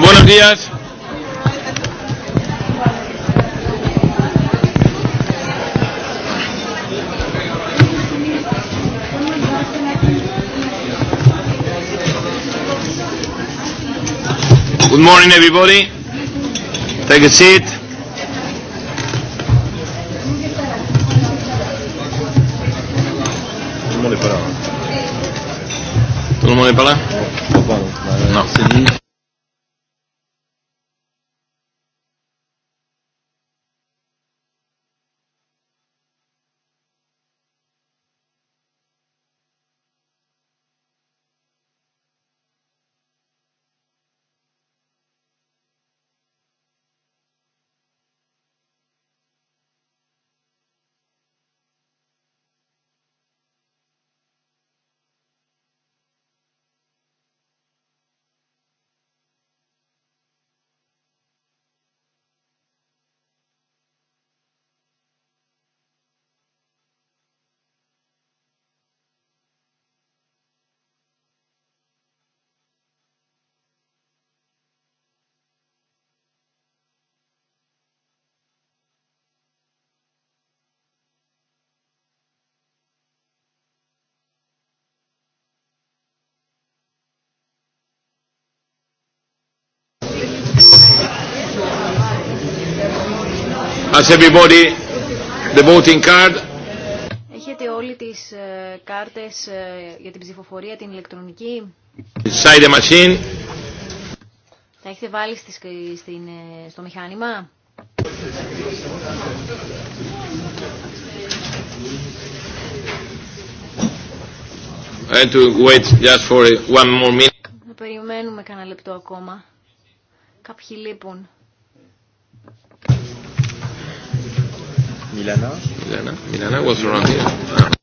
Buenos días. Good morning, everybody. Take a seat. Tout le monde est pas là. Tout le As everybody, the voting card. Έχετε όλοι τις ε, κάρτες ε, για την ψηφοφορία, την ηλεκτρονική. Inside the machine. Τα έχετε βάλει στη, ε, στην, στο μηχάνημα. And to wait just for one more minute. περιμένουμε κανένα λεπτό ακόμα. Κάποιοι λείπουν. Milana? Milana? Milana was around here.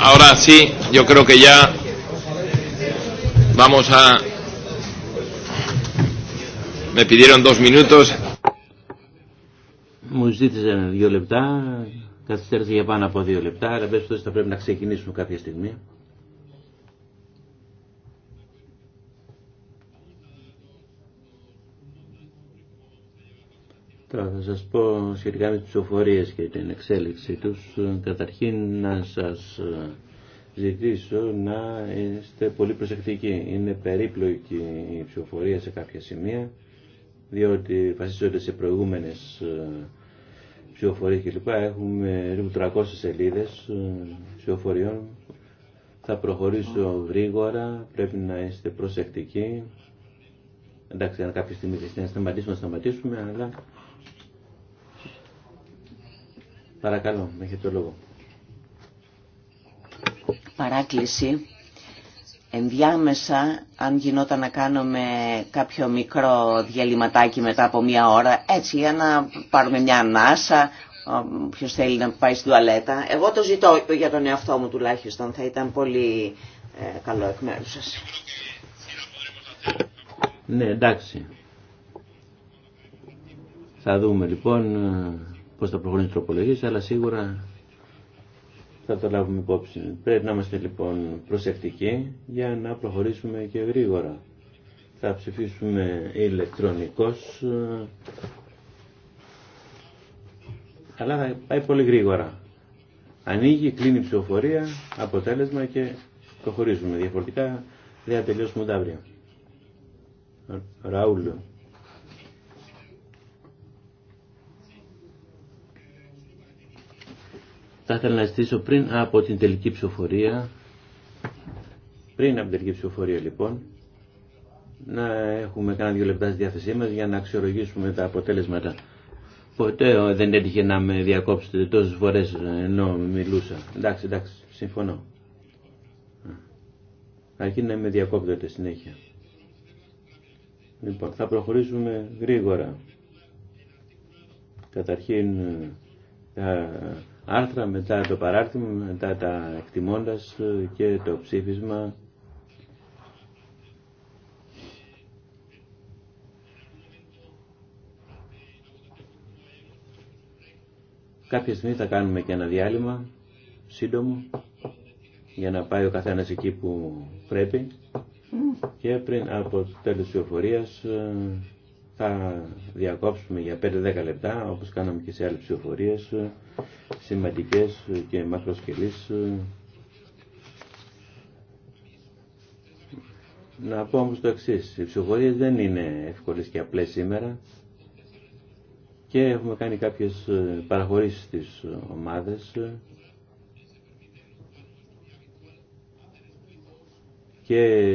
ahora sí, yo creo que ya vamos a... Me pidieron dos minutos. Μου ζήτησε δύο λεπτά, καθυστέρησε για πάνω από δύο λεπτά, αλλά μέσα θα πρέπει να ξεκινήσουμε κάποια στιγμή. Τώρα θα σας πω σχετικά με τις ψηφοφορίες και την εξέλιξη τους. Καταρχήν να σας ε, ζητήσω να είστε πολύ προσεκτικοί. Είναι περίπλοκη η ψηφοφορία σε κάποια σημεία, διότι βασίζονται σε προηγούμενες ε, ψηφοφορίες κλπ. Έχουμε λίγο 300 σελίδες ε, ψηφοφοριών. Θα προχωρήσω γρήγορα, πρέπει να είστε προσεκτικοί. Εντάξει, αν κάποια στιγμή θα σταματήσουμε, θα σταματήσουμε, αλλά Παρακαλώ, έχετε το λόγο. Παράκληση. Ενδιάμεσα, αν γινόταν να κάνουμε κάποιο μικρό διαλυματάκι μετά από μία ώρα, έτσι για να πάρουμε μια ανάσα, Ποιο θέλει να πάει στην τουαλέτα. Εγώ το ζητώ για τον εαυτό μου τουλάχιστον. Θα ήταν πολύ ε, καλό εκ μέρου σας. Ναι, εντάξει. Θα δούμε λοιπόν πώς θα προχωρήσει η τροπολογία αλλά σίγουρα θα το λάβουμε υπόψη. Πρέπει να είμαστε λοιπόν προσεκτικοί για να προχωρήσουμε και γρήγορα. Θα ψηφίσουμε ηλεκτρονικός, αλλά θα πάει πολύ γρήγορα. Ανοίγει, κλείνει η ψηφοφορία, αποτέλεσμα και προχωρήσουμε. Διαφορετικά δεν θα τελειώσουμε τα αύριο. Ραούλου. θα ήθελα να ζητήσω πριν από την τελική ψηφοφορία, πριν από την τελική ψηφοφορία λοιπόν, να έχουμε κανένα δύο λεπτά στη διάθεσή μας για να αξιολογήσουμε τα αποτέλεσματα. Ποτέ ε, δεν έτυχε να με διακόψετε τόσες φορές ενώ μιλούσα. Εντάξει, εντάξει, συμφωνώ. Αρκεί να με διακόπτετε συνέχεια. Λοιπόν, θα προχωρήσουμε γρήγορα. Καταρχήν ε, άρθρα, μετά το παράρτημα, μετά τα εκτιμώντας ε, και το ψήφισμα. Κάποια στιγμή θα κάνουμε και ένα διάλειμμα, σύντομο, για να πάει ο καθένας εκεί που πρέπει και πριν από το τέλος της θα διακόψουμε για 5-10 λεπτά, όπως κάναμε και σε άλλες ψηφοφορίες, σημαντικές και μακροσκελείς. Να πω όμως το εξή. οι ψηφοφορίες δεν είναι εύκολες και απλές σήμερα και έχουμε κάνει κάποιες παραχωρήσεις στις ομάδες και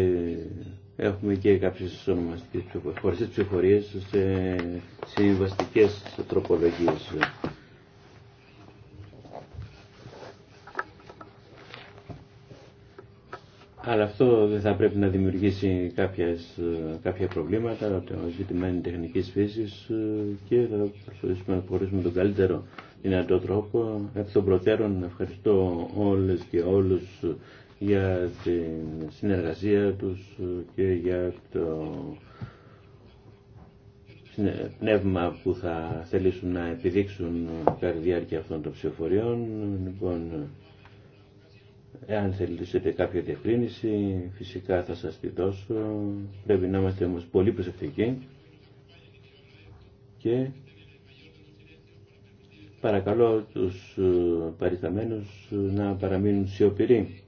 έχουμε και κάποιες ονομαστικές τις ψηφορίες σε συμβαστικές τροπολογίες. Αλλά αυτό δεν θα πρέπει να δημιουργήσει κάποιες, κάποια προβλήματα, το ζήτημα είναι τεχνικής φύσης ε, και θα προσπαθήσουμε να προχωρήσουμε τον καλύτερο δυνατό τρόπο. Εκ των προτέρων ευχαριστώ όλες και όλους για την συνεργασία τους και για το πνεύμα που θα θελήσουν να επιδείξουν κατά τη διάρκεια αυτών των ψηφοφοριών. Λοιπόν, εάν θέλετε κάποια διευκρίνηση, φυσικά θα σας τη δώσω. Πρέπει να είμαστε όμως πολύ προσεκτικοί και παρακαλώ τους παρισταμένους να παραμείνουν σιωπηροί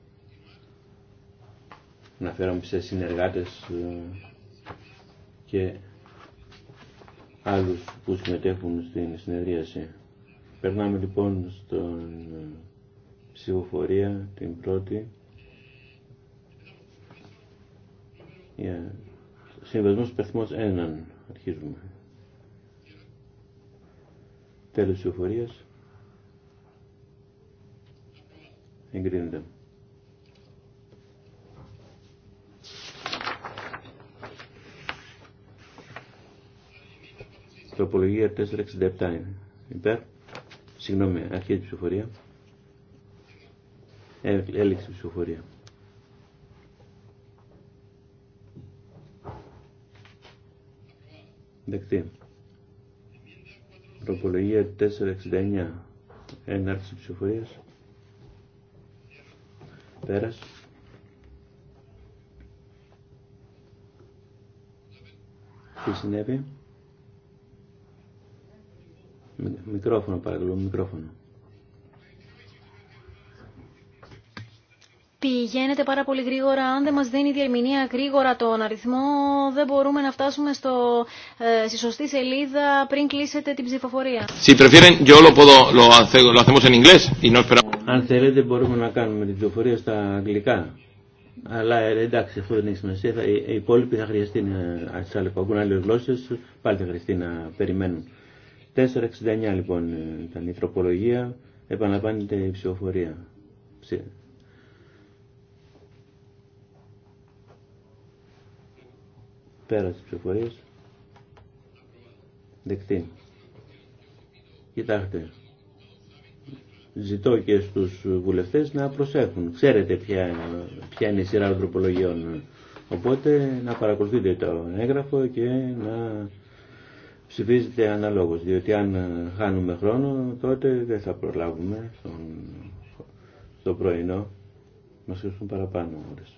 αναφέρομαι σε συνεργάτες ε, και άλλους που συμμετέχουν στην συνεδρίαση. Περνάμε λοιπόν στον ε, ψηφοφορία την πρώτη Συμβασμό yeah. συμβασμός 1 αρχίζουμε τέλος ψηφοφορίας εγκρίνεται Τροπολογία 467 είναι. Υπέρ. Συγγνώμη, αρχή τη ψηφοφορία. Ε, έληξη ψηφοφορία. Δεκτή. Τροπολογία 469. Έναρξη ψηφοφορία. Πέρας. Τι συνέβη. Μικρόφωνο παρακαλώ, μικρόφωνο. Πηγαίνετε πάρα πολύ γρήγορα. Αν δεν μας δίνει η διερμηνία γρήγορα τον αριθμό, δεν μπορούμε να φτάσουμε στο, ε, στη σωστή σελίδα πριν κλείσετε την ψηφοφορία. Αν θέλετε μπορούμε να κάνουμε την ψηφοφορία στα αγγλικά. Αλλά ε, εντάξει, αυτό δεν έχει σημασία. Οι υπόλοιποι θα χρειαστεί να, ακούν άλλε γλώσσε, πάλι θα χρειαστεί να περιμένουν. 469 λοιπόν ήταν η τροπολογία, επαναλαμβάνεται η ψηφοφορία. Πέρα τη ψηφοφορία. Δεκτή. Κοιτάξτε. Ζητώ και στου βουλευτές να προσέχουν. Ξέρετε ποια, ποια είναι η σειρά των τροπολογιών. Οπότε να παρακολουθείτε το έγγραφο και να ψηφίζεται αναλόγως, διότι αν ε, χάνουμε χρόνο τότε δεν θα προλάβουμε στον, στο πρωινό, μας χρειαστούν παραπάνω ώρες.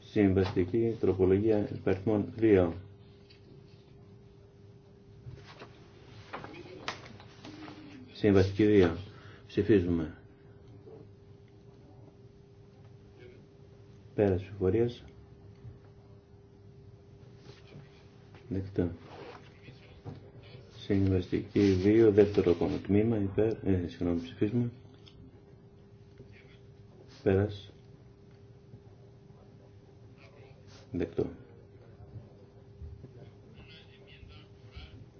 Συμβαστική τροπολογία υπαριθμών 2. Συμβαστική 2. Ψηφίζουμε. Πέραση ψηφορίας. Δεκτό. Συμβαστική 2, δεύτερο ακόμα τμήμα, υπέρ, ε, συγγνώμη, ψηφίσμα, Πέρας. Δεκτό.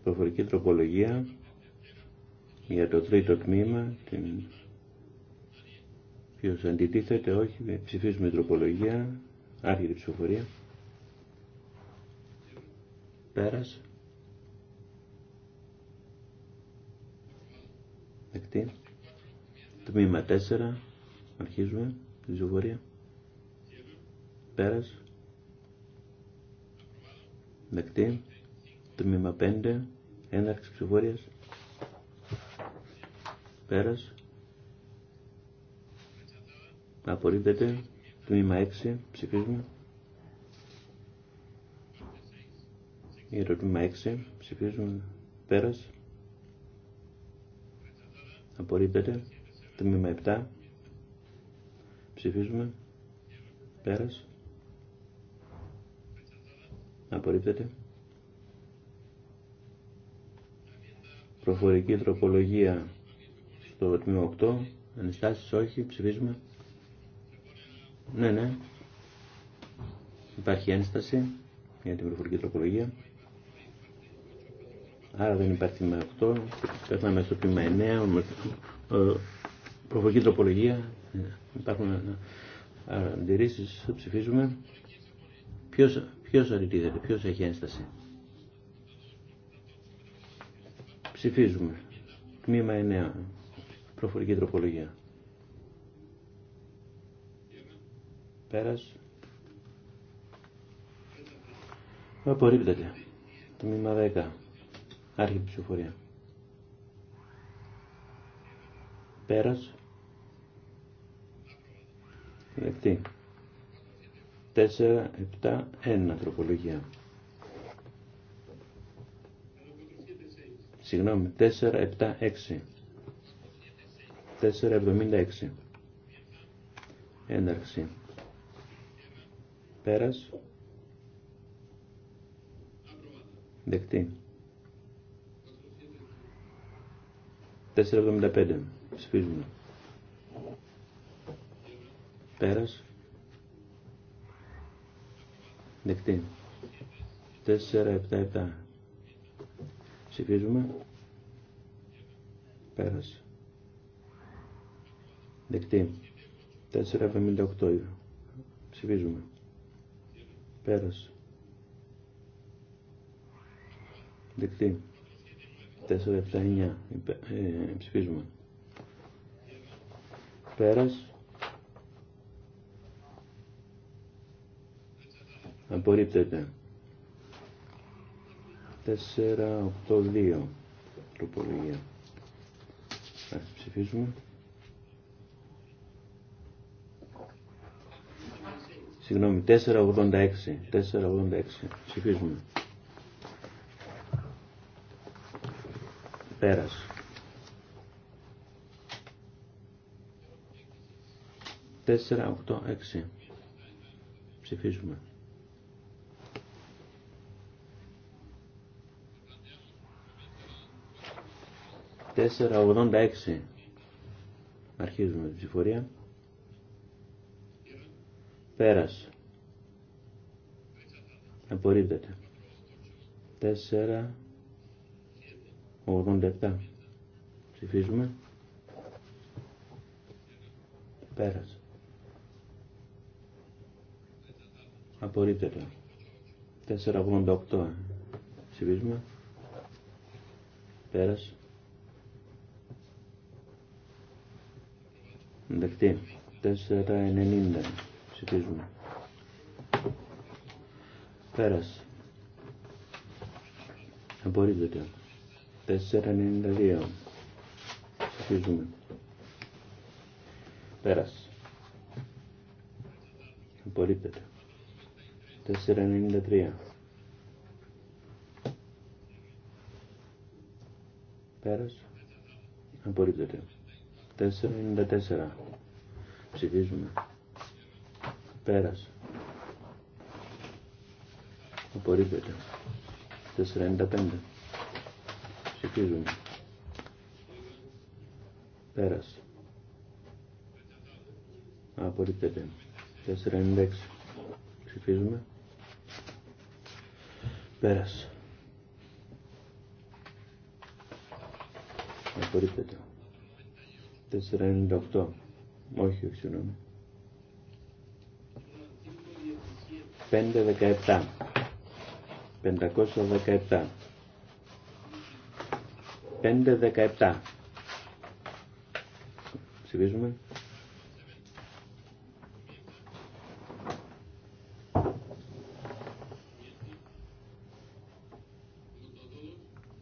Προφορική τροπολογία για το τρίτο τμήμα, την... Ποιος αντιτίθεται, όχι, ε, ψηφίζουμε τροπολογία, άρχιτη ψηφοφορία. Πέρας. Δεκτή. Τμήμα 4. Αρχίζουμε τη πέρα, Πέρας. Δεκτή. Τμήμα 5. Έναρξη ψηφοφορίας. Πέρας. Απορρίπτεται. Τμήμα 6. Ψηφίζουμε. Η ερωτήμα 6. Ψηφίζουμε πέρα, Απορρίπτεται. Τμήμα 7. Ψηφίζουμε. Πέρας. Απορρίπτεται. Προφορική τροπολογία στο τμήμα 8. Ενστάσεις όχι. Ψηφίζουμε. Ναι, ναι. Υπάρχει ένσταση για την προφορική τροπολογία. Άρα δεν υπάρχει με 8. με στο τμήμα 9. Ε, Προφορική τροπολογία. Υπάρχουν ε, αντιρρήσει. Ψηφίζουμε. Ποιος, ποιος αρνητίζεται, έχει ένσταση. Ψηφίζουμε. Τμήμα 9. Προφορική τροπολογία. Πέρας. Απορρίπτεται. Τμήμα 10. Άρχεται η ψηφοφορία. Πέρας. Δεκτή. 4, 7, 1 τροπολογία. Συγγνώμη, 4, 7, 6. 4, 76. Ένταξη. Πέρας. Δεκτή. 475. Ψηφίζουμε. Πέρας. Δεκτή. 477. Ψηφίζουμε. Πέρας. Δεκτή. 478. Ψηφίζουμε. Πέρας. Δεκτή. 4-7-9 ε, ψηφίζουμε πέρας απορρίπτεται 4-8-2 τροπολογία ας ψηφίσουμε συγγνώμη 4-86 4-86 ψηφίσουμε Πέρας. Τέσσερα, οκτώ, έξι. Ψηφίζουμε. Τέσσερα, ογδόντα, έξι. Αρχίζουμε την ψηφορία. Πέρας. Απορρίπτεται. Τέσσερα, 87 ψηφίζουμε πέρασε απορρίπτεται 488 ψηφίζουμε πέρασε Δεκτή. 4,90 ψηφίζουμε. Πέρασε. Απορρίπτεται. 492. Ψηφίζουμε. Πέρασε. Απορρίπτεται. 493. Πέρασε. Απορρίπτεται. 494. Ψηφίζουμε. Πέρασε. Απορρίπτεται. 495. Ψηφίζουμε. Πέρασε. Απορρίπτεται. 496. Ψηφίζουμε. Πέρασε. Απορρίπτεται. 498. Όχι, όχι, συγγνώμη. 517. 517. 5-17. Ψηφίζουμε.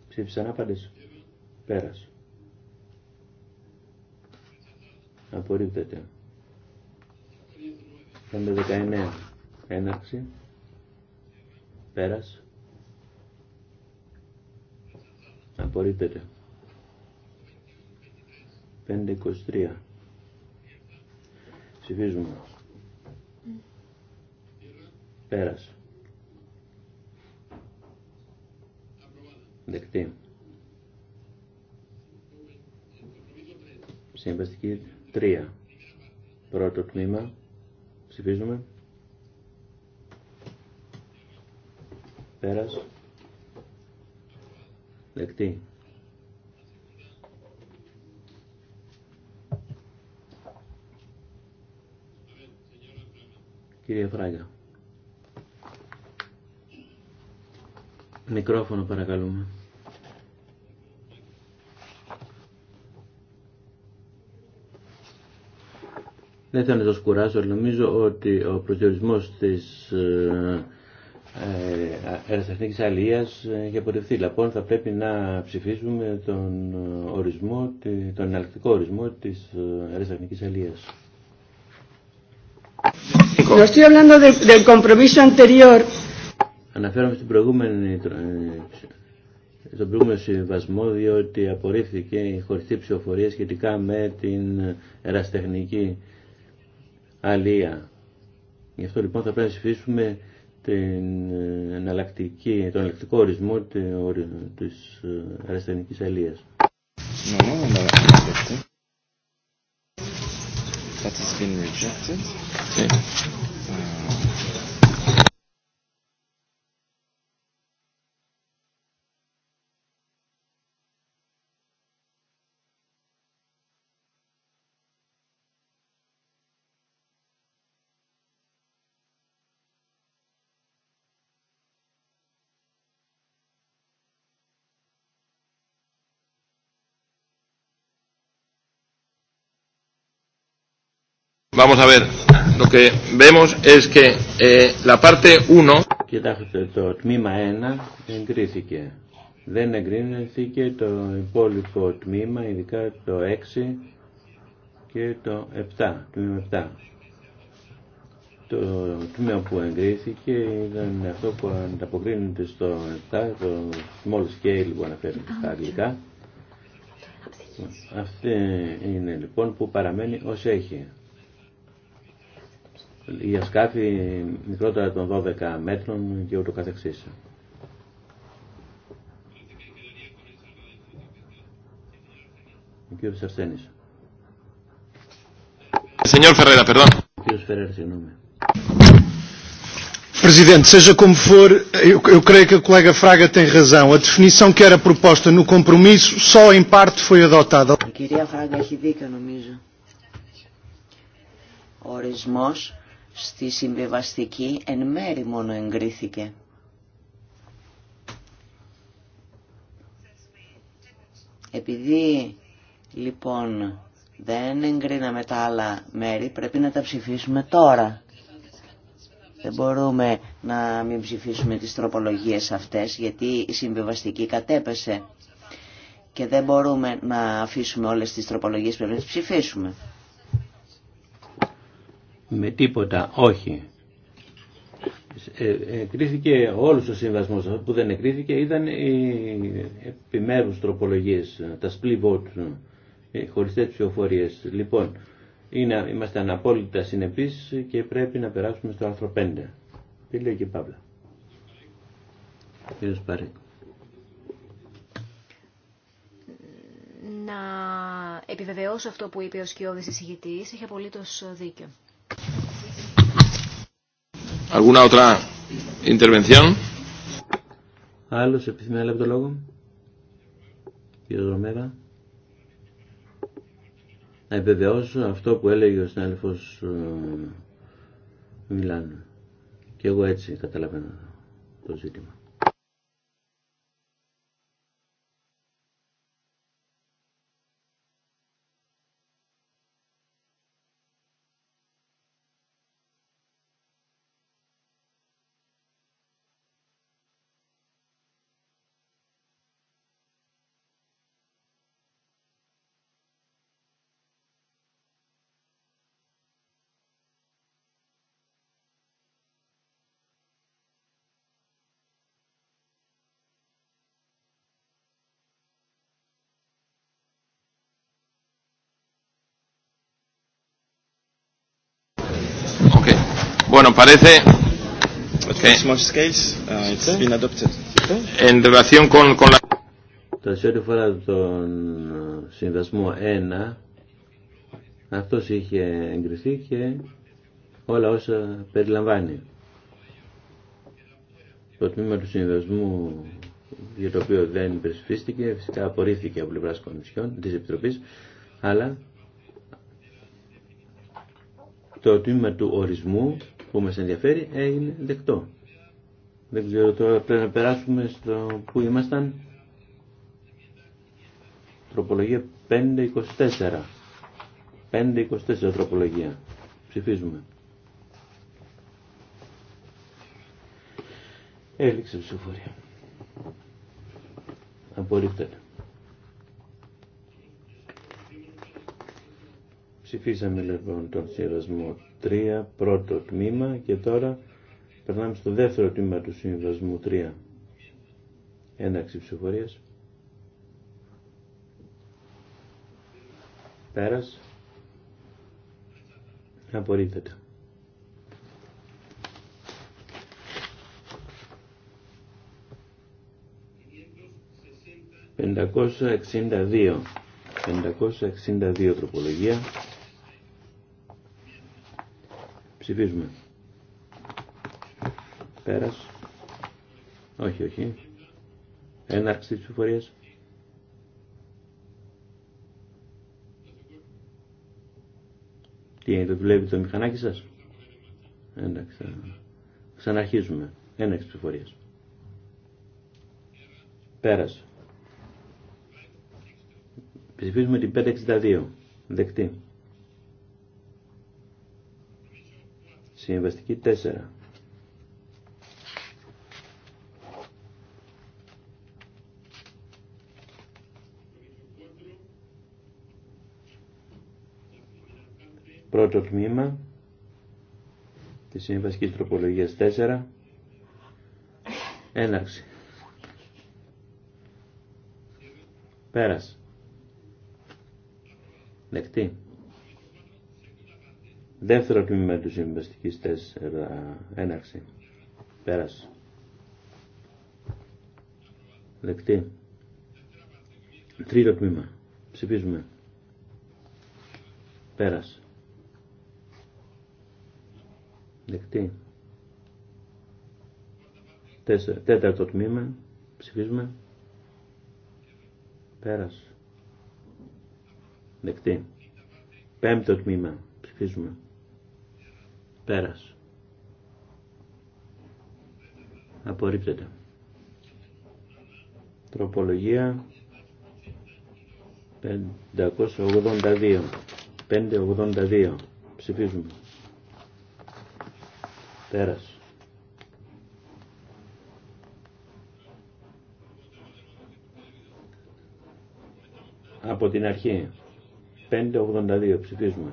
Ψήφισε να απαντήσω. Πέρασε. Απορρίπτεται. 5-19. Έναρξη. Πέρασε. απορρίπτεται. 5.23 ψηφίζουμε mm. πέρασε δεκτή συμβαστική 3 πρώτο τμήμα ψηφίζουμε πέρασε Κυρία Κύριε Φράγκα. Μικρόφωνο παρακαλούμε. Δεν θέλω να σας κουράσω, νομίζω ότι ο προσδιορισμός της ε, ε, αερασταθμικής αλίας για πορευθεί. Λοιπόν, θα πρέπει να ψηφίσουμε τον, ορισμό, τον εναλλακτικό ορισμό της ε, αερασταθμικής αλίας. No estoy Αναφέρομαι ε, στον προηγούμενο συμβασμό διότι απορρίφθηκε η χωριστή ψηφοφορία σχετικά με την εραστεχνική αλία. Γι' αυτό λοιπόν θα πρέπει να ψηφίσουμε την ε, εναλλακτική, τον ελεκτικό ορισμό της ε, αεραστανικής αλίας. That has been rejected. Okay. Uh, Vamos a ver, lo que vemos es que eh, la parte 1... Κοιτάξτε, το τμήμα 1 εγκρίθηκε. Δεν εγκρίνεται το υπόλοιπο τμήμα, ειδικά το 6 και το 7, τμήμα 7. Το τμήμα που εγκρίθηκε ήταν αυτό που ανταποκρίνεται στο 7, το small scale που αναφέρεται στα αγγλικά. Αυτή είναι λοιπόν που παραμένει ως έχει για σκάφη μικρότερα των 12 μέτρων και ούτω καθεξής. Ο κύριος Αρσένης. Señor Ferreira, perdón. Ο κύριος Ferreira, συγγνώμη. Presidente, seja como for, eu, eu creio que a colega Fraga tem razão. A definição que era proposta no compromisso só em parte foi adotada. A Fraga Φράγκα έχει não νομίζω. Ο στη συμβιβαστική εν μέρη μόνο εγκρίθηκε. Επειδή λοιπόν δεν εγκρίναμε τα άλλα μέρη, πρέπει να τα ψηφίσουμε τώρα. Δεν μπορούμε να μην ψηφίσουμε τις τροπολογίες αυτές, γιατί η συμβιβαστική κατέπεσε. Και δεν μπορούμε να αφήσουμε όλες τις τροπολογίες, πρέπει να ψηφίσουμε με τίποτα, όχι. Ε, εκρίθηκε όλος ο συμβασμός που δεν εκρίθηκε ήταν οι επιμέρους τροπολογίες, τα split vote, οι ε, χωριστές ψηφοφορίες. Λοιπόν, είναι, είμαστε αναπόλυτα συνεπείς και πρέπει να περάσουμε στο άρθρο 5. Τι λέει και Παύλα. να επιβεβαιώσω αυτό που είπε ο σκιώδης εισηγητής, είχε απολύτως δίκιο. ¿Alguna otra intervención? Άλλο επιθυμεί να λέει το λόγο. Κύριε Ρωμέβα Να επιβεβαιώσω αυτό που έλεγε ο συνάδελφος ε, Μιλάνου. Και εγώ έτσι καταλαβαίνω το ζήτημα. Bueno, parece que uh, en relación con, con la... Το σε ό,τι φορά τον uh, συνδεσμό 1, αυτός είχε εγκριθεί και όλα όσα περιλαμβάνει. Το τμήμα του συνδεσμού για το οποίο δεν υπερσφίστηκε, φυσικά απορρίφθηκε από πλευρά Κομισιόν της Επιτροπής, αλλά το τμήμα του ορισμού που μας ενδιαφέρει έγινε δεκτό. Δεν ξέρω τώρα πρέπει να περάσουμε στο που ήμασταν. Τροπολογία 524. 524 τροπολογία. Ψηφίζουμε. Έληξε ψηφοφορία. Απορρίπτεται. Ψηφίσαμε λοιπόν τον σειρασμό 3 πρώτο τμήμα και τώρα περνάμε στο δεύτερο τμήμα του συμβασμού 3. Έναξη ψηφορίας. Πέρας. Απορρίπτεται. Πεντακόσια εξήντα δύο. 562 τροπολογία Ψηφίζουμε. Πέρας. Όχι, όχι. Έναρξη της ψηφορίας. Τι είναι, το δουλεύει το μηχανάκι σας. Εντάξει. Ξαναρχίζουμε. Έναρξη ψηφορίας. Πέρας. Ψηφίζουμε την 562. Δεκτή. Συμβαστική 4. Πρώτο τμήμα της Συμβαστικής Τροπολογίας 4. Έναρξη. Πέρας. Δεκτή. Δεύτερο τμήμα του συμβαστική τέσσερα έναρξη. Πέρασε. Δεκτή. Τρίτο τμήμα. Ψηφίζουμε. Πέρασε. Δεκτή. τέταρτο τμήμα. Ψηφίζουμε. Πέρασε. Δεκτή. Πέμπτο τμήμα. Ψηφίζουμε. Πέρας. Απορρίπτεται. Τροπολογία 582. 582. Ψηφίζουμε. Πέρας. Από την αρχή. 582. Ψηφίζουμε.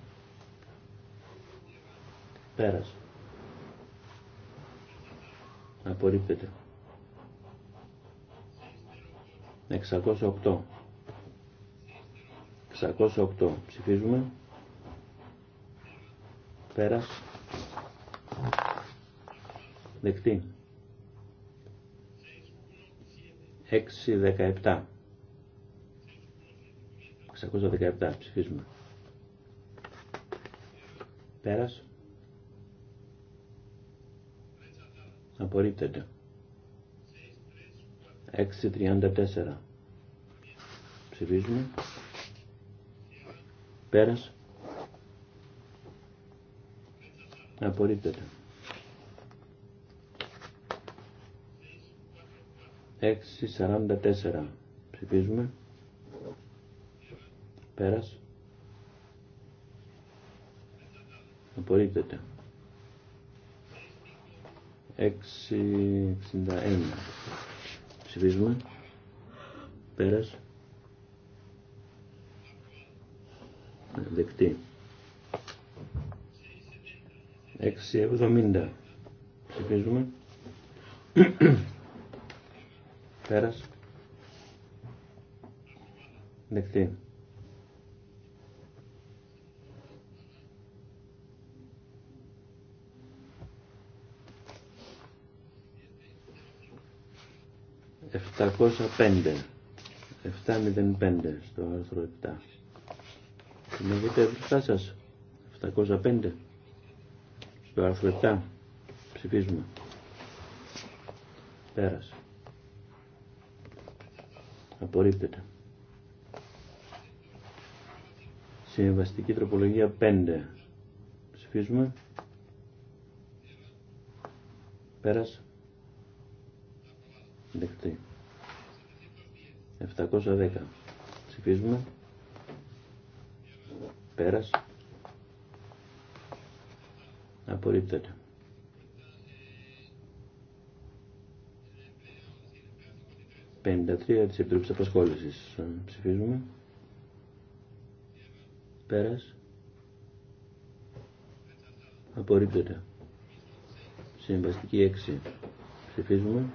Πέρας. Απορρίπτεται. 608. 608. Ψηφίζουμε. Πέρας. Δεκτή. 617. 617. Ψηφίζουμε. Πέρας. απορρίπτεται. 6.34 ψηφίζουμε πέρας απορρίπτεται 6.44 ψηφίζουμε πέρας απορρίπτεται 661. Ψηφίζουμε. Πέρας. Δεκτή. 670. Ψηφίζουμε. Πέρας. Δεκτή. 705. 705 στο άρθρο 7. Συνεχίζετε μπροστά σα. 705. Στο άρθρο 7. Ψηφίζουμε. Πέρασε. Απορρίπτεται. Συμβαστική τροπολογία 5. Ψηφίζουμε. Πέρασε. Δεκτή. 710. Ψηφίζουμε. Πέρας. Απορρίπτεται. 53. τρία της Επιτροπής Απασχόλησης. Ψηφίζουμε. Πέρας. Απορρίπτεται. Συμβαστική 6. Ψηφίζουμε.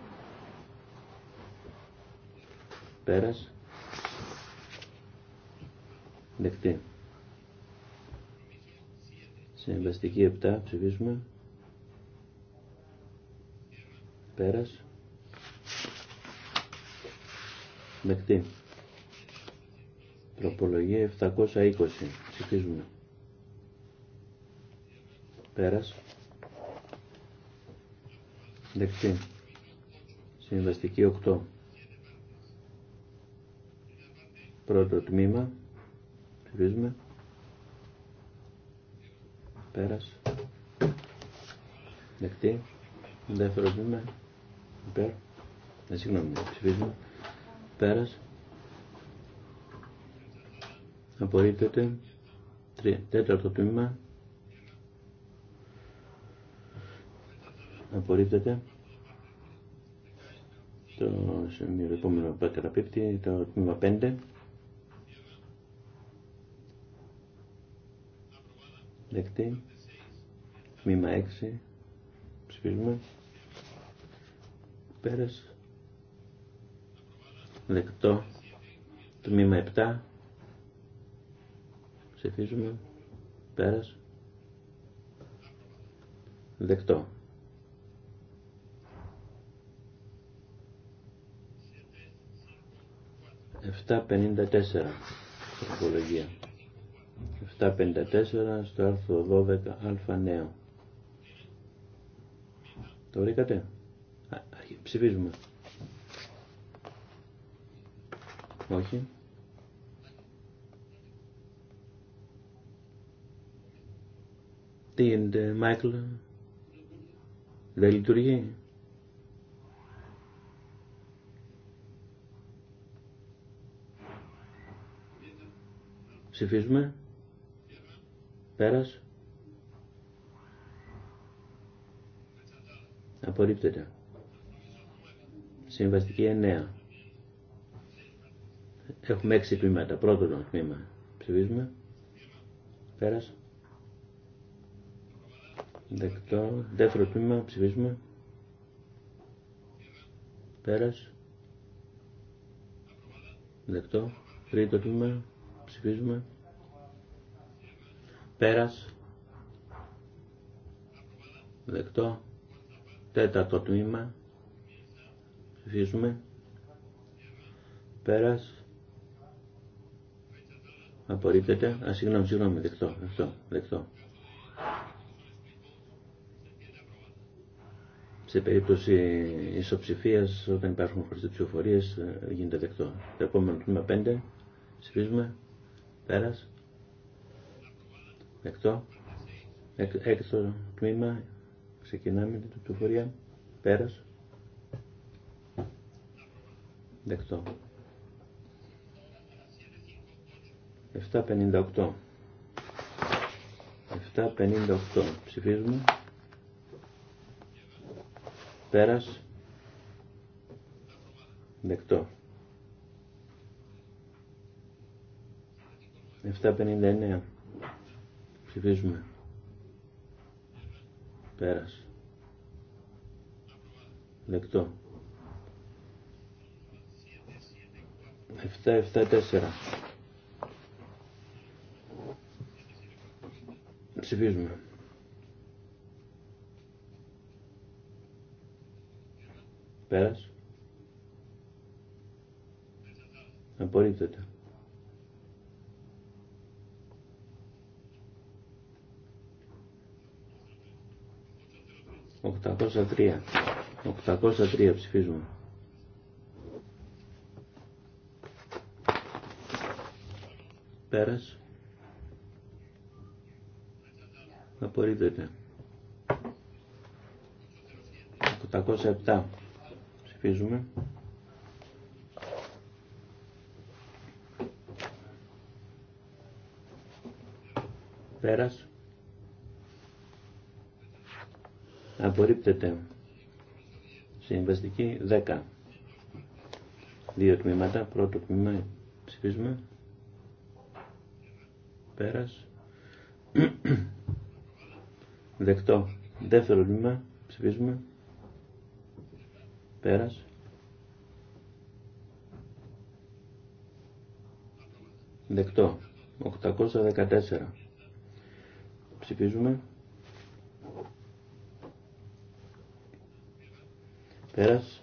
Πέρας. Δεκτή. Συμβαστική 7 ψηφίσουμε. Πέρας. Δεκτή. Τροπολογία 720. Ψηφίζουμε. Πέρας. Δεκτή. Συμβαστική 8. Πρώτο τμήμα. Ψηφίζουμε. Πέρας. Δεκτή. Δεύτερο τμήμα. Υπέρ. Ε, συγγνώμη, ψηφίζουμε. Πέρας. Απορρίπτεται. Τέταρτο τμήμα. Απορρίπτεται. Το επόμενο καταπίπτει το τμήμα 5. δεκτή. Τμήμα 6 ψηφίζουμε. Πέρας. Δεκτό. Τμήμα 7 ψηφίζουμε. Πέρας. Δεκτό. Εφτά πενήντα τέσσερα. Τροπολογία. 754 στο άρθρο 12α νέο. Το βρήκατε. Α, ψηφίζουμε. Όχι. Τι γίνεται, Μάικλ. Δεν λειτουργεί. Ψηφίζουμε. Πέρας. Απορρίπτεται. Συμβαστική εννέα. Έχουμε έξι τμήματα. Πρώτο το τμήμα. Ψηφίζουμε. Πέρας. Δεκτό. Δεύτερο τμήμα. Ψηφίζουμε. Πέρας. Δεκτό. Τρίτο τμήμα. Ψηφίζουμε. Πέρας. Δεκτό. Τέταρτο τμήμα. Ψηφίζουμε. Πέρας. Απορρίπτεται. Α, συγγνώμη, συγγνώμη, δεκτό, δεκτό, δεκτό. Σε περίπτωση ισοψηφία, όταν υπάρχουν χωριστέ ψηφοφορίε, ε, γίνεται δεκτό. Το επόμενο τμήμα 5, ψηφίζουμε. Πέρας. Δεκτό. Έκτο τμήμα. Ξεκινάμε την πληροφορία, Πέρας. Δεκτό. 758. 758. Ψηφίζουμε. Πέρας. Δεκτό. 759. Ψηφίζουμε. Πέρας. Δεκτό. 7-7-4. Ψηφίζουμε. Πέρασε Απορρίπτεται. 803. 803 ψηφίζουμε. Πέρας. Απορρίπτεται. 807 ψηφίζουμε. Πέρας. απορρίπτεται. Συμβαστική 10. Δύο τμήματα. Πρώτο τμήμα ψηφίζουμε. Πέρας. Δεκτό. Δεύτερο τμήμα ψηφίζουμε. Πέρας. Δεκτό. 814. Ψηφίζουμε. Πέρας.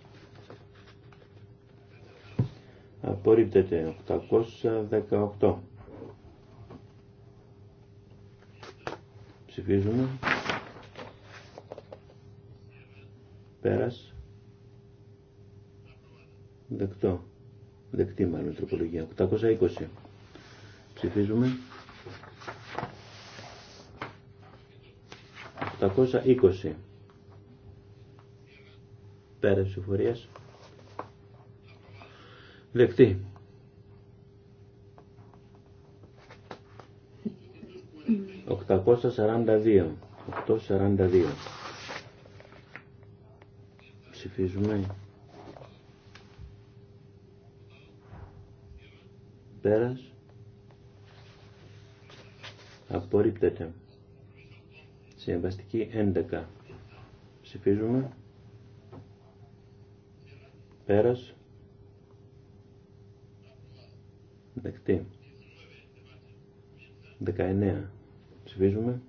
Απορρίπτεται 818. Ψηφίζουμε. Πέρας. Δεκτό. Δεκτή μάλλον τροπολογία. 820. Ψηφίζουμε. 820. Πέρα ψηφορίας. Δεκτή. 842. 842. 842 Ψηφίζουμε. Πέρας. Απορρίπτεται. Συμβαστική 11. Ψηφίζουμε. Πέρας. Δεκτή. 19. Ψηφίζουμε.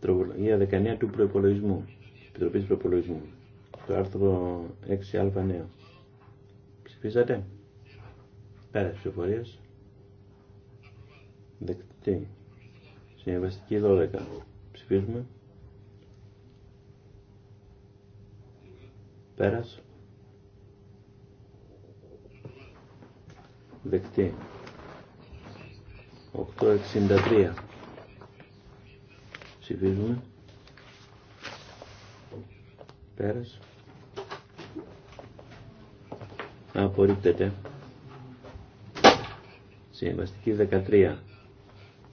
Τροπολογία 19 του προπολογισμού. Επιτροπής προπολογισμού. Το άρθρο 6α νέο. Ψηφίσατε. Πέρας ψηφορίας Δεκτή. Συμβαστική 12. Ψηφίζουμε. Πέρας. Δεκτή. 863. Ψηφίζουμε. Πέρας. Απορρίπτεται. Συμβαστική 13.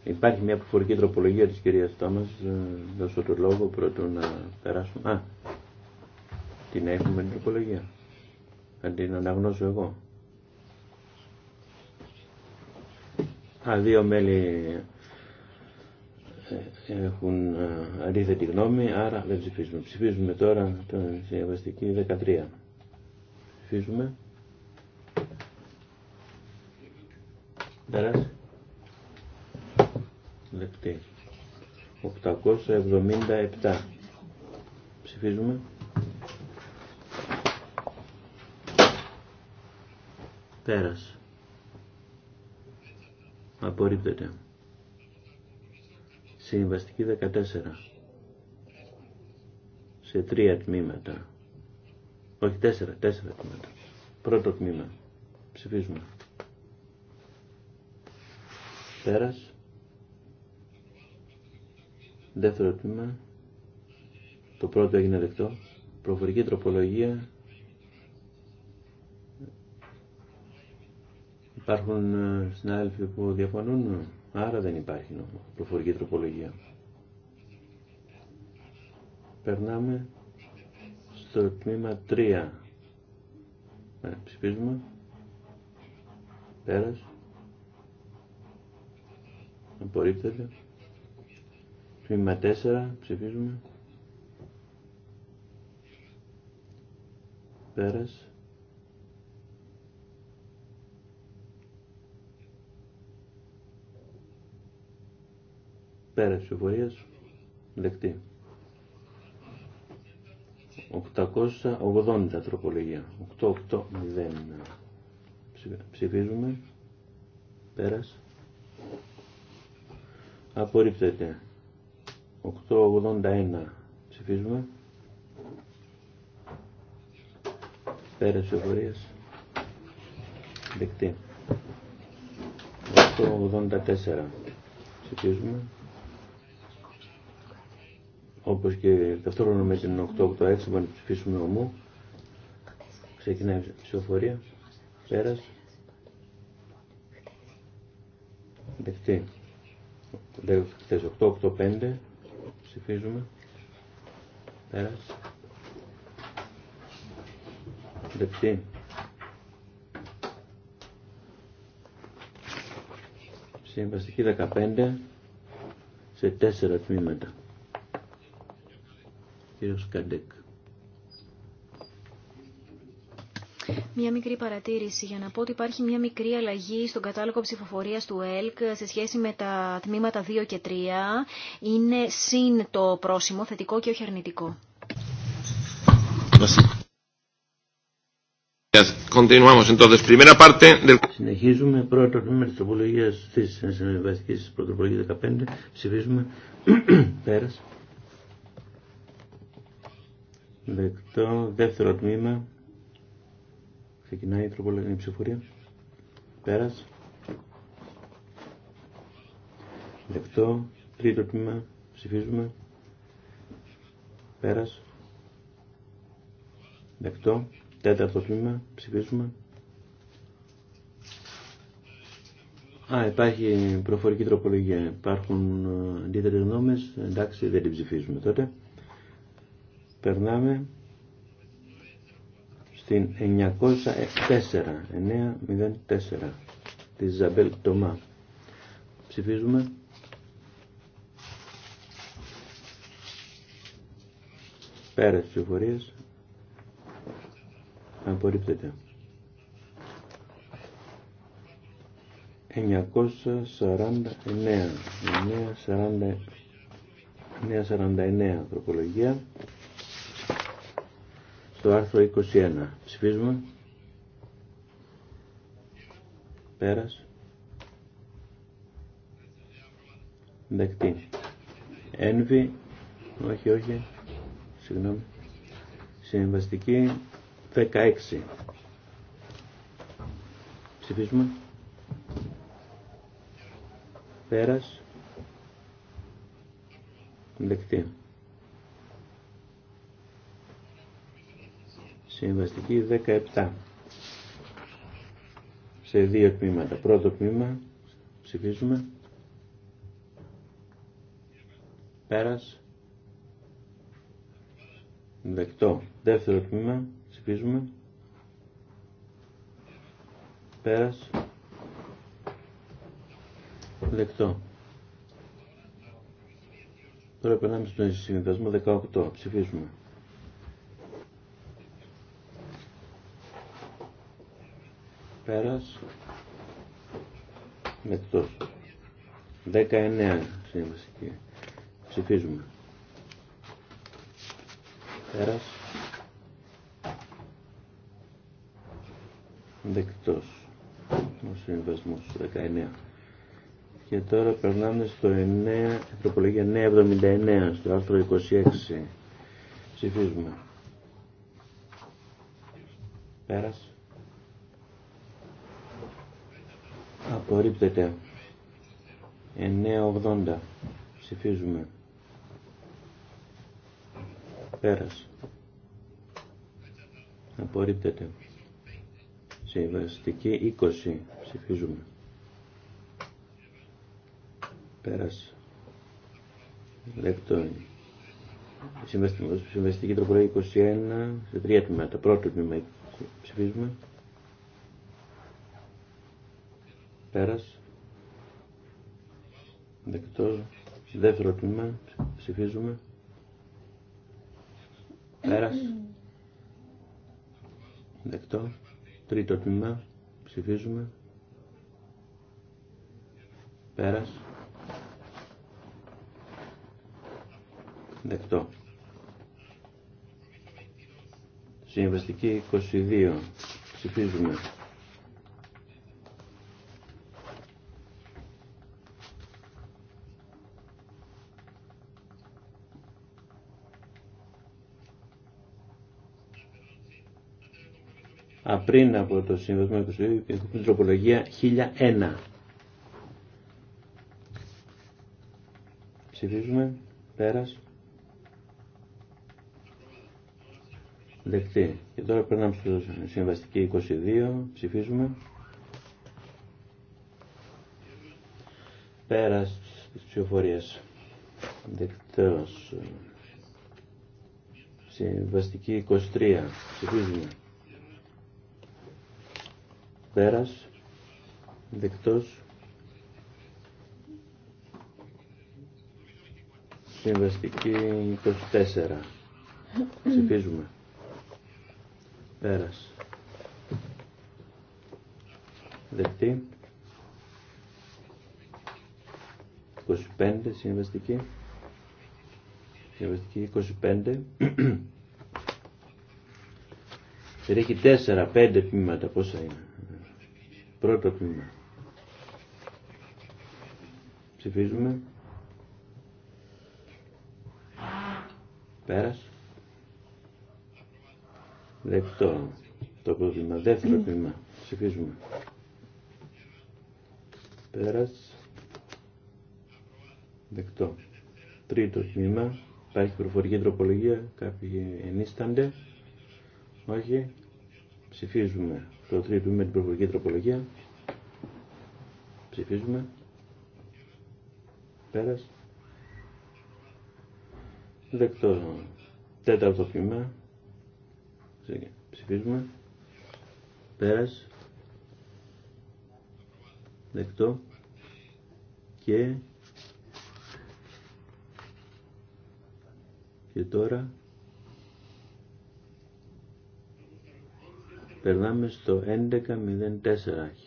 Υπάρχει μια προφορική τροπολογία της κυρίας Τόμας. Ε, δώσω το λόγο πρώτο να περάσουμε. Α, την έχουμε την τροπολογία. Θα την αναγνώσω εγώ. Α, δύο μέλη ε, έχουν ε, αντίθετη γνώμη, άρα δεν ψηφίζουμε. Ψηφίζουμε τώρα την συμβαστική 13. Ψηφίζουμε. Πέρας. Δεκτή. 877. Ψηφίζουμε. Πέρας. Απορρίπτεται. Συμβαστική 14. Σε τρία τμήματα. Όχι τέσσερα, τέσσερα τμήματα. Πρώτο τμήμα. Ψηφίζουμε. Πέρας. Δεύτερο τμήμα. Το πρώτο έγινε δεκτό. Προφορική τροπολογία Υπάρχουν ε, συνάδελφοι που διαφωνούν, άρα δεν υπάρχει προφορική τροπολογία. Περνάμε στο τμήμα 3. Ε, ψηφίζουμε. Πέρας. Απορρίπτεται. Τμήμα 4. Ψηφίζουμε. Πέρας. Πέρα της Δεκτή. 880 τροπολογία. 880. Ψηφίζουμε. Πέρας. Απορρίπτεται. 881. Ψηφίζουμε. Πέρας της Δεκτή. 884. Ψηφίζουμε όπως και ταυτόχρονα με την 8 το 6 ψηφίσουμε ομού. Ξεκινάει η ψηφοφορία. Πέρας. Δεκτή. 8, 8, Ψηφίζουμε. Πέρας. Δεκτή. Συμβαστική 15 σε τέσσερα τμήματα κύριος Καντέκ. Μια μικρή παρατήρηση για να πω ότι υπάρχει μια μικρή αλλαγή στον κατάλογο ψηφοφορίας του ΕΛΚ σε σχέση με τα τμήματα 2 και 3. Είναι συν το πρόσημο, θετικό και όχι αρνητικό. Συνεχίζουμε πρώτο τμήμα της τροπολογίας της συμβιβαστικής πρωτοπολογίας 15. Ψηφίζουμε. Πέρασε. Δεκτό. Δεύτερο τμήμα. Ξεκινάει η τροπολογική ψηφορία. Πέρας. Δεκτό. Τρίτο τμήμα. Ψηφίζουμε. Πέρας. Δεκτό. Τέταρτο τμήμα. Ψηφίζουμε. Α, υπάρχει προφορική τροπολογία. Υπάρχουν ε, αντίθετε γνώμε. Εντάξει, δεν την ψηφίζουμε τότε. Περνάμε στην 904, 904 της Ζαμπέλ Τομά. Ψηφίζουμε. Πέρα της ψηφορίες Απορρίπτεται. 949, 949 τροπολογία το άρθρο 21. Ψηφίζουμε. Πέρας. Δεκτή. Ένβη. Όχι, όχι. Συγγνώμη. Συμβαστική 16. Ψηφίζουμε. Πέρας. Δεκτή. Συμβαστική 17. Σε δύο τμήματα. Πρώτο τμήμα ψηφίζουμε. Πέρας. Δεκτό. Δεύτερο τμήμα ψηφίζουμε. Πέρας. Δεκτό. Τώρα περνάμε στον συνδυασμό 18. Ψηφίζουμε. Πέρας. Με το 19 και Ψηφίζουμε. Πέρας. Δεκτός. Ο συμβασμός 19. Και τώρα περνάμε στο 9, Ευρωπαϊκή 979, στο άρθρο 26. Ψηφίζουμε. Πέρας. Απορρίπτεται. 9.80. Ψηφίζουμε. Πέρας. Απορρίπτεται. Συμβαστική 20. Ψηφίζουμε. Πέρας. Δεκτό. Συμβαστική τροπολογία 21 σε τρία τμήματα. Πρώτο τμήμα ψηφίζουμε. Πέρας. Δεκτό. Δεύτερο τμήμα. Ψηφίζουμε. Πέρας. Δεκτό. Τρίτο τμήμα. Ψηφίζουμε. Πέρας. Δεκτό. Συμβαστική 22. Ψηφίζουμε. Απρίνα πριν από το Συμβασμό 22 την τροπολογία 1001. Ψηφίζουμε. Πέρας. Δεκτή. Και τώρα περνάμε στο συμβαστική 22. Ψηφίζουμε. Πέρας της ψηφοφορίας. Δεκτός. Συμβαστική 23. Ψηφίζουμε. Πέρας. Δεκτός. Συμβαστική 24. Ψηφίζουμε. Πέρας. Δεκτή. 25 συμβαστική. Συμβαστική 25. εχει 4 4-5 τμήματα. Πόσα είναι. Πρώτο τμήμα. Ψηφίζουμε. Πέρας. Δεκτό. Το πρώτο τμήμα. Δεύτερο ναι. τμήμα. Ψηφίζουμε. Πέρας. Δεκτό. Τρίτο τμήμα. Υπάρχει προφορική τροπολογία. Κάποιοι ενίστανται. Όχι. Ψηφίζουμε το τρίτο με την προφορική τροπολογία. Ψηφίζουμε. Πέρας. Δεκτό. Τέταρτο τμήμα. Ψηφίζουμε. Πέρας. Δεκτό. Και... Και τώρα Περνάμε στο 1104,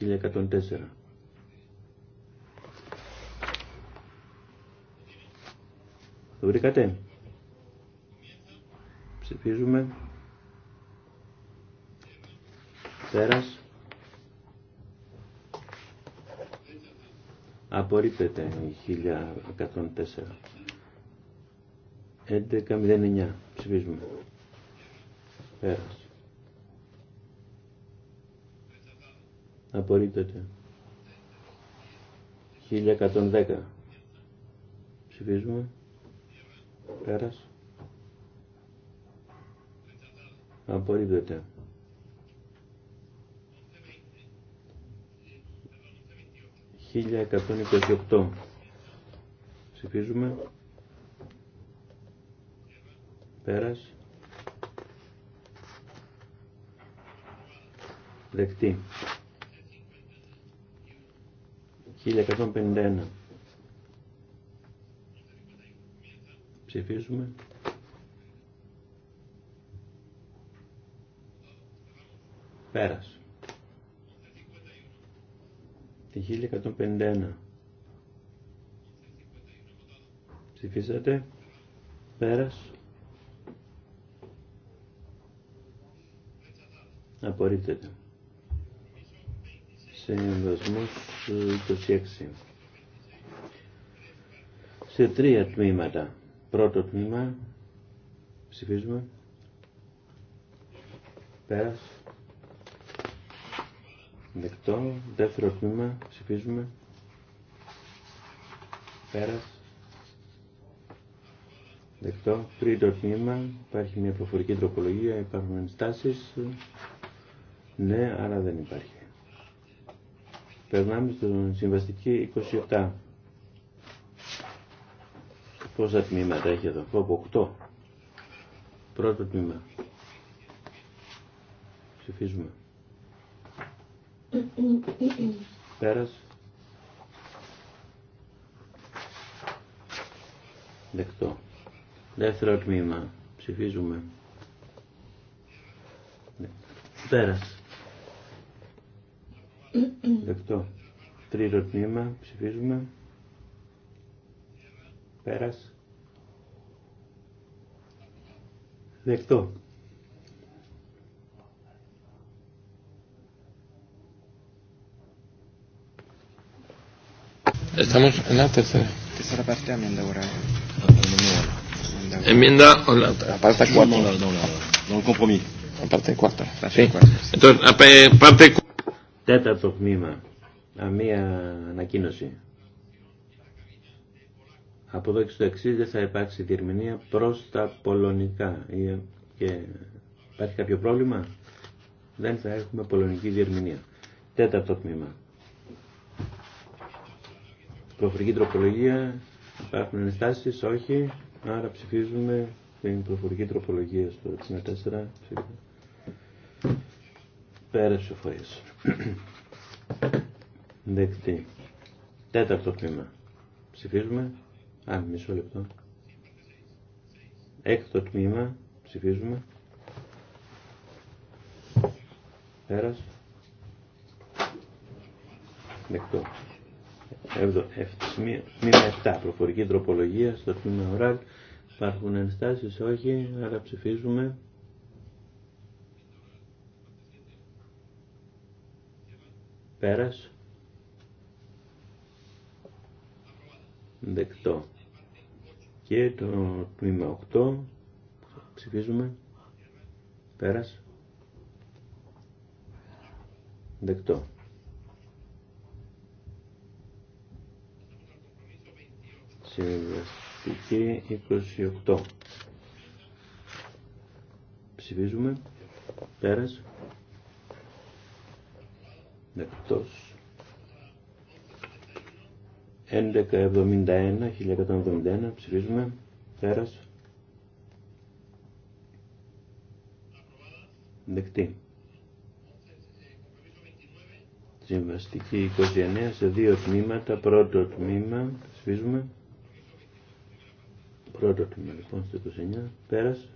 1104. Το βρήκατε. Ψηφίζουμε. Πέρας. Απορρίπτεται η 1104. 11.09. Ψηφίζουμε. Πέρας. απορρίπτεται. 1110 ψηφίζουμε πέρας απορρίπτεται. Χίλια Ψηφίζουμε. Πέρας. Δεκτή. 1151. Ψηφίζουμε. Πέρας. 1151. Ψηφίσατε. Πέρας. Απορρίπτεται. Συμβασμός 26. Σε τρία τμήματα. Πρώτο τμήμα. Ψηφίζουμε. Πέρας. Δεκτό. Δεύτερο τμήμα. Ψηφίζουμε. Πέρας. Δεκτό. Τρίτο τμήμα. Υπάρχει μια προφορική τροπολογία. Υπάρχουν ενστάσεις. Ναι, αλλά δεν υπάρχει. Περνάμε στον συμβαστική 27. Πόσα τμήματα έχει εδώ, από 8. Πρώτο τμήμα. Ψηφίζουμε. Πέρας. Δεκτό. Δεύτερο τμήμα. Ψηφίζουμε. Ναι. Πέρας. Δεκτό. Τρίτο τμήμα. Ψηφίζουμε. Πέρας. Δεκτό. Estamos en la tercera. Tercera parte enmienda ahora. Enmienda o La otra. La parte cuarta. No, no, no, no, no, el compromiso. La parte cuarta. Sí. Entonces, parte cuarta. Τέταρτο τμήμα. Μία ανακοίνωση. Από εδώ και στο δεν θα υπάρξει διερμηνία προς τα πολωνικά. Και υπάρχει κάποιο πρόβλημα. Δεν θα έχουμε πολωνική διερμηνία. Τέταρτο τμήμα. Προφορική τροπολογία. Υπάρχουν ενστάσεις. Όχι. Άρα ψηφίζουμε την προφορική τροπολογία στο 64. Πέρασε ο φορείς. Δεκτή. Τέταρτο τμήμα. Ψηφίζουμε. Α, μισό λεπτό. Έκτο τμήμα. Ψηφίζουμε. Πέρασε. Δεκτό. Εβδο, τμήμα 7. Προφορική τροπολογία στο τμήμα οράλ. Υπάρχουν ενστάσεις, όχι, άρα ψηφίζουμε. Πέρας. Δεκτό. Και το τμήμα 8. Ψηφίζουμε. Πέρας. Δεκτό. Συμβαστική 28. Ψηφίζουμε. Πέρας δεκτός 1171 1171 ψηφίζουμε πέρας δεκτή συμβαστική 29 σε δύο τμήματα πρώτο τμήμα ψηφίζουμε πρώτο τμήμα λοιπόν στο 29 πέρας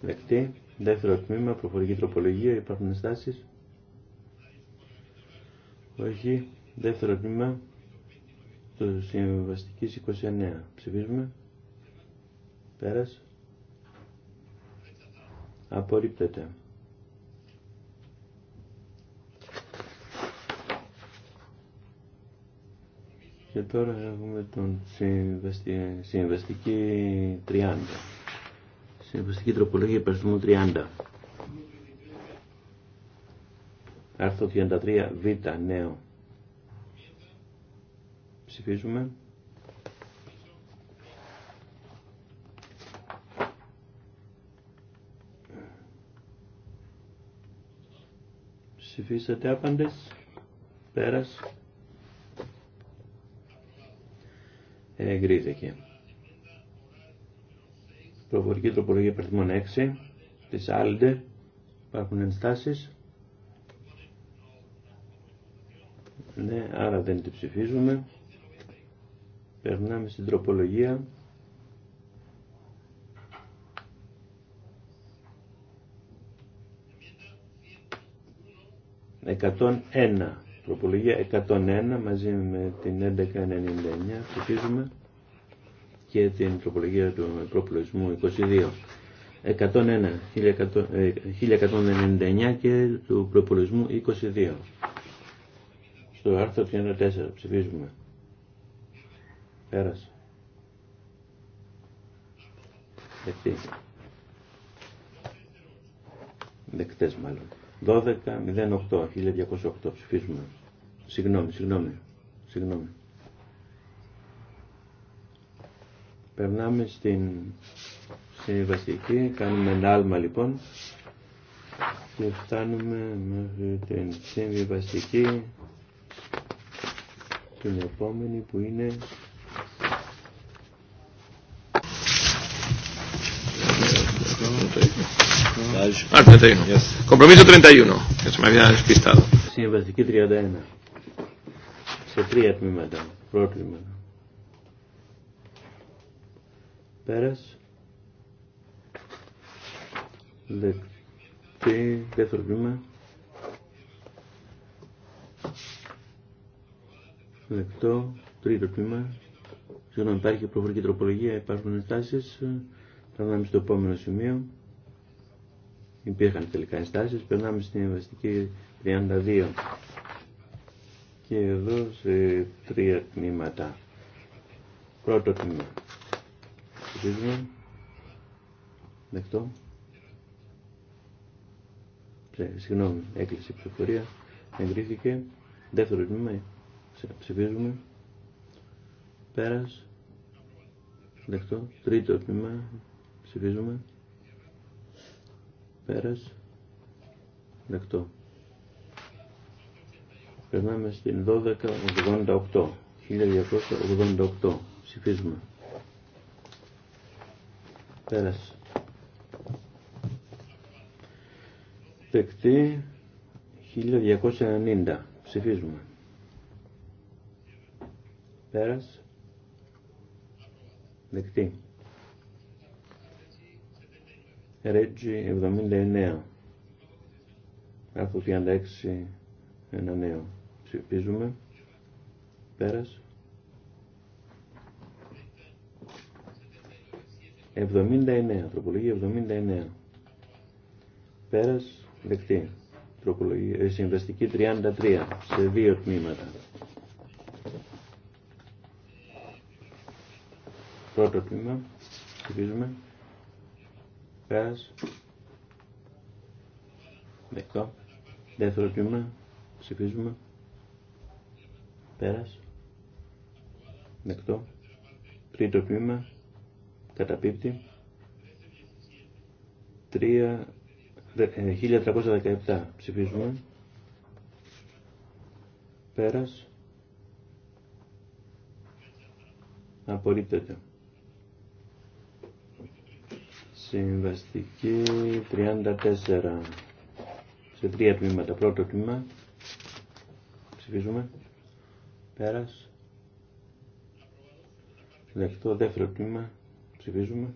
δεκτή Δεύτερο τμήμα, προφορική τροπολογία, υπάρχουν στάσει. Όχι. Δεύτερο τμήμα, το συμβαστική 29. Ψηφίζουμε. Πέρας. Απορρίπτεται. Και τώρα έχουμε τον συμβαστική 30. Συνεπιστική τροπολογία υπερθυμού 30. Άρθρο 33 Β νέο. Ψηφίζουμε. Ψηφίσατε άπαντες. Πέρας. Εγκρίθηκε. Προφορική τροπολογία παριθμών 6 της Άλντε. Υπάρχουν ενστάσεις. Ναι, άρα δεν τη ψηφίζουμε. Περνάμε στην τροπολογία. 101. Τροπολογία 101 μαζί με την 1199 ψηφίζουμε και την τροπολογία του προπολογισμού 22. 101, 1199 και του προπολογισμού 22. Στο άρθρο 34 ψηφίζουμε. Πέρασε. Δεκτή. Δεκτές μάλλον. 12.08.1208 ψηφίζουμε. Συγγνώμη, συγγνώμη, συγγνώμη. Περνάμε στην βασική κάνουμε ένα άλμα λοιπόν και φτάνουμε μέχρι την συμβιβαστική την επόμενη που είναι 31. 31, que se 31. Σε τρία τμήματα. Πρώτο Πέρας. Δεκτή. Δεύτερο βήμα. Δεκτό. Τρίτο τμήμα. Συγγνώμη, υπάρχει προφορική τροπολογία, υπάρχουν ενστάσει. Περνάμε στο επόμενο σημείο. Υπήρχαν τελικά ενστάσει. Περνάμε στην ευαστική 32. Και εδώ σε τρία τμήματα. Πρώτο τμήμα. Ψηφίζουμε. Δεκτό. Ε, συγγνώμη, έκλεισε η ψηφοφορία. Εγκρίθηκε. Δεύτερο τμήμα. Ψηφίζουμε. Πέρας. Δεχτώ. Τρίτο τμήμα. Ψηφίζουμε. Πέρας. Δεχτώ. Περνάμε στην 1288. 1288. Ψηφίζουμε. Πέρασε. Δεκτή 1290. Ψηφίζουμε. Πέρας. Δεκτή. Ρέτζι 79. Άρθρο 36. Ένα νέο. Ψηφίζουμε. Πέρας. 79. Τροπολογία 79. Πέρας δεκτή. Τροπολογία, ε, συμβαστική 33 σε δύο τμήματα. Πρώτο τμήμα. Ψηφίζουμε. Πέρας. Δεκτό. Δεύτερο τμήμα. Ψηφίζουμε. Πέρας. Δεκτό. Τρίτο τμήμα καταπίπτει 3, 1317 ε, ψηφίζουμε πέρας απορρίπτεται συμβαστική 34 σε τρία τμήματα πρώτο τμήμα ψηφίζουμε πέρας δεύτερο τμήμα Ψηφίζουμε.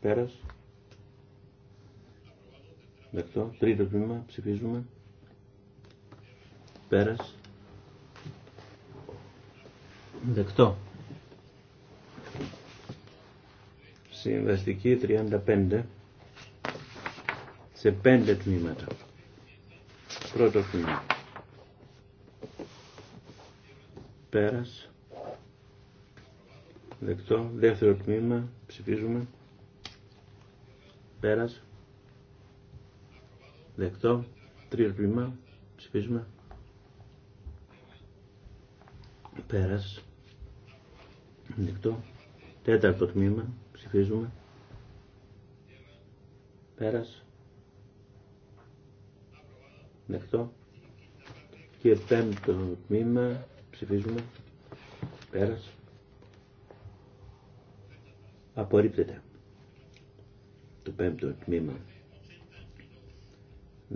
Πέρα. Δεκτό. Τρίτο τμήμα. Ψηφίζουμε. Πέρας. Δεκτό. Συμβαστική 35 σε πέντε τμήματα. Πρώτο τμήμα. Πέρας. Δεκτό. Δεύτερο τμήμα. Ψηφίζουμε. Πέρας. Δεκτό. Τρίτο τμήμα. Ψηφίζουμε. Πέρας. Δεκτό. Τέταρτο τμήμα. Ψηφίζουμε. Πέρας. Δεκτό. Και πέμπτο τμήμα. Ψηφίζουμε. Πέρας απορρίπτεται το πέμπτο τμήμα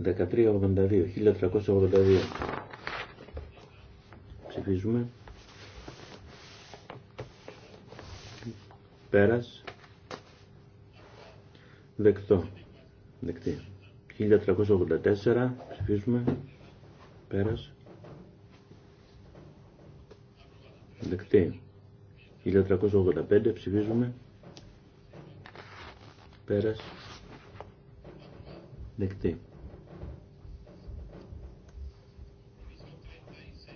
1382 1382 ψηφίζουμε πέρας δεκτό δεκτή 1384 ψηφίζουμε πέρας δεκτή 1385 ψηφίζουμε Πέρας. Δεκτή.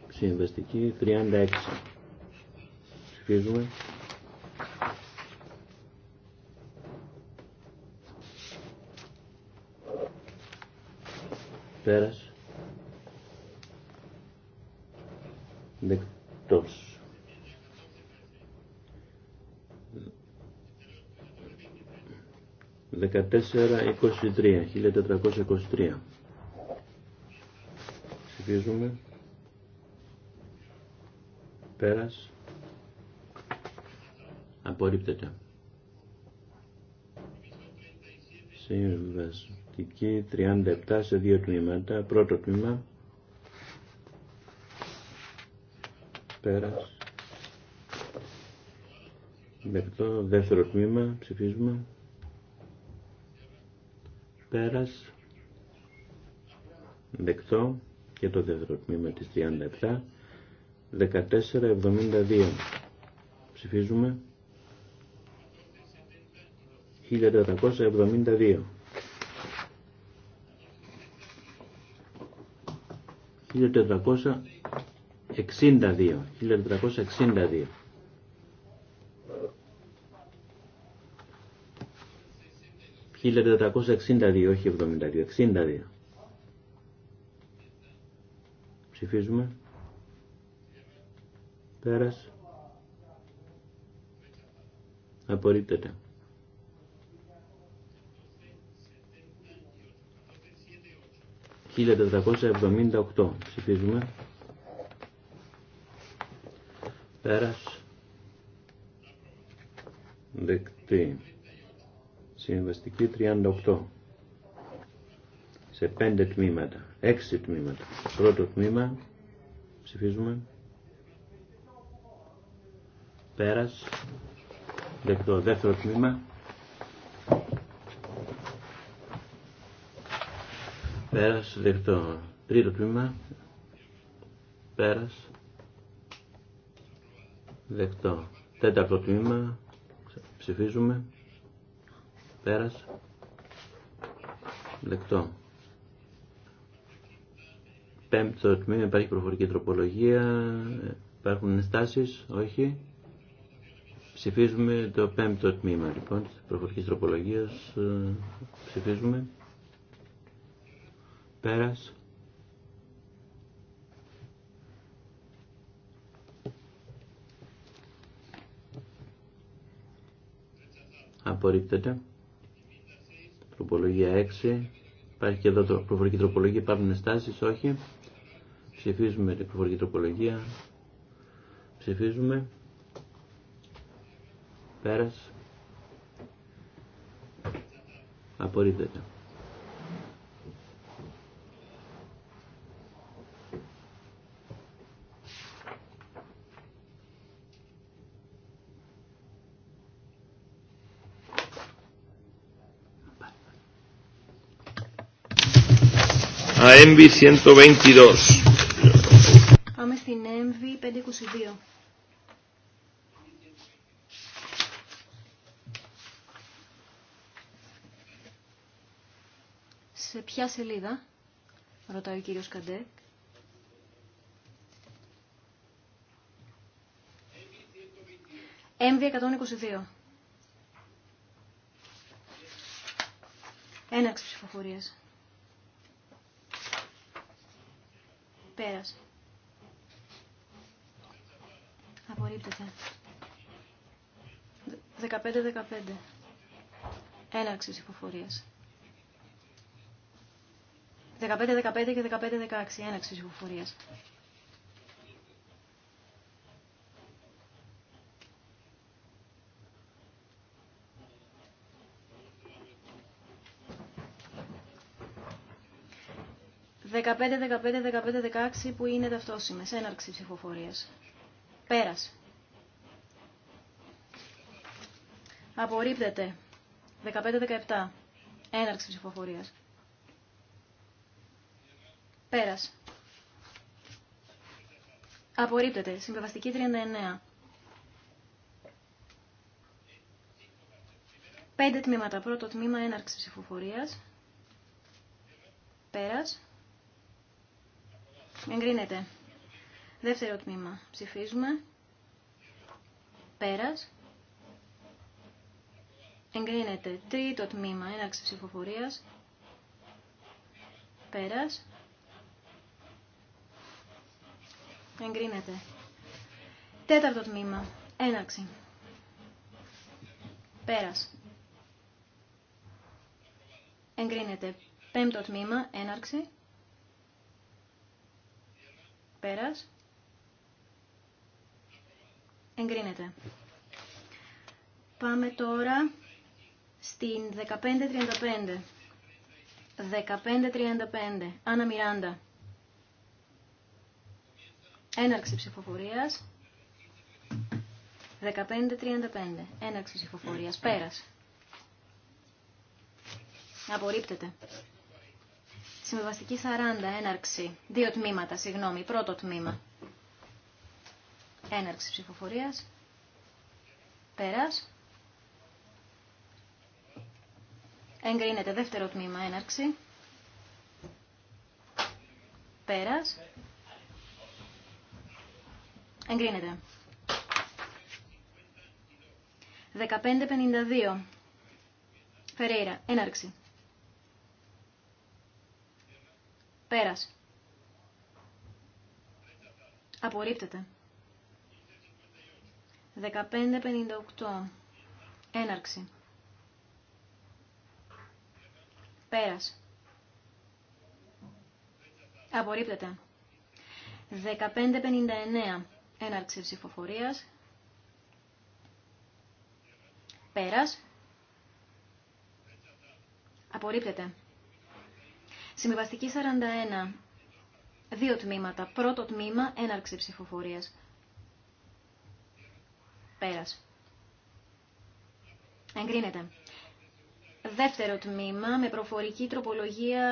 Συμβεστική 36. Σφίζουμε. Πέρας. Δεκτός. 1423. 1423. Ψηφίζουμε. Πέρας. Απορρίπτεται. Συμβαστική 37 σε δύο τμήματα. Πρώτο τμήμα. Πέρας. Δεύτερο τμήμα. Ψηφίζουμε πέρας δεκτό και το δεύτερο τμήμα της 37 1472 ψηφίζουμε 1472 1462 1462 1462, όχι 72, 62. Ψηφίζουμε. Πέρας. Απορρίπτεται. 1478. Ψηφίζουμε. Πέρας. Δεκτή. Συμβαστική 38. Σε πέντε τμήματα. Έξι τμήματα. Πρώτο τμήμα. Ψηφίζουμε. Πέρας. Δεκτό. Δεύτερο τμήμα. Πέρας. Δεκτό. Τρίτο τμήμα. Πέρας. Δεκτό. Τέταρτο τμήμα. Ψηφίζουμε. Πέρας. λεκτό. Πέμπτο τμήμα υπάρχει προφορική τροπολογία. Υπάρχουν ενστάσεις. Όχι. Ψηφίζουμε το πέμπτο τμήμα λοιπόν της προφορικής τροπολογίας. Ψηφίζουμε. Πέρας. Απορρίπτεται. Τροπολογία 6. Υπάρχει και εδώ προφορική τροπολογία. Υπάρχουν στάσει Όχι. Ψηφίζουμε την προφορική τροπολογία. Ψηφίζουμε. Πέρας. Απορρίπτεται. a Envi 122. Πάμε στην Envi 522. Σε ποια σελίδα, ρωτάει ο κύριος Καντέκ. Εμβι 122. Έναξη ψηφοφορίας. περασε απορριπτεται Απορρίπτεται. 15-15. Έναρξη ψηφοφορία. 15-15 και 15-16. Έναρξη ψηφοφορία. 15, 15, 15, 16 που είναι ταυτόσιμες. Έναρξη ψηφοφορίας. Πέρας. Απορρίπτεται. 15-17. Έναρξη ψηφοφορίας. Πέρας. Απορρίπτεται. Συμπεβαστική 39. Πέντε τμήματα. Πρώτο τμήμα έναρξη ψηφοφορίας. Πέρας. Εγκρίνεται. Δεύτερο τμήμα. Ψηφίζουμε. Πέρας. Εγκρίνεται. Τρίτο τμήμα. τμήμα ψηφοφορίας. Πέρας. Εγκρίνεται. Τέταρτο τμήμα. Έναρξη. Πέρας. Εγκρίνεται. Πέμπτο τμήμα. Έναρξη. Πέρας. Εγκρίνεται. Πάμε τώρα στην 1535. 1535. Άννα Μιράντα. Έναρξη ψηφοφορίας. 1535. Έναρξη ψηφοφορίας. Πέρας. Απορρίπτεται. Συμβαστική 40, έναρξη. Δύο τμήματα, συγγνώμη. Πρώτο τμήμα. Έναρξη ψηφοφορίας. Πέρας. Εγκρίνεται δεύτερο τμήμα, έναρξη. Πέρας. Εγκρίνεται. 1552. Φερέιρα, έναρξη. Πέρας. Απορρίπτεται. 1558. Έναρξη. Πέρας. Απορρίπτεται. 1559. Έναρξη ψηφοφορίας. Πέρας. Απορρίπτεται. Συμβιβαστική 41. Δύο τμήματα. Πρώτο τμήμα, έναρξη ψηφοφορίας. Πέρας. Εγκρίνεται. Δεύτερο τμήμα, με προφορική τροπολογία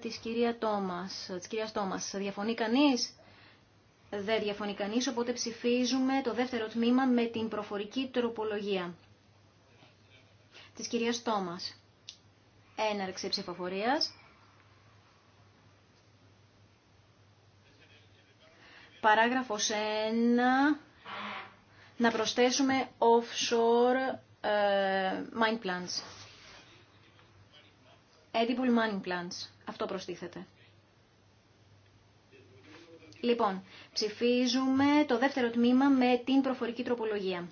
της, κυρία Τόμας, της κυρίας Τόμας. Διαφωνεί κανείς? Δεν διαφωνεί κανείς, οπότε ψηφίζουμε το δεύτερο τμήμα με την προφορική τροπολογία της κυρίας Τόμας. Έναρξη ψηφοφορίας. παράγραφος 1 να προσθέσουμε offshore ε, mine plants. Edible mining plants. Αυτό προστίθεται. Λοιπόν, ψηφίζουμε το δεύτερο τμήμα με την προφορική τροπολογία.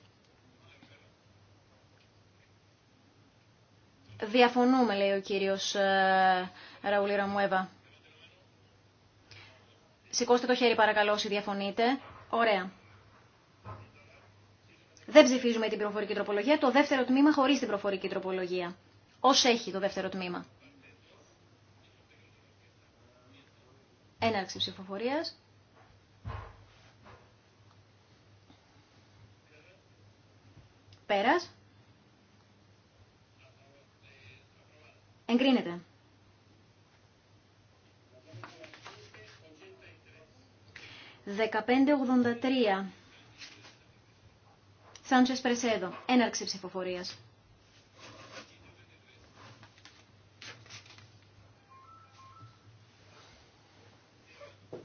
Διαφωνούμε, λέει ο κύριος ε, Ραούλη Ραμουέβα. Σηκώστε το χέρι παρακαλώ όσοι διαφωνείτε. Ωραία. Δεν ψηφίζουμε την προφορική τροπολογία. Το δεύτερο τμήμα χωρίς την προφορική τροπολογία. Όσο έχει το δεύτερο τμήμα. Έναρξη ψηφοφορία. Πέρας. Εγκρίνεται. 1583. Σάντσες Πρεσέδο. Έναρξη ψηφοφορίας.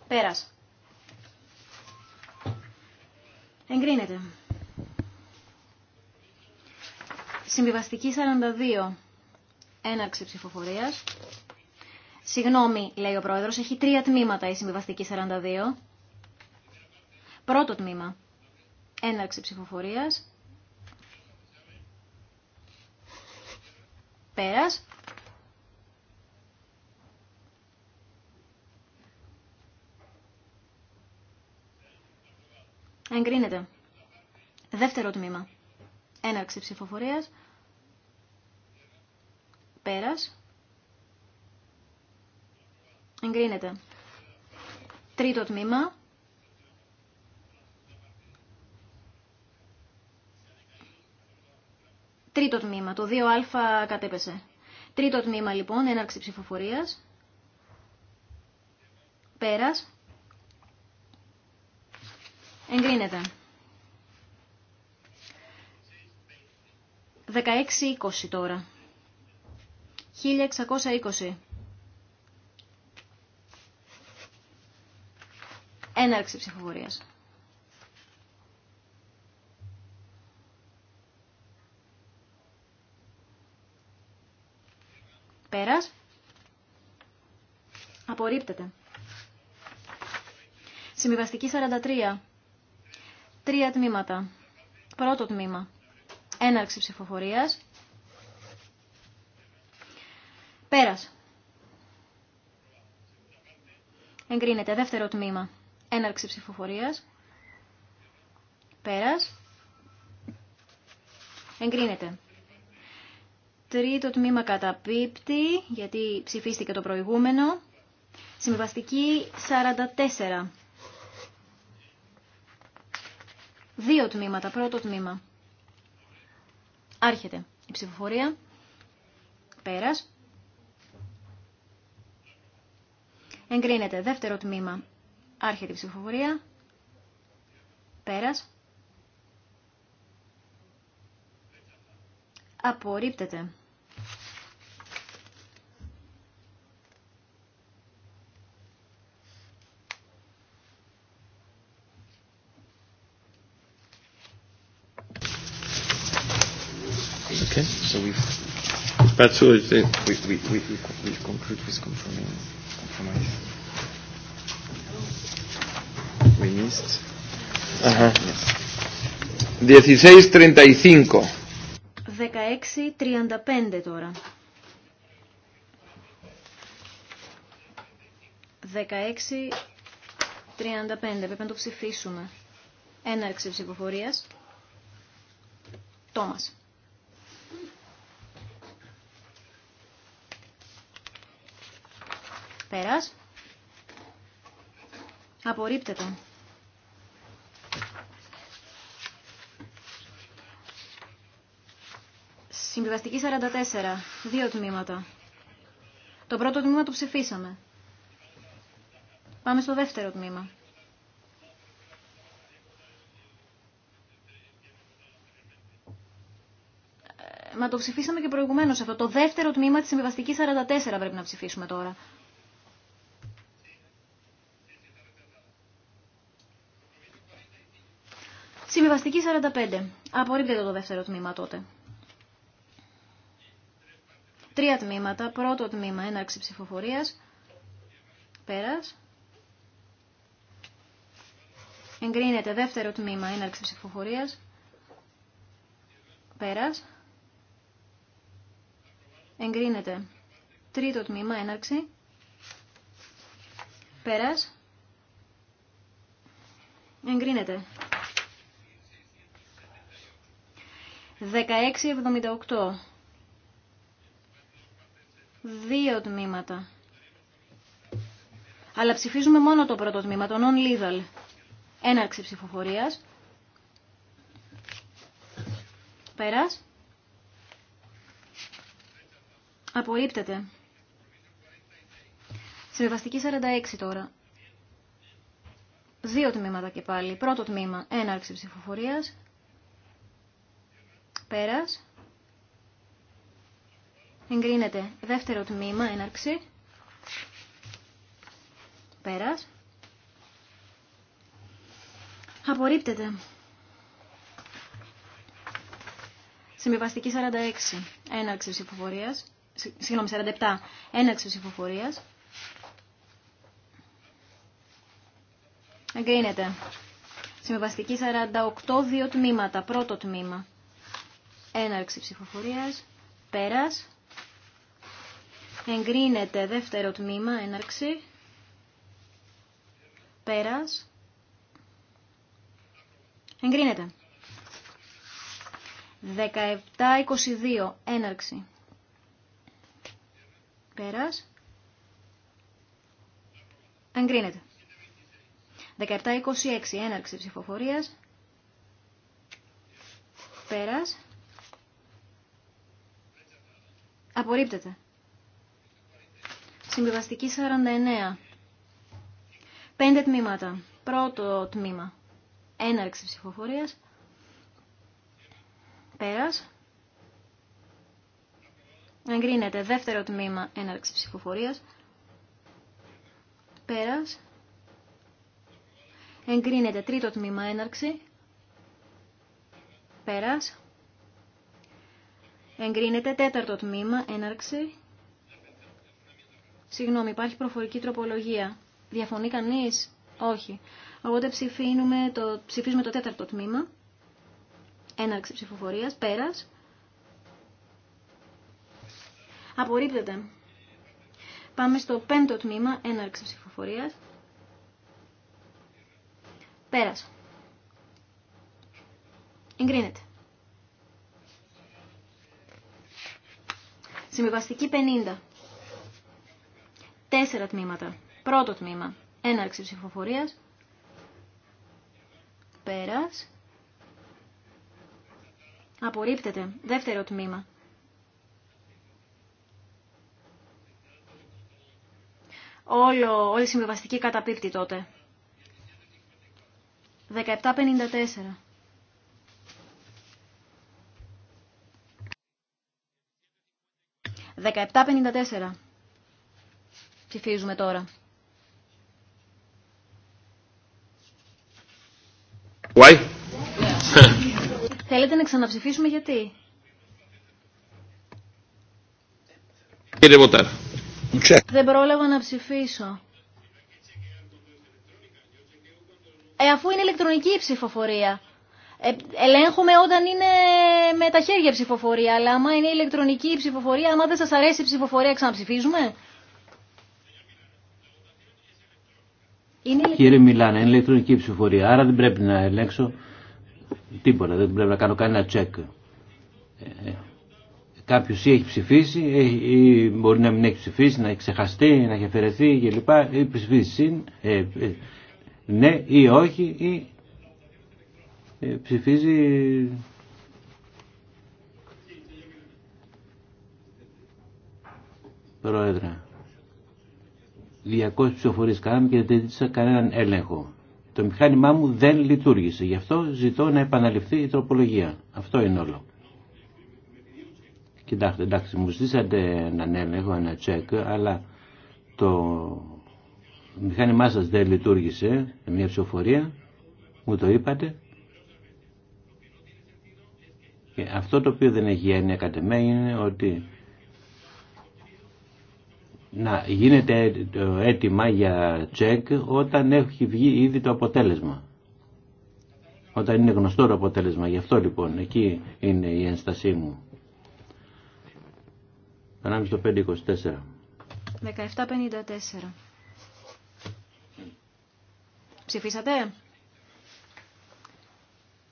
Πέρας. Εγκρίνεται. Συμβιβαστική 42. Έναρξη ψηφοφορίας. Συγγνώμη, λέει ο πρόεδρος, έχει τρία τμήματα η συμβιβαστική 42. Πρώτο τμήμα. Έναρξη ψηφοφορίας. Πέρας. Εγκρίνεται. Δεύτερο τμήμα. Έναρξη ψηφοφορίας. Πέρας. Εγκρίνεται. Τρίτο τμήμα. Τρίτο τμήμα, το 2α κατέπεσε. Τρίτο τμήμα λοιπόν, έναρξη ψηφοφορίας. Πέρας. Εγκρίνεται. 16-20 τώρα. 1620. Έναρξη ψηφοφορίας. Πέρας. Απορρίπτεται. Συμβιβαστική 43. Τρία τμήματα. Πρώτο τμήμα. Έναρξη ψηφοφορίας. Πέρας. Εγκρίνεται. Δεύτερο τμήμα. Έναρξη ψηφοφορίας. Πέρας. Εγκρίνεται τρίτο τμήμα καταπίπτει, γιατί ψηφίστηκε το προηγούμενο. Συμβαστική 44. Δύο τμήματα, πρώτο τμήμα. Άρχεται η ψηφοφορία. Πέρας. Εγκρίνεται δεύτερο τμήμα. Άρχεται η ψηφοφορία. Πέρας. Απορρίπτεται. Πέτσου, 16.35. 16.35 τώρα. 16.35. Πρέπει να το ψηφίσουμε. Έναρξη ψηφοφορίας. Τόμας. Πέρας. Απορρίπτεται. Συμβιβαστική 44. Δύο τμήματα. Το πρώτο τμήμα το ψηφίσαμε. Πάμε στο δεύτερο τμήμα. Ε, μα το ψηφίσαμε και προηγουμένως αυτό. Το δεύτερο τμήμα της συμβιβαστικής 44 πρέπει να ψηφίσουμε τώρα. Συμβιβαστική 45. Απορρίπτεται το δεύτερο τμήμα τότε. Τρία τμήματα. Πρώτο τμήμα, έναρξη ψηφοφορίας. Πέρας. Εγκρίνεται δεύτερο τμήμα, έναρξη ψηφοφορίας. Πέρας. Εγκρίνεται τρίτο τμήμα, έναρξη. Πέρας. Εγκρίνεται 1678. Δύο τμήματα. Αλλά ψηφίζουμε μόνο το πρώτο τμήμα, το non-legal. Έναρξη ψηφοφορίας. Πέρας. Απορρίπτεται. Συμβαστική 46 τώρα. Δύο τμήματα και πάλι. Πρώτο τμήμα, έναρξη ψηφοφορίας. Πέρας. Εγκρίνεται. Δεύτερο τμήμα, έναρξη. Πέρας. Απορρίπτεται. Συμβιβαστική 46. Έναρξη ψηφοφορία. Συγγνώμη, 47. Έναρξη ψηφοφορία. Εγκρίνεται. Συμβιβαστική 48. Δύο τμήματα. Πρώτο τμήμα. Έναρξη ψηφοφορίας. Πέρας. Εγκρίνεται δεύτερο τμήμα. Έναρξη. Πέρας. Εγκρίνεται. 17-22. Έναρξη. Πέρας. Εγκρίνεται. 17-26. Έναρξη ψηφοφορίας. Πέρας. Απορρίπτεται. Συμβιβαστική 49. Πέντε τμήματα. Πρώτο τμήμα. Έναρξη ψηφοφορίας. Πέρας. Εγκρίνεται. Δεύτερο τμήμα. Έναρξη ψηφοφορίας. Πέρας. Εγκρίνεται. Τρίτο τμήμα. Έναρξη. Πέρας. Εγκρίνεται τέταρτο τμήμα, έναρξη. Συγγνώμη, υπάρχει προφορική τροπολογία. Διαφωνεί κανείς? Όχι. Οπότε ψηφίζουμε το, ψηφίζουμε το τέταρτο τμήμα. Έναρξη ψηφοφορίας, πέρας. Απορρίπτεται. Πάμε στο πέμπτο τμήμα, έναρξη ψηφοφορίας. Πέρας. Εγκρίνεται. Συμβιβαστική 50. Τέσσερα τμήματα. Πρώτο τμήμα. Έναρξη ψηφοφορίας. Πέρας. Απορρίπτεται. Δεύτερο τμήμα. Όλο, όλη η συμβιβαστική καταπίπτει τότε. 1754. 1754. Ψηφίζουμε τώρα. Why? Θέλετε να ξαναψηφίσουμε γιατί. Δεν πρόλαβα να ψηφίσω. Ε, αφού είναι ηλεκτρονική η ψηφοφορία. Ε, ελέγχουμε όταν είναι με τα χέρια ψηφοφορία, αλλά άμα είναι ηλεκτρονική ψηφοφορία, άμα δεν σας αρέσει η ψηφοφορία, ξαναψηφίζουμε. Είναι Κύριε Μιλάνε, είναι ηλεκτρονική ψηφοφορία, άρα δεν πρέπει να ελέγξω τίποτα, δεν πρέπει να κάνω κανένα τσεκ. Ε, κάποιος ή έχει ψηφίσει ε, ή μπορεί να μην έχει ψηφίσει, να έχει ξεχαστεί, να έχει αφαιρεθεί κλπ. Η ψηφίσει ε, ε, ναι ή όχι ή ε, ψηφίζει Πρόεδρε 200 ψηφοφορίες κάναμε και δεν ζήτησα κανέναν έλεγχο το μηχάνημά μου δεν λειτουργήσε γι' αυτό ζητώ να επαναληφθεί η τροπολογία αυτό είναι όλο Κοιτάξτε, εντάξει, μου ζήσατε έναν έλεγχο, ένα τσεκ, αλλά το μηχάνημά σας δεν λειτουργήσε, μια ψηφοφορία, μου το είπατε, και αυτό το οποίο δεν έχει έννοια κατ' είναι ότι να γίνεται έτοιμα για τσεκ όταν έχει βγει ήδη το αποτέλεσμα. Όταν είναι γνωστό το αποτέλεσμα. Γι' αυτό λοιπόν εκεί είναι η ένστασή μου. Ανάμεσα στο 524. 1754. Ψηφίσατε.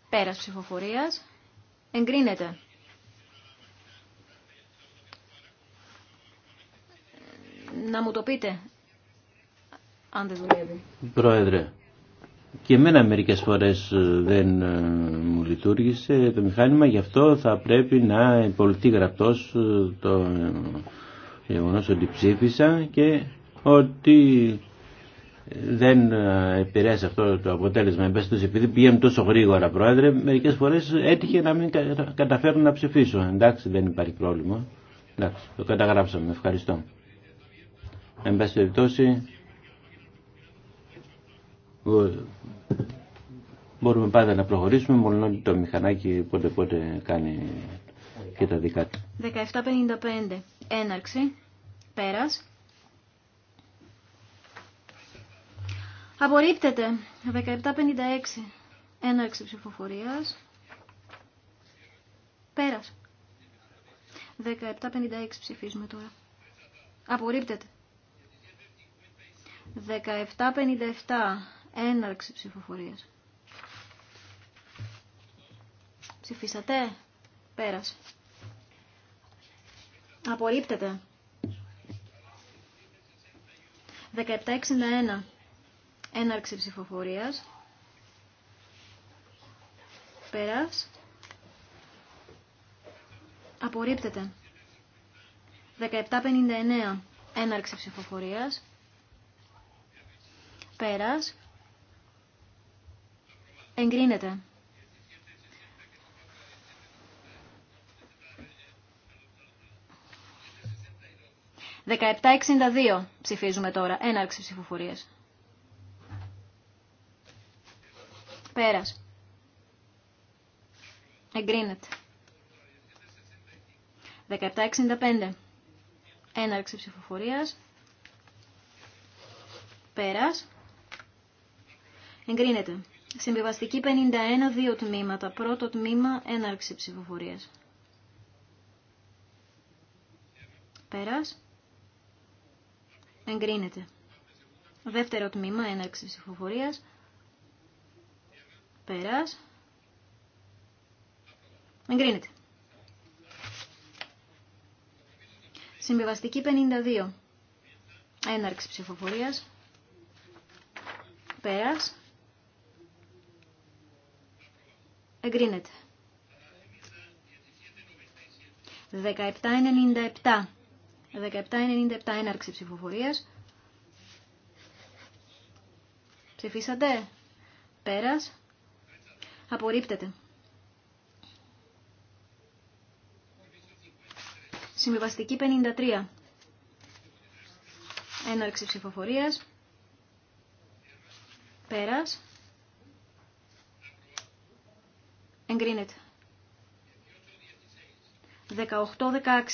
Πέρας ψηφοφορίας. Εγκρίνεται. Να μου το πείτε, αν δεν δουλεύει. Πρόεδρε, και εμένα μερικές φορές ε, δεν ε, μου λειτουργήσε το μηχάνημα, γι' αυτό θα πρέπει να υπολοιθεί γραπτός ε, το γεγονό ότι ψήφισα και ότι δεν ε, επηρέασε αυτό το αποτέλεσμα εμπέστος επειδή πηγαίνουν τόσο γρήγορα πρόεδρε μερικές φορές έτυχε να μην καταφέρουν να ψηφίσω εντάξει δεν υπάρχει πρόβλημα εντάξει το καταγράψαμε ευχαριστώ εν πάση περιπτώσει μπορούμε πάντα να προχωρήσουμε μόνο ότι το μηχανάκι πότε πότε κάνει και τα δικά του 17.55 έναρξη πέρας Απορρίπτεται. 1756. Έναρξη ψηφοφορίας. Πέρας. 1756 ψηφίζουμε τώρα. Απορρίπτεται. 1757. Έναρξη ψηφοφορίας. Ψηφίσατε. Πέρας. Απορρίπτεται. 1761. Έναρξη ψηφοφορίας. Πέρας. Απορρίπτεται. 1759. Έναρξη ψηφοφορίας. Πέρας. Εγκρίνεται. 1762 ψηφίζουμε τώρα. Έναρξη ψηφοφορίας. Πέρας. Εγκρίνεται. 1765. Έναρξη ψηφοφορίας. Πέρας. Εγκρίνεται. Συμβιβαστική 51, δύο τμήματα. Πρώτο τμήμα, έναρξη ψηφοφορίας. Πέρας. Εγκρίνεται. Δεύτερο τμήμα, έναρξη ψηφοφορίας. Πέρας. Εγκρίνεται. Συμβιβαστική 52. Έναρξη ψηφοφορίας. Πέρας. Εγκρίνεται. 1797. 1797 έναρξη ψηφοφορίας. Ψηφίσατε. Πέρας. Απορρίπτεται. Συμβιβαστική 53. Έναρξη ψηφοφορίας. Πέρας. Εγκρίνεται.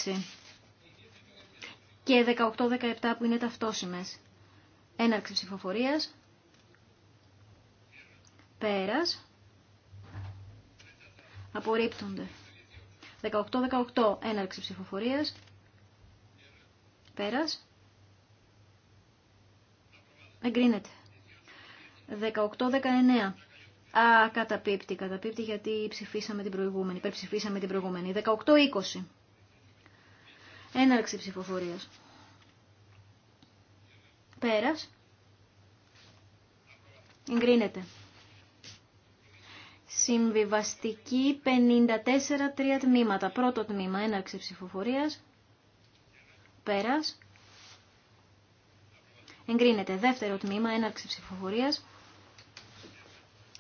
18-16 και 18-17 που είναι ταυτόσημες. Έναρξη ψηφοφορίας. Πέρας απορρίπτονται. 18-18 έναρξη ψηφοφορίας. Πέρας. Εγκρίνεται. 18-19. Α, καταπίπτει, καταπίπτει γιατί ψηφίσαμε την προηγούμενη, υπερψηφίσαμε την προηγούμενη. 18-20. Έναρξη ψηφοφορίας. Πέρας. Εγκρίνεται. Συμβιβαστική 54 τρία τμήματα. Πρώτο τμήμα έναρξη ψηφοφορίας. Πέρας. Εγκρίνεται. Δεύτερο τμήμα έναρξη ψηφοφορίας.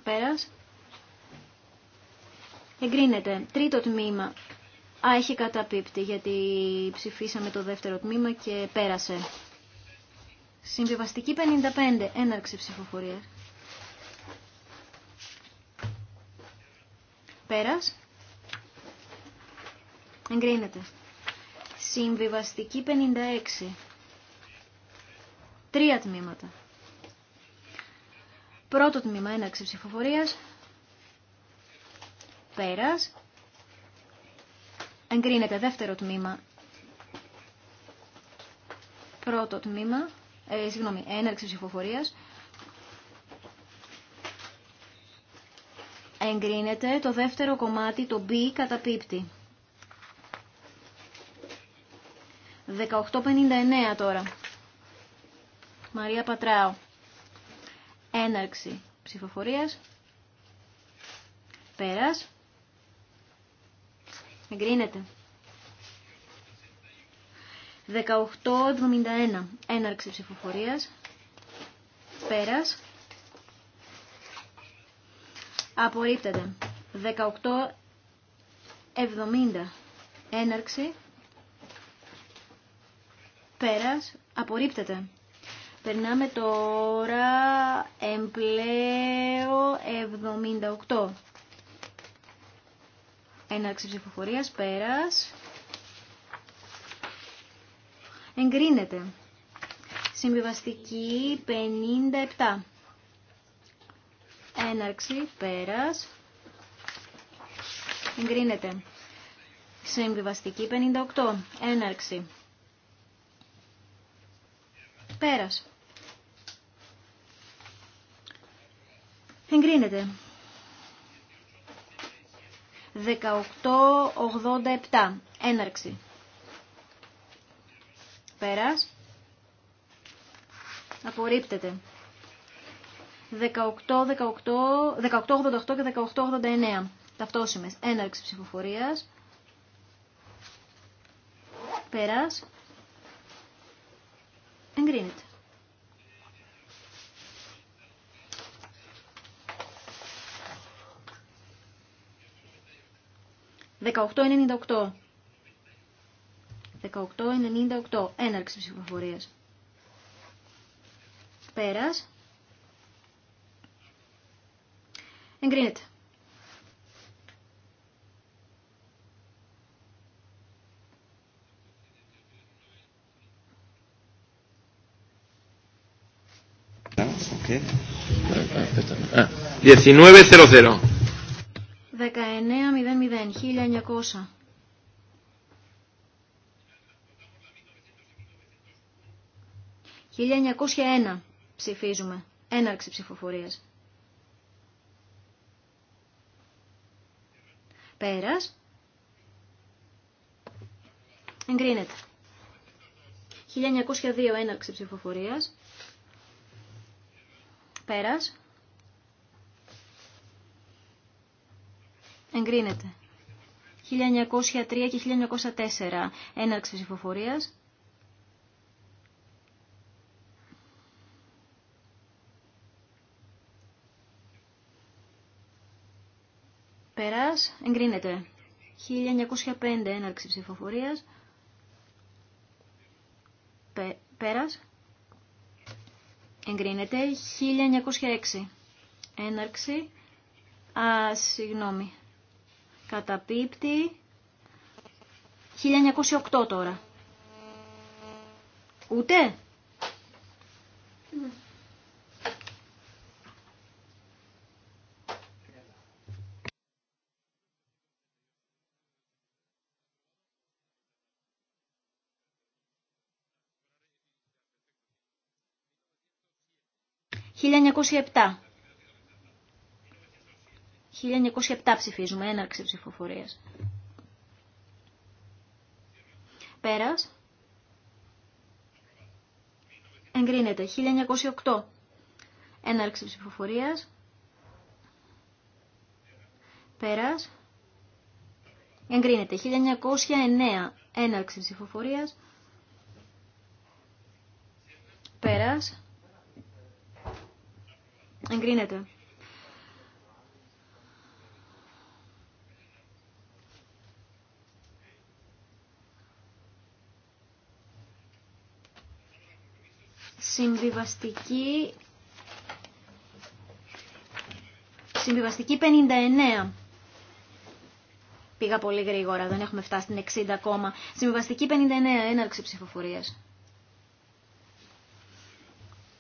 Πέρας. Εγκρίνεται. Τρίτο τμήμα. Α, έχει καταπίπτει γιατί ψηφίσαμε το δεύτερο τμήμα και πέρασε. Συμβιβαστική 55 έναρξη ψηφοφορίας. Πέρας. Εγκρίνεται. Συμβιβαστική 56. Τρία τμήματα. Πρώτο τμήμα έναξη ψηφοφορίας. Πέρας. Εγκρίνεται δεύτερο τμήμα. Πρώτο τμήμα. Ε, συγγνώμη, έναρξη ψηφοφορίας. εγκρίνεται, το δεύτερο κομμάτι, το B, καταπίπτει. 18.59 τώρα. Μαρία Πατράου. Έναρξη ψηφοφορίας. Πέρας. Εγκρίνεται. 18.71. Έναρξη ψηφοφορίας. Πέρας απορρίπτεται. 18.70 έναρξη πέρας απορρίπτεται. Περνάμε τώρα εμπλέο 78. Έναρξη ψηφοφορίας πέρας. Εγκρίνεται. Συμβιβαστική 57 έναρξη, πέρας, εγκρίνεται. Συμβιβαστική 58, έναρξη, πέρας, εγκρίνεται. 1887, έναρξη, πέρας, απορρίπτεται. 1888 και 1889. Ταυτόσημες. Έναρξη ψηφοφορίας. Πέρας. Εγκρίνεται. Δεκαοκτώ ενενήντα οκτώ. Δεκαοκτώ ενενήντα οκτώ. Έναρξη ψηφοφορίας. Πέρας. Εγκρίνεται. Okay. 19.00. 19.00. 1900. «1901» ψηφίζουμε. Έναρξη ψηφοφορίας. Πέρας. Εγκρίνεται. 1902 έναρξη ψηφοφορίας. Πέρας. Εγκρίνεται. 1903 και 1904 έναρξη ψηφοφορίας. Πέρας, εγκρίνεται. 1905 έναρξη ψηφοφορίας. πέρας, εγκρίνεται. 1906 έναρξη. Α, συγγνώμη. Καταπίπτει. 1908 τώρα. Ούτε. Ναι. 1907. ψηφίζουμε, έναρξη ψηφοφορίας. Πέρας. Εγκρίνεται. 1908. Έναρξη ψηφοφορίας. Πέρας. Εγκρίνεται. 1909. Έναρξη ψηφοφορίας. Πέρας. Εγκρίνεται. Συμβιβαστική... Συμβιβαστική 59. Πήγα πολύ γρήγορα, δεν έχουμε φτάσει στην 60 ακόμα. Συμβιβαστική 59, έναρξη ψηφοφορίας.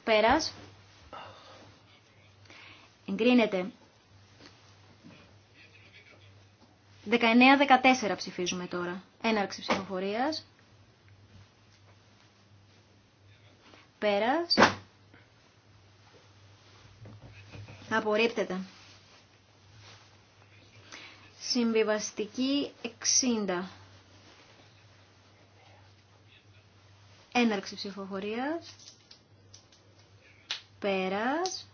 Πέρας. Εγκρίνεται. 19-14 ψηφίζουμε τώρα. Έναρξη ψηφοφορίας. Πέρας. Απορρίπτεται. Συμβιβαστική 60. Έναρξη ψηφοφορίας. Πέρας.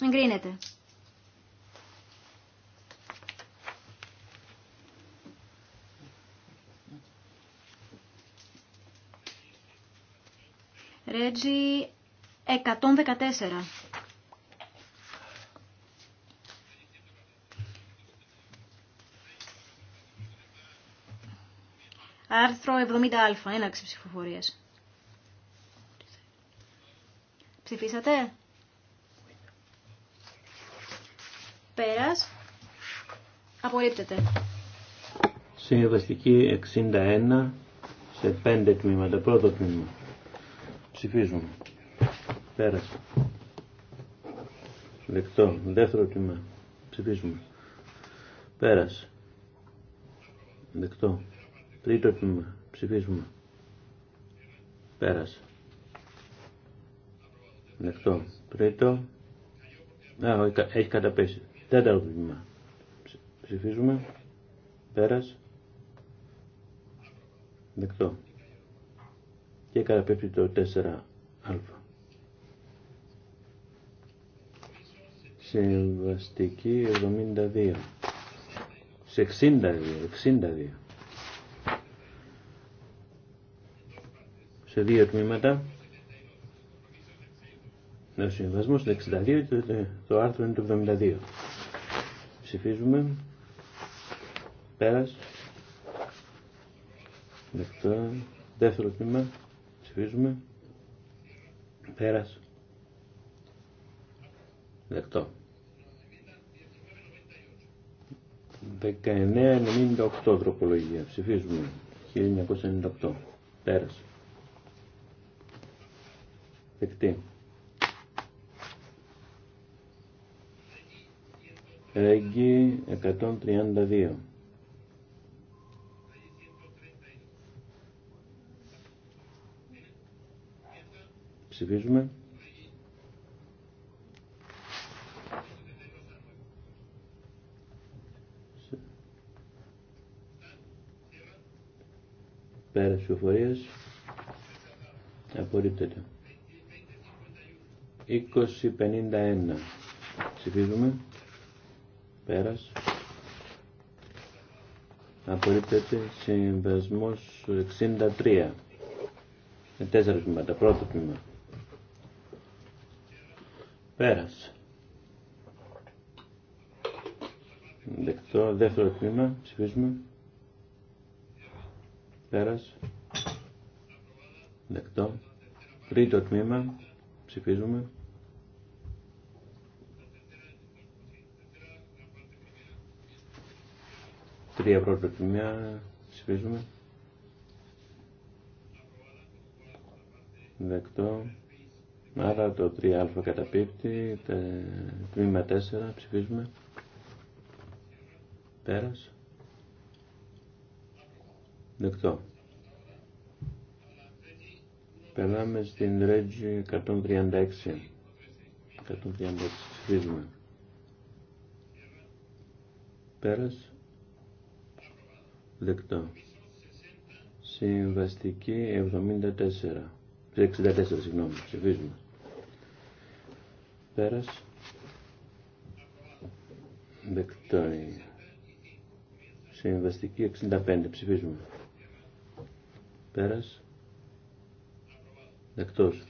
Εγκρίνεται. Ρέτζι 114. Άρθρο 70α, έναξη ψηφοφορίας. Ψηφίσατε. Πέρας. Απορρίπτεται. Συμβαστική 61 σε 5 τμήματα. Πρώτο τμήμα. Ψηφίζουμε. Πέρασε. Δεκτό. Δεύτερο τμήμα. Ψηφίζουμε. Πέρασε. Δεκτό. Τρίτο τμήμα. Ψηφίζουμε. Πέρασε. Δεκτό. Τρίτο. Α, έχει καταπέσει. Τέταρτο τμήμα. Ψηφίζουμε. Πέρας. Δεκτό. Και καταπέφτει το 4α. Συμβαστική 72. Σε 62. 62. Σε δύο τμήματα. Ο συμβασμός είναι 62 το άρθρο είναι το 72. Ψηφίζουμε. Πέρας. Δεκτό. Δεύτερο τμήμα. Ψηφίζουμε. Πέρας. Δεκτό. 1998 τροπολογία. Ψηφίζουμε. 1998. πέρας, Δεκτή. Ρέγγι 132. Ψηφίζουμε. Πέρα ψηφοφορίας. Απορρίπτεται. 2051. Ψηφίζουμε πέρας απορρίπτεται συμβασμός 63 με τέσσερα τμήματα πρώτο τμήμα πέρας δεκτό δεύτερο τμήμα ψηφίζουμε πέρας δεκτό τρίτο τμήμα ψηφίζουμε Τρία πρώτα τμήμα ψηφίζουμε. Δεκτό. Άρα το 3α καταπίπτει. Τμήμα 4 ψηφίζουμε. Πέρας. Δεκτό. Περνάμε στην ρέτζη 136. 136 ψηφίζουμε. Πέρας δεκτό. Συμβαστική 74. 64, συγγνώμη, ψηφίζουμε. Πέρας. Δεκτό. Συμβαστική 65, ψηφίζουμε. Πέρας. Δεκτός.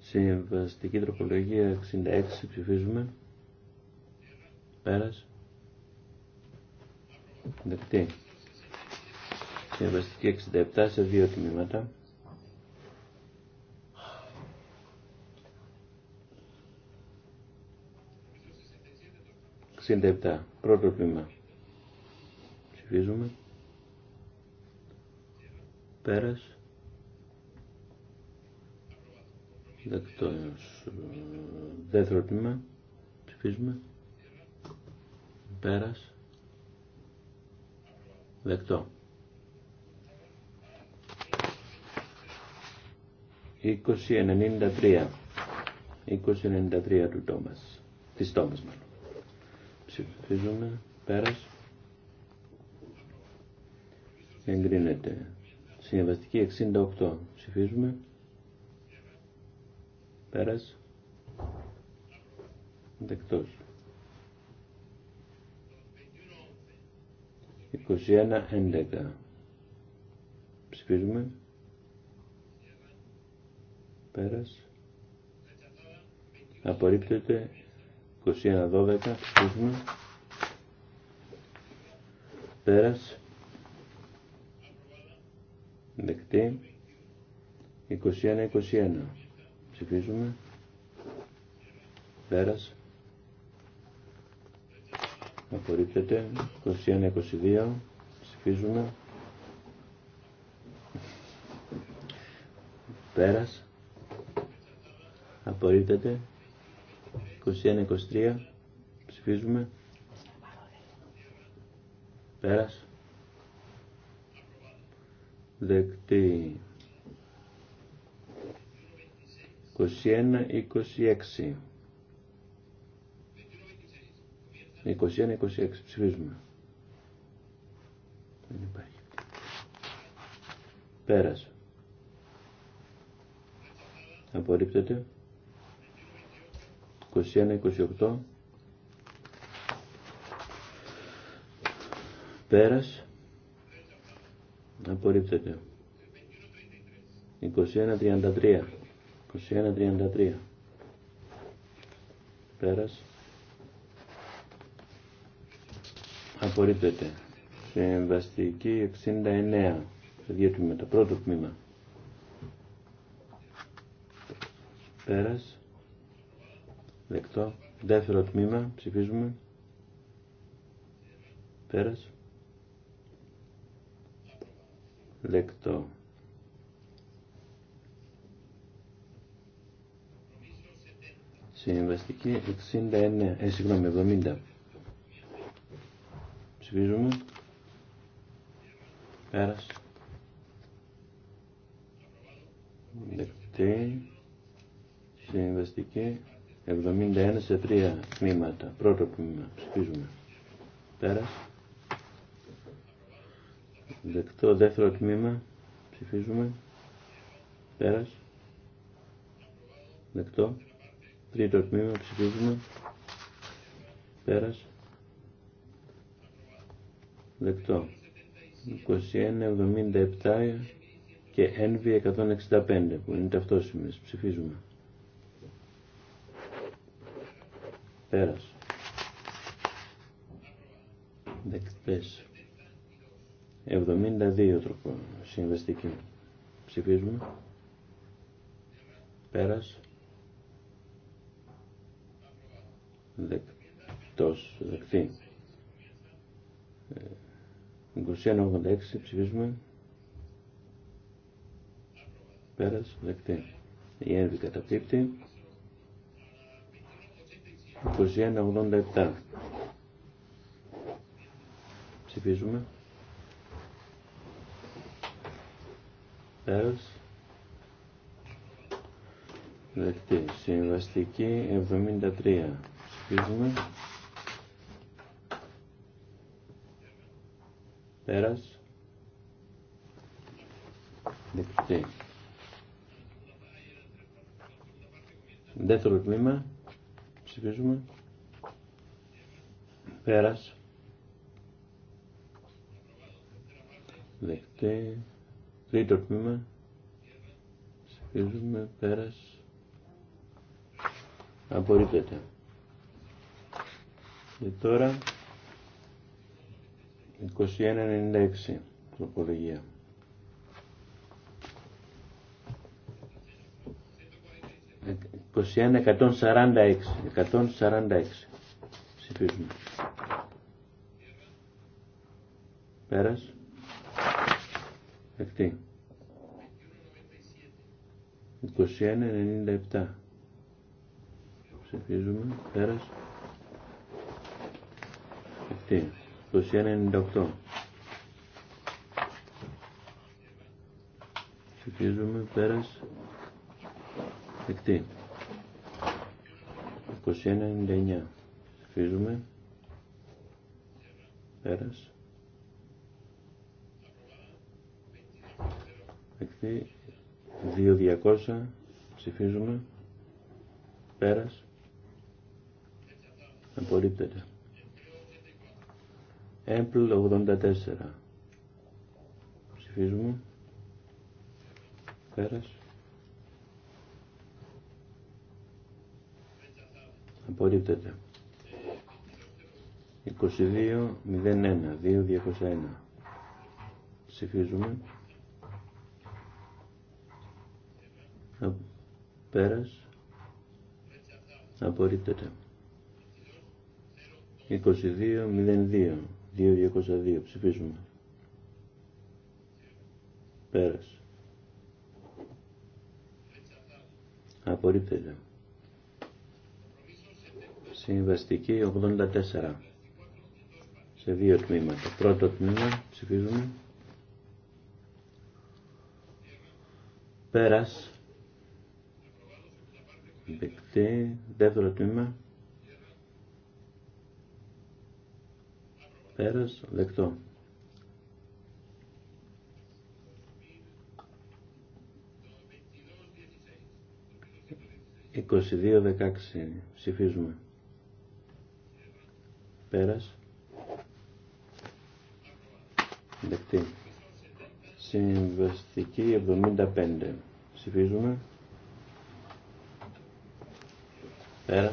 Συμβαστική τροπολογία 66, ψηφίζουμε. Πέρας. Δεκτή. Συμβαστική 67 σε δύο τμήματα. Συνδεπτά. Πρώτο τμήμα. Ψηφίζουμε. Πέρας. Δεκτό. Δεύτερο τμήμα. Ψηφίζουμε. Πέρας. Δεκτό. 2093. 2093 του Τόμας. Της Τόμας μάλλον. Ψηφίζουμε. Πέρας. Εγκρίνεται. Συνεβαστική 68. Ψηφίζουμε. Πέρας. Δεκτός. 21-11. Ψηφίζουμε. Πέρας. Απορρίπτεται. 21-12. Ψηφίζουμε. Πέρας. Δεκτή. 21-21. Ψηφίζουμε. Πέρας απορρίπτεται 21-22 ψηφίζουμε πέρας απορρίπτεται 21-23 ψηφίζουμε πέρας δεκτή 21-26 21-26 ψηφίζουμε. Δεν υπάρχει. Πέρασε. Απορρίπτεται. 21-28. Πέρας. Απορρίπτεται. 21-33. 21-33. Πέρασε. απορρίπτεται. Συμβαστική 69 σε δύο τμήματα. Πρώτο τμήμα. Πέρας. Δεκτό. Δεύτερο τμήμα. Ψηφίζουμε. Πέρας. Δεκτό. Συμβαστική 69, ε, συγγνώμη, 70. Ψηφίζουμε. Πέρας. Δεκτή. Συμβαστική. 71 σε τρία τμήματα. Πρώτο τμήμα. Ψηφίζουμε. Πέρας. Δεκτό. Δεύτερο τμήμα. Ψηφίζουμε. Πέρας. Δεκτό. Τρίτο τμήμα. Ψηφίζουμε. Πέρας δεκτό. 21, και NV 165 που είναι ταυτόσιμες. Ψηφίζουμε. Πέρας. Δεκτές. 72 τρόπο συμβαστική. Ψηφίζουμε. Πέρας. Δεκτός. Δεκτή. Ε, 2186 ψηφίζουμε. Πέρας, δεκτή. Η ένδυ καταπτύπτει. 2187. Ψηφίζουμε. Πέρας. Δεκτή. Συμβαστική 73. Ψηφίζουμε. Πέρας. Δεκτή. Δεύτερο τμήμα. Ψηφίζουμε. Πέρας. Δεκτή. Τρίτο τμήμα. Ψηφίζουμε. Πέρας. Απορρίπτεται. Και τώρα 2196 τροπολογία. 21-146. 146. Ψηφίζουμε. Πέρας. Δεκτή. 2197 Ψηφίζουμε. Πέρας. Δεκτή. 2198. Ψηφίζουμε πέρας δεκτή. 2199. Ψηφίζουμε πέρας δεκτή. 2200. Ψηφίζουμε πέρας απορρίπτεται. ΕΜΠΛΟ 84. Ψηφίζουμε. Πέρας. Απορρίπτεται. 22-01. 2-201. Ψηφίζουμε. Πέρας. Απορρίπτεται. 22-02. 2.202 ψηφίζουμε. Πέρασε. Απορρίπτεται. Συμβαστική 84. Σε δύο τμήματα. Πρώτο τμήμα ψηφίζουμε. Πέρας. Δεύτερο τμήμα. Πέρασε δεκτό. δεκτώ. 22-16, ψηφίζουμε. Πέραν δικτυακή. Συμβαστική 75 ψηφίζουμε. Έρα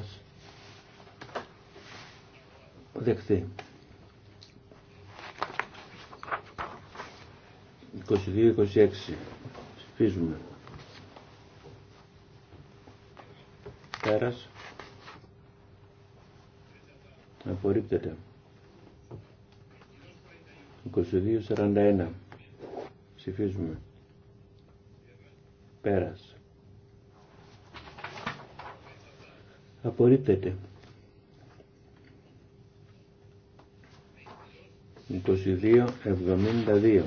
δικτύ. 22-26. Ψηφίζουμε. Πέρας. Απορρίπτεται. 22-41. Ψηφίζουμε. Πέρας. Απορρίπτεται. 22-72.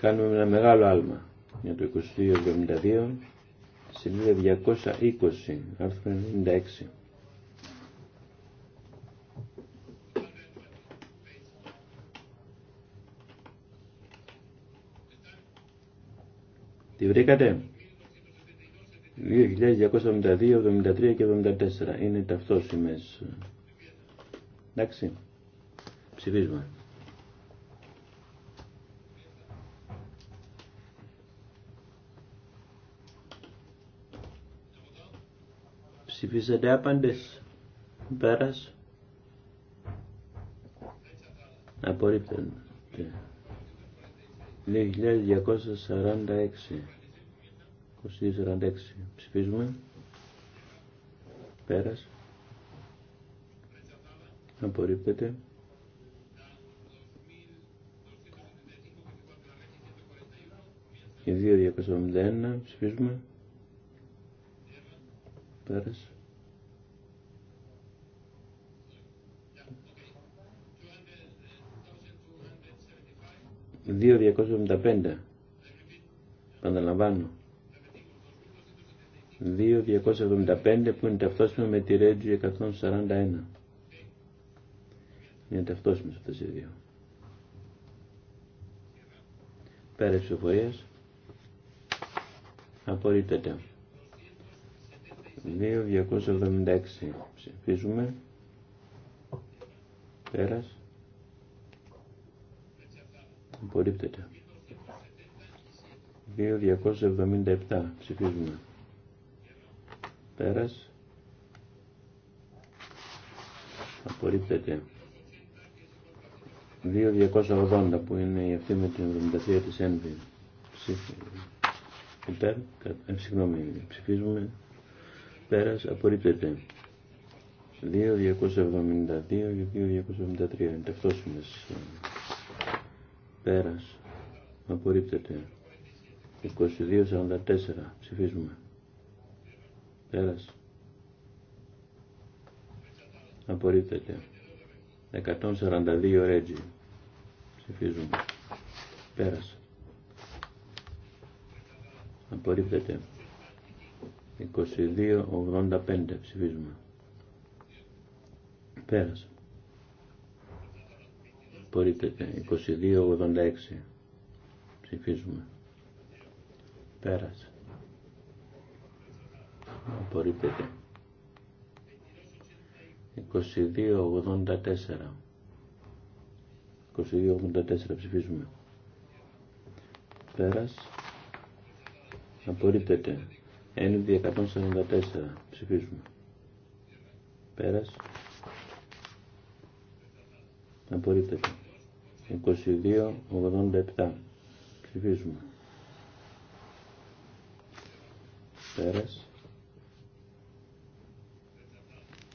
κάνουμε ένα μεγάλο άλμα για το 2272 σελίδα 220 άρθρο 96 Τι βρήκατε? 2.272, 73 και 74. Είναι ταυτοσιμες Εντάξει. Ψηφίσμα. ψηφίσατε άπαντες πέρας απορρίπτεται 2246 2246 ψηφίζουμε πέρας απορρίπτεται 2271 ψηφίζουμε πέρας 2.275 Παναλαμβάνω 2.275 που είναι ταυτόσιμο με τη Ρέτζη 141 Είναι σε αυτές οι δύο Πέρα ψηφοφορίας Απορρίπτεται 2.276 ψηφίζουμε πέρας απορρίπτεται. 2.277 ψηφίζουμε. Πέρας. Απορρίπτεται. 2.280 που είναι η αυτή με την 73 της ένδυ. Υπέρ, ε, συγγνώμη, ψηφίζουμε. Πέρας, απορρίπτεται. 2.272 και 2.273 είναι ταυτόσιμες ε, πέρας απορρίπτεται 22.44 ψηφίζουμε πέρας απορρίπτεται 142 ρέτζι ψηφίζουμε πέρας απορρίπτεται 22.85 ψηφίζουμε πέρας Απορρίπτεται. 2286. Ψηφίζουμε. Πέρασε. Απορρίπτεται. 2284. 2284 ψηφίζουμε. Πέρας. Απορρίπτεται. Ένδυ 144 ψηφίζουμε. Πέρας απορρίπτεται. 22.87 ψηφίζουμε. Πέρας.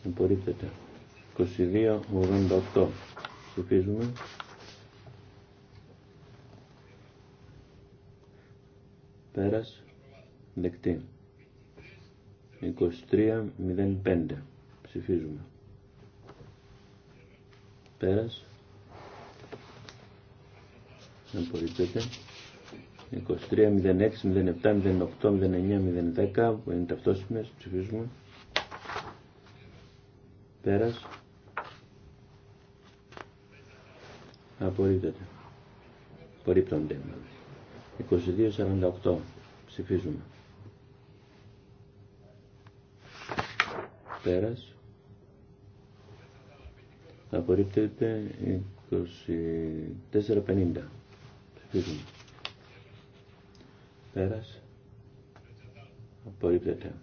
Απορρίπτεται. 22.88 ψηφίζουμε. Πέρας. Δεκτή. 23.05 ψηφίζουμε πέρας μπορείτε 23, 06, 07, 08, 09, 010 που είναι ψηφίζουμε πέρας απορρίπτεται απορρίπτονται 48 ψηφίζουμε πέρας απορρίπτεται 2450 ψηφίζουμε πέρας απορρίπτεται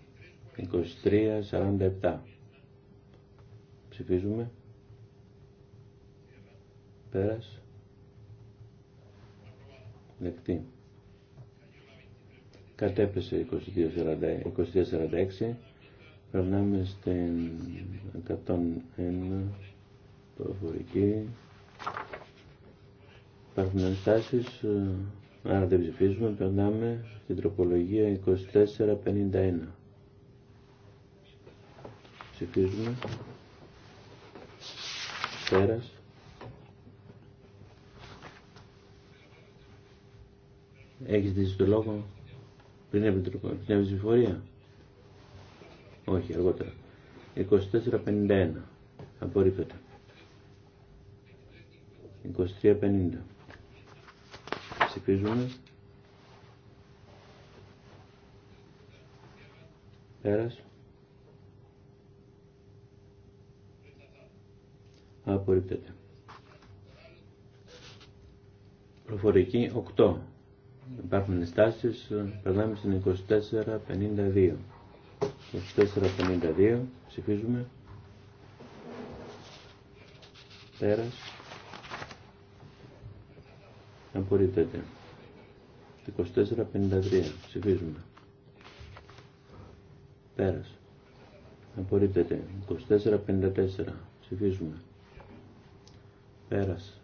2347 ψηφίζουμε πέρας δεκτή κατέπεσε 2246 περνάμε στην 101 προφορική. Υπάρχουν ενστάσει. Ε, άρα δεν ψηφίζουμε, περνάμε στην τροπολογία 2451. Ψηφίζουμε. Πέρας. Έχεις δει το λόγο πριν από την ψηφορία. Όχι, αργότερα. 2451. Απορρίπτεται. 23.50. Ψηφίζουμε. Πέρας. Απορρίπτεται. Προφορική 8. Υπάρχουν στάσει Περνάμε στην 24.52. 24.52. Ψηφίζουμε. Πέρας. Απορρίπτεται. 24.53. Ψηφίζουμε. Πέρας. Απορρίπτεται. 24.54. Ψηφίζουμε. Πέρας.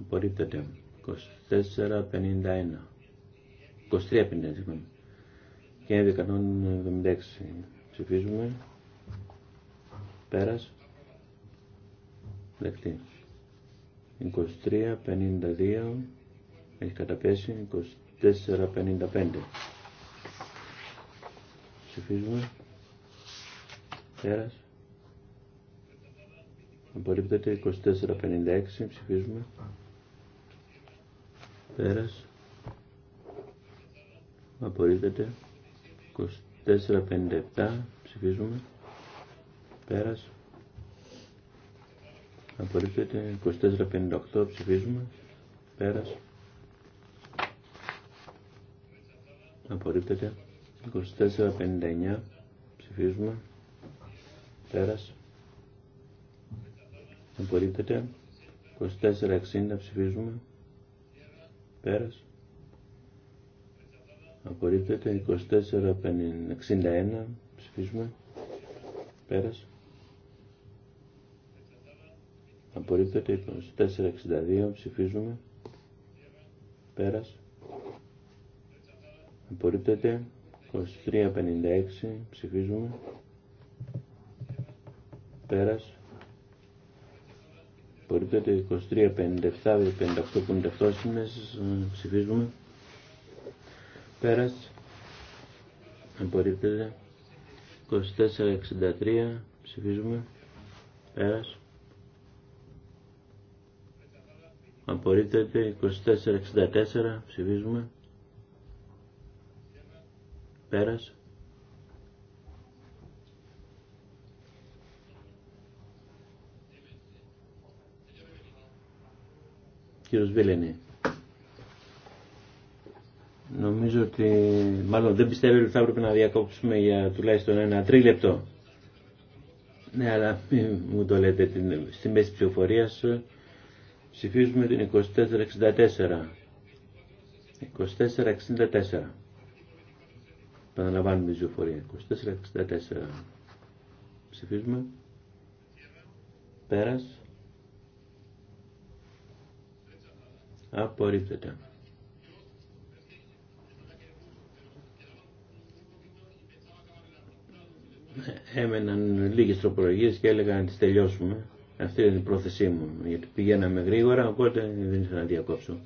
Απορρίπτεται. 24.51. 23.50 Και 176. Ψηφίζουμε. Πέρας. Δεκτή. 23, 52, έχει καταπέσει, 24, 55. Ψηφίζουμε. Πέρας. Απορρίπτεται 24, 56, ψηφίζουμε. Πέρας. Απορρίπτεται 24, 57, ψηφίζουμε. Πέρας. Απορρίπτεται 2458 ψηφίζουμε. Πέρας. Απορρίπτεται 24-59 ψηφίζουμε. Πέρας. Απορρίπτεται 24-60 ψηφίζουμε. Πέρας. Απορρίπτεται 24-61 ψηφίζουμε. Πέρας. Απορρίπτεται 2462. Ψηφίζουμε. Πέρας. Απορρίπτεται 2356. Ψηφίζουμε. Πέρας. Απορρίπτεται 2357. 58 που είναι Ψηφίζουμε. Πέρας. Απορρίπτεται 2463. Ψηφίζουμε. Πέρας. απορρίπτεται 24-64. ψηφίζουμε πέρας κύριος Βίλενη νομίζω ότι μάλλον δεν πιστεύει ότι θα έπρεπε να διακόψουμε για τουλάχιστον ένα τρίλεπτο ναι αλλά μην μου το λέτε στη μέση ψηφοφορίας ψηφοφορίας Ψηφίζουμε την 2464. 2464. Παναλαμβάνουμε τη ζωοφορία. 2464. Ψηφίζουμε. Πέρας. Απορρίπτεται. Ε, έμεναν λίγες τροπολογίες και έλεγα να τις τελειώσουμε. Αυτή είναι η πρόθεσή μου, γιατί πηγαίναμε γρήγορα, οπότε δεν ήθελα να διακόψω.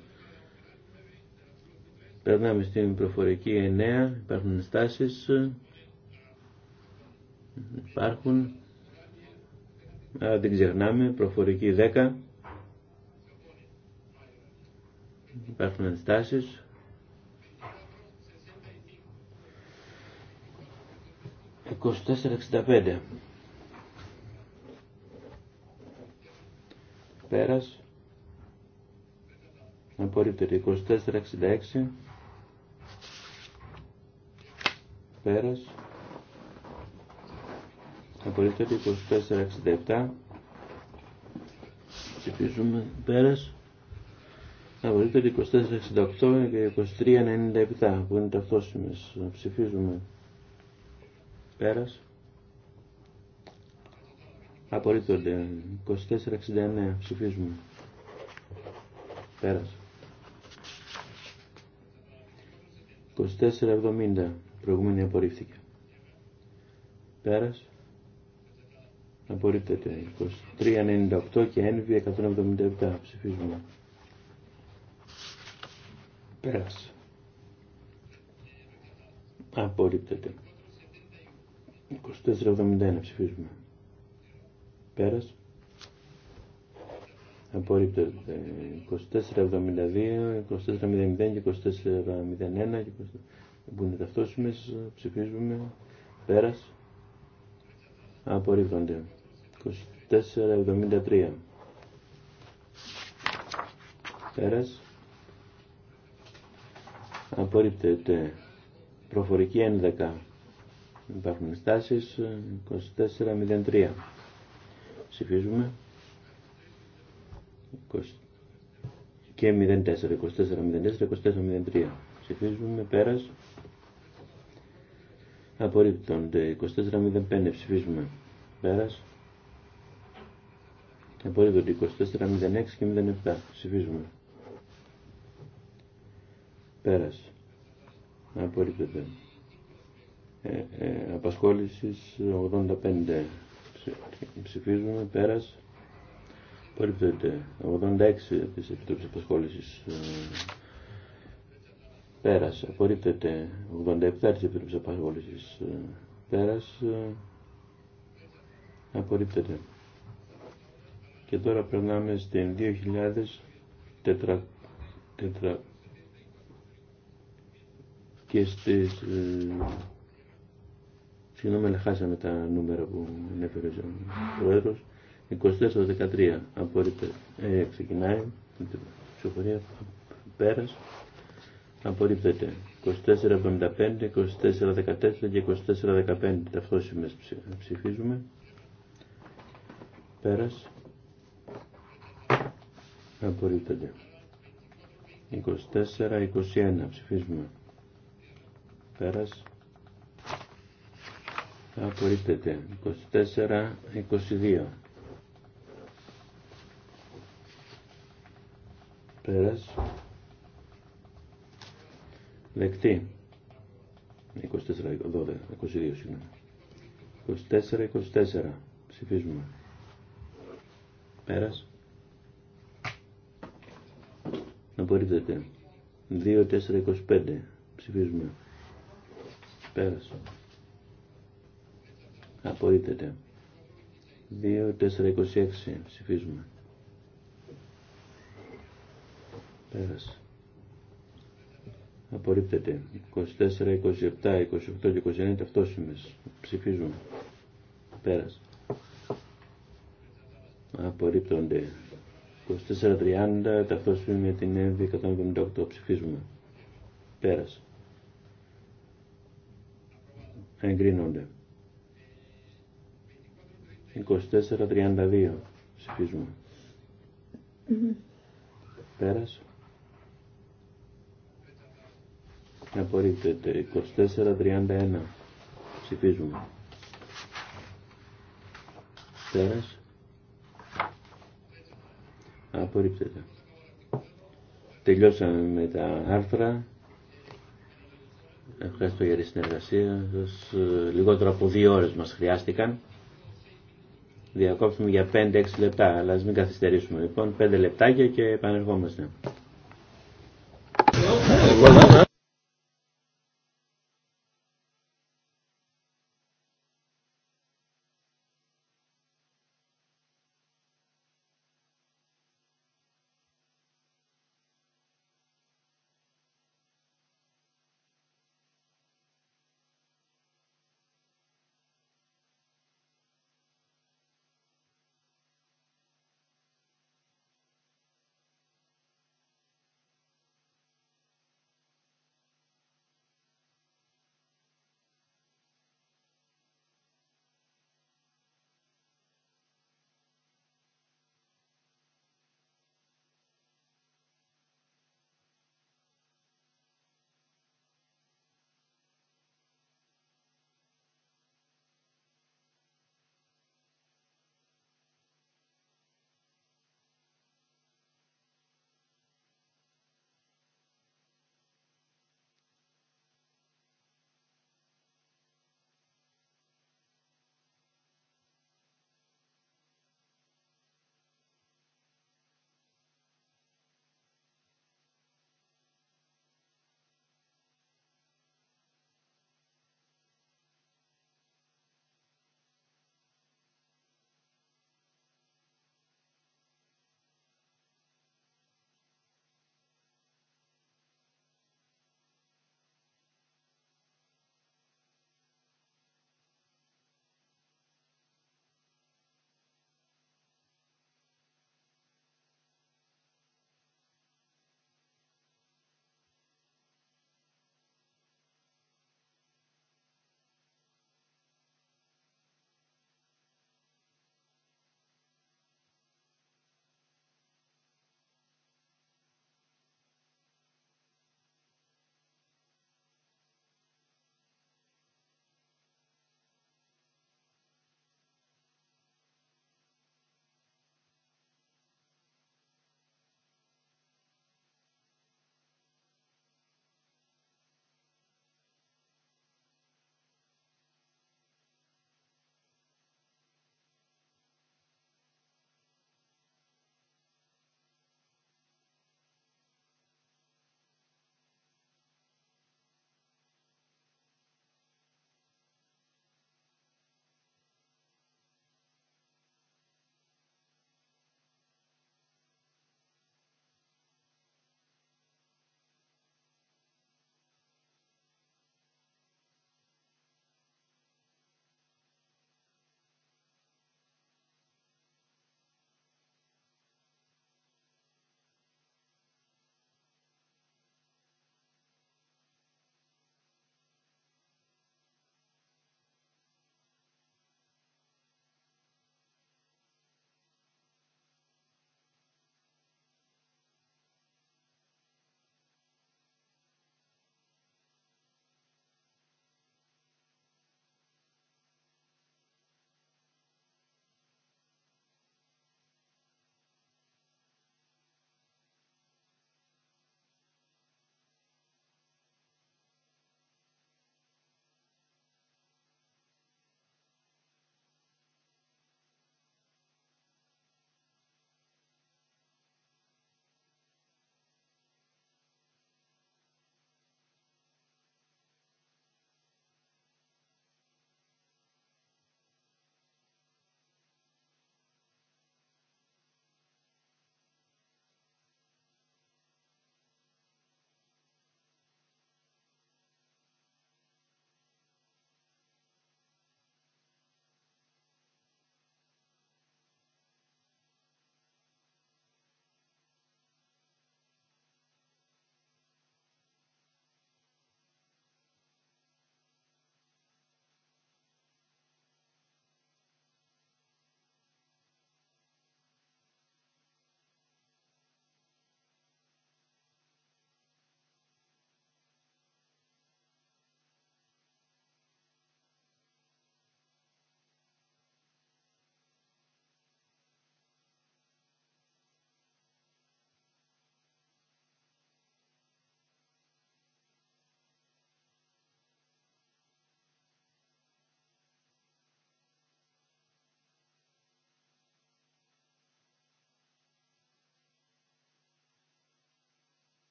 Περνάμε στην προφορική 9, υπάρχουν στάσεις, υπάρχουν, αλλά δεν ξεχνάμε, προφορική 10, υπάρχουν ενστάσεις. πέντε. πέρας απορρίπτεται 2466 πέρας απορρίπτεται 2467 ψηφίζουμε πέρας απορρίπτεται 2468 και 2397 που είναι ταυτόσιμες ψηφίζουμε πέρας Απορρίπτονται. 2469. Ψηφίζουμε. Πέρασε. 2470. Προηγούμενη απορρίφθηκε. Πέρασε. Απορρίπτεται. 2398 και ένβη 177. Ψηφίζουμε. Πέρασε. Απορρίπτεται. 2471. Ψηφίζουμε. Πέρας. Απορρίπτεται 2472, 2400 και 2401 και 24... που είναι ταυτόσιμες, ψηφίζουμε. Πέρας. Απορρίπτονται 2473. Πέρας. Απορρίπτεται προφορική 11. Υπάρχουν στάσεις 2403 ψηφίζουμε. 20 και 04, 24, 04, 24, 03. Ψηφίζουμε, πέρας. Απορρίπτονται. 24.05 ψηφίζουμε. Πέρας. Απορρίπτονται. 24.06 και 07 ψηφίζουμε. Πέρας. Απορρίπτονται. Ε, ε απασχόλησης 85 Ψηφίζουμε πέρας. Απορρίπτεται. 86 της Επιτροπής Απασχόλησης ε, πέρας. Απορρίπτεται. 87 της Επιτροπής Απασχόλησης ε, πέρας. Απορρίπτεται. Και τώρα περνάμε στην 2004. και στις ε, Συγγνώμη, αλλά χάσαμε τα νούμερα που ανέφερε ο Πρόεδρο. 24-13 απορρίπτε. Ε, ξεκινάει. Ψηφοφορία. Πέρα. 24 75 24-55, 24-14 και 24-15. Ταυτόσιμε ψηφίζουμε. Πέρα. Απορρίπτεται. 24-21 ψηφίζουμε. Πέρας απορρίπτεται 24-22 πέρας δεκτή 24-12 22 συγγνώμη 24-24 ψηφίζουμε πέρας απορρίπτεται 2-4-25 ψηφίζουμε πέρας Απορρίπτεται. 2, 4, 26. ψηφίζουμε. Πέρασε. Απορρίπτεται. 24, 27, 28 και 29 Ταυτόσιμες. ψηφιζουμε Ψηφίζουμε. Πέρασε. Απορρίπτονται. 24-30 ταυτόσημη με την ΕΒ 178 ψηφίζουμε. Πέρασε. Εγκρίνονται. 24-32 ψηφίζουμε. Mm -hmm. Πέρας. Απορρίπτεται. 24-31 ψηφίζουμε. Πέρας. Απορρίπτεται. Τελειώσαμε με τα άρθρα. Ευχαριστώ για τη συνεργασία σας. Λιγότερο από δύο ώρες μας χρειάστηκαν διακόψουμε για 5-6 λεπτά, αλλά ας μην καθυστερήσουμε. Λοιπόν, 5 λεπτάκια και επανερχόμαστε.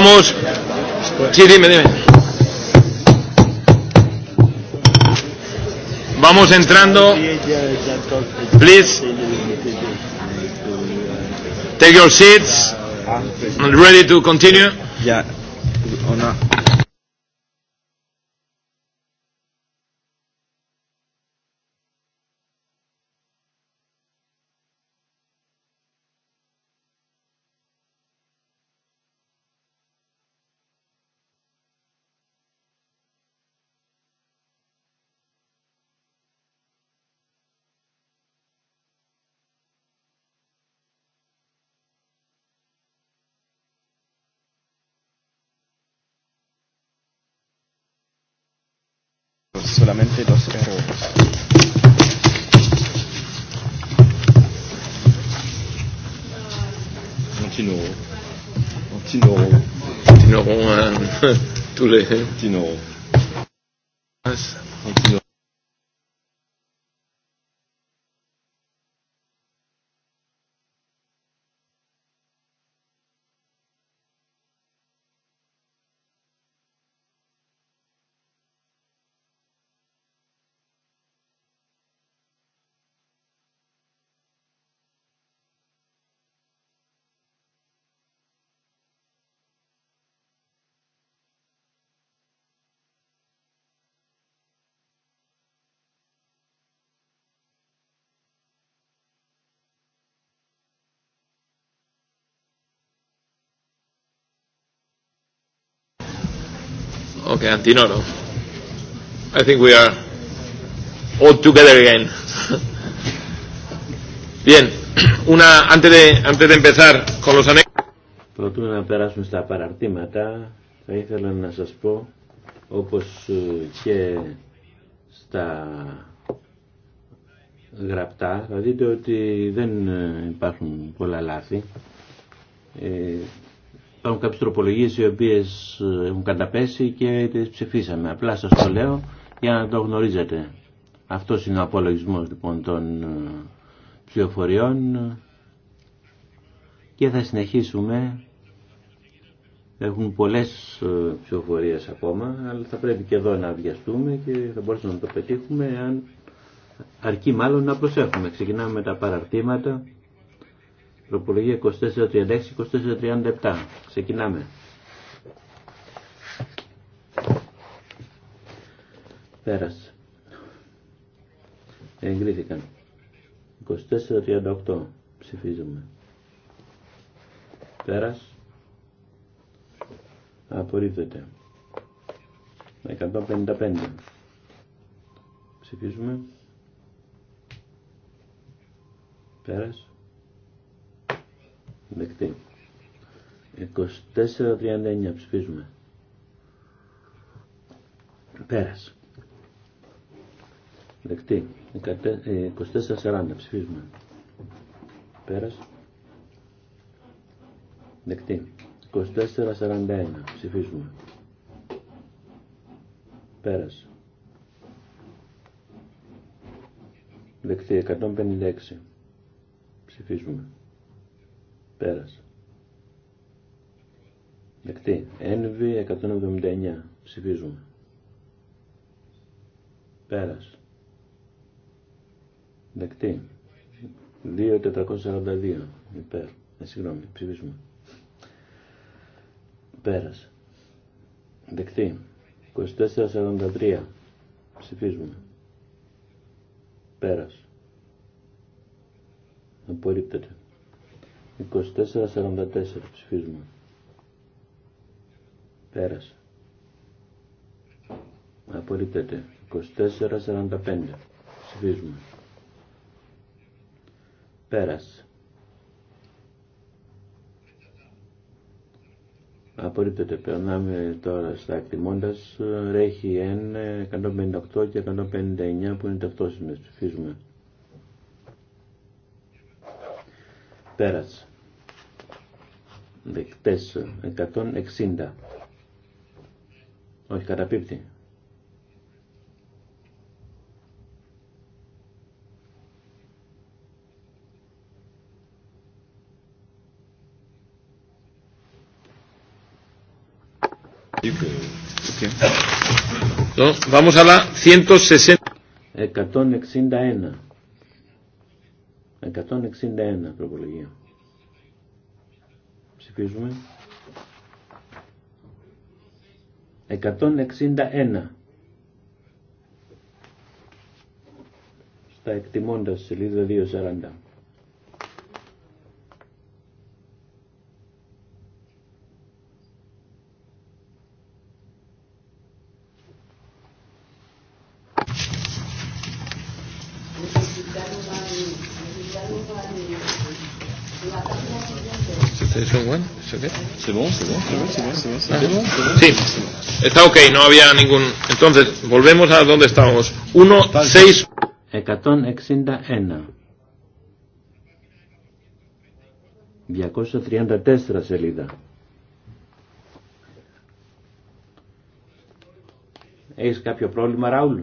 Vamos. Sí, dime, dime. Vamos entrando. Please. Take your seats. ready to continue. Yeah. Or not? του Τι Okay, Antinoro. I think we are all together again. Bien, una, antes, de, antes de empezar con los Προτού να περάσουμε στα παραρτήματα, θα ήθελα να σας πω, όπως ε, και στα γραπτά, θα δείτε ότι δεν ε, υπάρχουν πολλά λάθη. Ε, Υπάρχουν κάποιε τροπολογίε οι οποίε ε, έχουν καταπέσει και τι ψηφίσαμε. Απλά σα το λέω για να το γνωρίζετε. Αυτό είναι ο απολογισμό λοιπόν των ε, ψηφοφοριών και θα συνεχίσουμε. Έχουν πολλές ε, ψηφοφορίες ακόμα, αλλά θα πρέπει και εδώ να βιαστούμε και θα μπορούσαμε να το πετύχουμε αν αρκεί μάλλον να προσέχουμε. Ξεκινάμε με τα παραρτήματα προπολογια 2436, 2437. Ξεκινάμε. Πέρασε. Εγκρίθηκαν. 2438 ψηφίζουμε. Πέρασε. Απορρίπτεται. 155. Ψηφίζουμε. Πέρασε. Δεκτή. ψηφίζουμε. Πέρας. δεκτη 2440 ψηφίζουμε. Πέρας. Δεκτή. Ε, ψηφίζουμε. Πέρας. Δεκτή. 156 ψηφίζουμε. Πέρασε. Δεκτή. Ένβη 179. Ψηφίζουμε. Πέρασε. Δεκτή. 2.442. Υπέρ. Ε, συγγνώμη. Ψηφίζουμε. Πέρασε. Δεκτή. 24.43. Ψηφίζουμε. Πέρασε. Απορρίπτεται. 24-44 ψηφίζουμε. Πέρασε. Απορρίπτεται. 45 ψηφίζουμε. Πέρασε. Απορρίπτεται. Περνάμε τώρα στα εκτιμώντα. Ρέχει 1, 158 και 159 που είναι ταυτόσιμε. Ψηφίζουμε. Πέρασε δεκτές 160 όχι καταπίπτει Okay. No, vamos a la 160. 161. 161 προπολογία ελπίζουμε. 161. Στα εκτιμώντα σελίδα 240. C'est bon, c'est bon, c'est bon, c'est bon. Sí, está ok, no había ningún. Entonces, volvemos a donde estábamos. 1, 6. 161. 234 σελίδα. Έχεις κάποιο πρόβλημα, Ραούλ?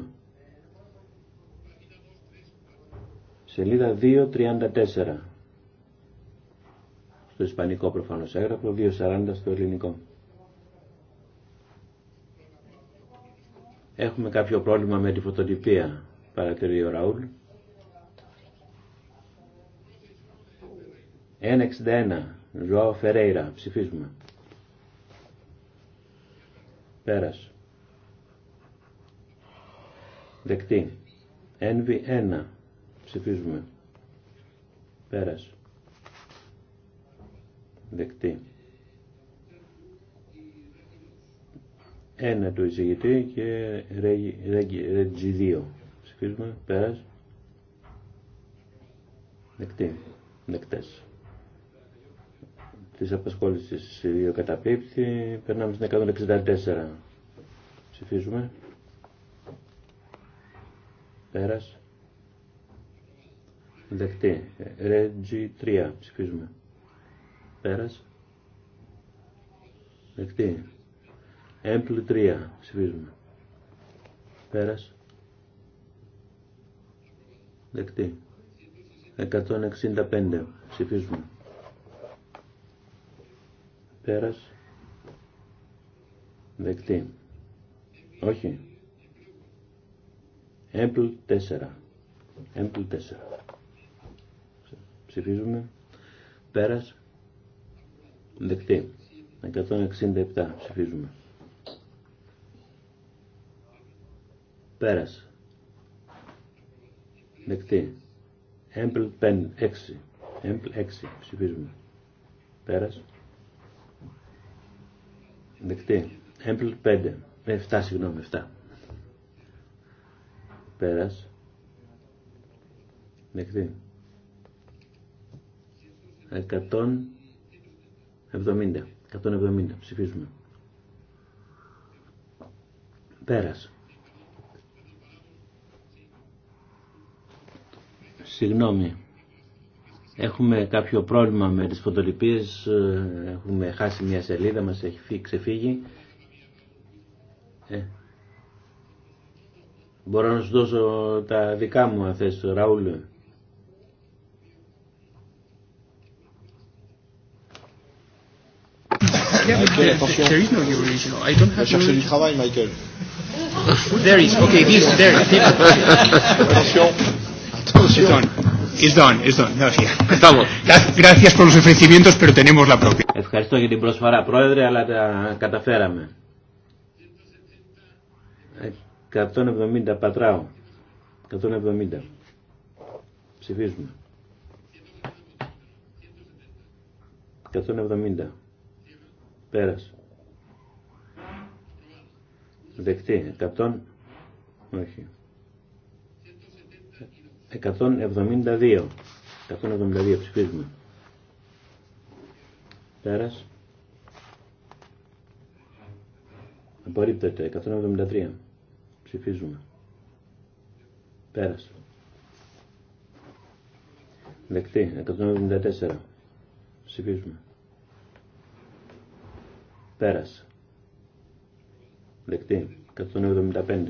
Σελίδα 234 στο ισπανικό προφανώς έγραφο, 2.40 στο ελληνικό. Έχουμε κάποιο πρόβλημα με τη φωτοτυπία, παρατηρεί ο Ραούλ. 1.61, Ζωάο Φερέιρα, ψηφίζουμε. Πέρας. Δεκτή. Ένβη 1, ψηφίζουμε. Πέρας δεκτή. Ένα του εισηγητή και ρέγγι 2. Ψηφίζουμε, πέρας. Δεκτή, δεκτές. Της απασχόλησης 2 καταπίπτει, περνάμε στην 164. Ψηφίζουμε. Πέρας. Δεκτή. Ρέτζι 3. Ψηφίζουμε. Πέρας. Δεκτή. Έμπλη 3. Ψηφίζουμε. Πέρας. Δεκτή. 165. Ψηφίζουμε. Πέρας. Δεκτή. Όχι. Έμπλ 4. Έμπλ 4. Ψηφίζουμε. Πέρας. Δεκτή. 167 ψηφίζουμε. Πέρασε. Δεκτή. Έμπλ 5, 6. Έμπλ 6 ψηφίζουμε. Πέρασε. Δεκτή. Έμπλ 5. 7 ε, συγγνώμη, 7. Πέρασε. Δεκτή. 70. 170. Ψηφίζουμε. Πέρας. Συγγνώμη. Έχουμε κάποιο πρόβλημα με τις φωτολυπίες. Ε, έχουμε χάσει μια σελίδα. Μας έχει ξεφύγει. Ε. Μπορώ να σου δώσω τα δικά μου αν θες, Ραούλ. Ευχαριστώ για την προσφορά, Πρόεδρε, αλλά τα καταφέραμε. 170 πατράω. 170. Ψηφίζουμε. 170. Πέρασε. Δεκτή. 100. Όχι. 172. 172 ψηφίζουμε. Πέρας. Απορρίπτεται. 173. Ψηφίζουμε. Πέρας. Δεκτή. 174. Ψηφίζουμε. Πέρασε. Δεκτή. 175.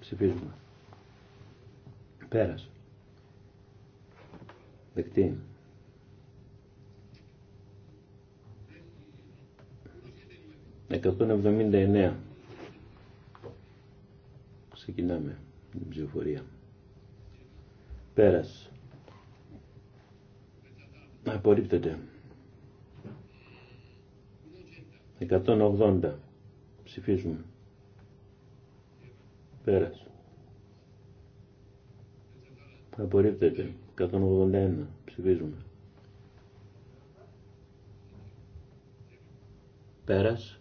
Ψηφίζουμε. Πέρασε. Δεκτή. Εκατόν Ξεκινάμε την ψηφοφορία. Πέρασε. Απορρίπτεται. 180 ψηφίζουμε πέρας απορρίπτεται 181 ψηφίζουμε πέρας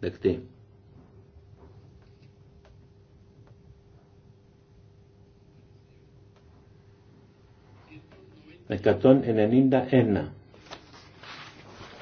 δεκτή Εκατόν ενενήντα ένα.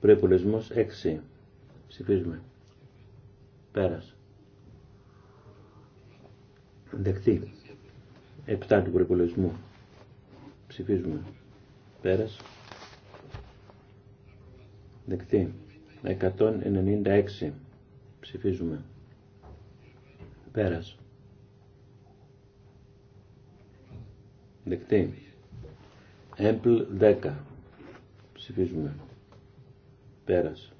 Προπολογισμό 6. Ψηφίζουμε. Πέρας. Δεκτή. 7 του προπολογισμού. Ψηφίζουμε. Πέρας. Δεκτή. 196. Ψηφίζουμε. Πέρας. Δεκτή. Έμπλ 10. Ψηφίζουμε. Πέρας.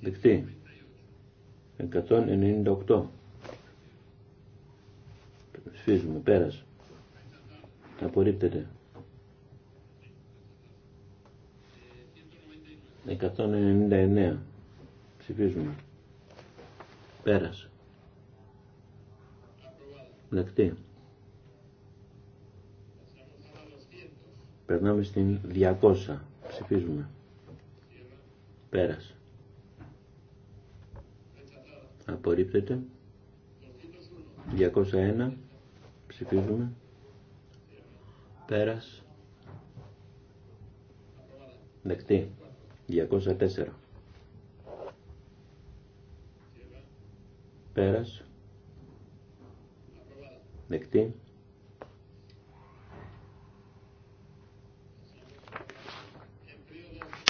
Δεκτή. 198. Σφίζουμε. Πέρας. Απορρίπτεται. 199. Ψηφίζουμε. Πέρας. Δεκτή. Περνάμε στην 200. Ψηφίζουμε. Πέρας. Απορρίπτεται. 201. Ψηφίζουμε. Πέρας. Δεκτή. 204. Πέρας. Δεκτή.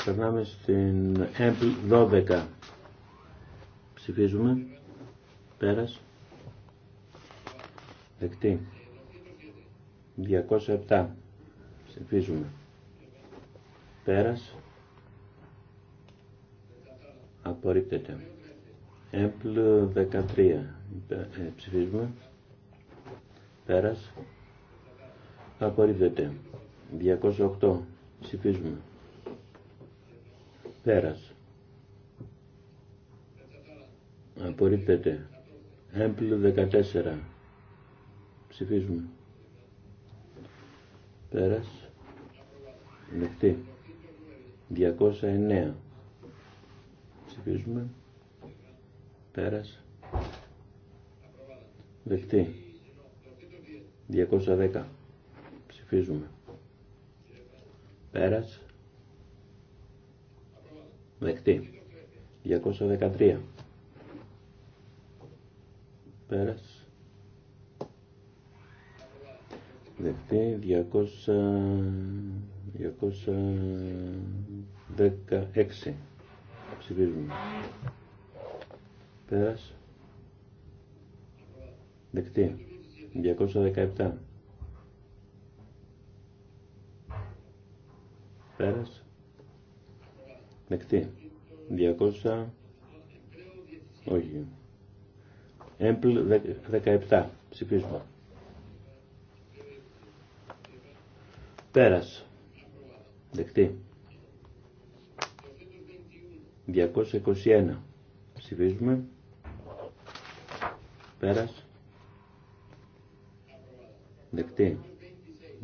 Περνάμε στην ΕΜΠΛ 12. Ψηφίζουμε. Πέρας. Δεκτή. 207. Ψηφίζουμε. Πέρας. Απορρίπτεται. ΕΜΠΛ 13. Ε, ψηφίζουμε. Πέρας. Απορρίπτεται. 208. Ψηφίζουμε. Πέρας. Απορρίπτεται. Έμπλου 14. Ψηφίζουμε. Πέρας. Δεχτή. 209. Ψηφίζουμε. Πέρας. Δεχτή. 210. Ψηφίζουμε. Πέρας. Δεκτή. 213. Πέρας. Δεκτή. 200... 216. Ψηφίζουμε. Πέρας. Δεκτή. 217. Πέρας. Δεκτή. 200. Όχι. Έμπλ 17. Ψηφίσμα. Πέρας. Δεκτή. 221. Ψηφίζουμε. Πέρας. Δεκτή.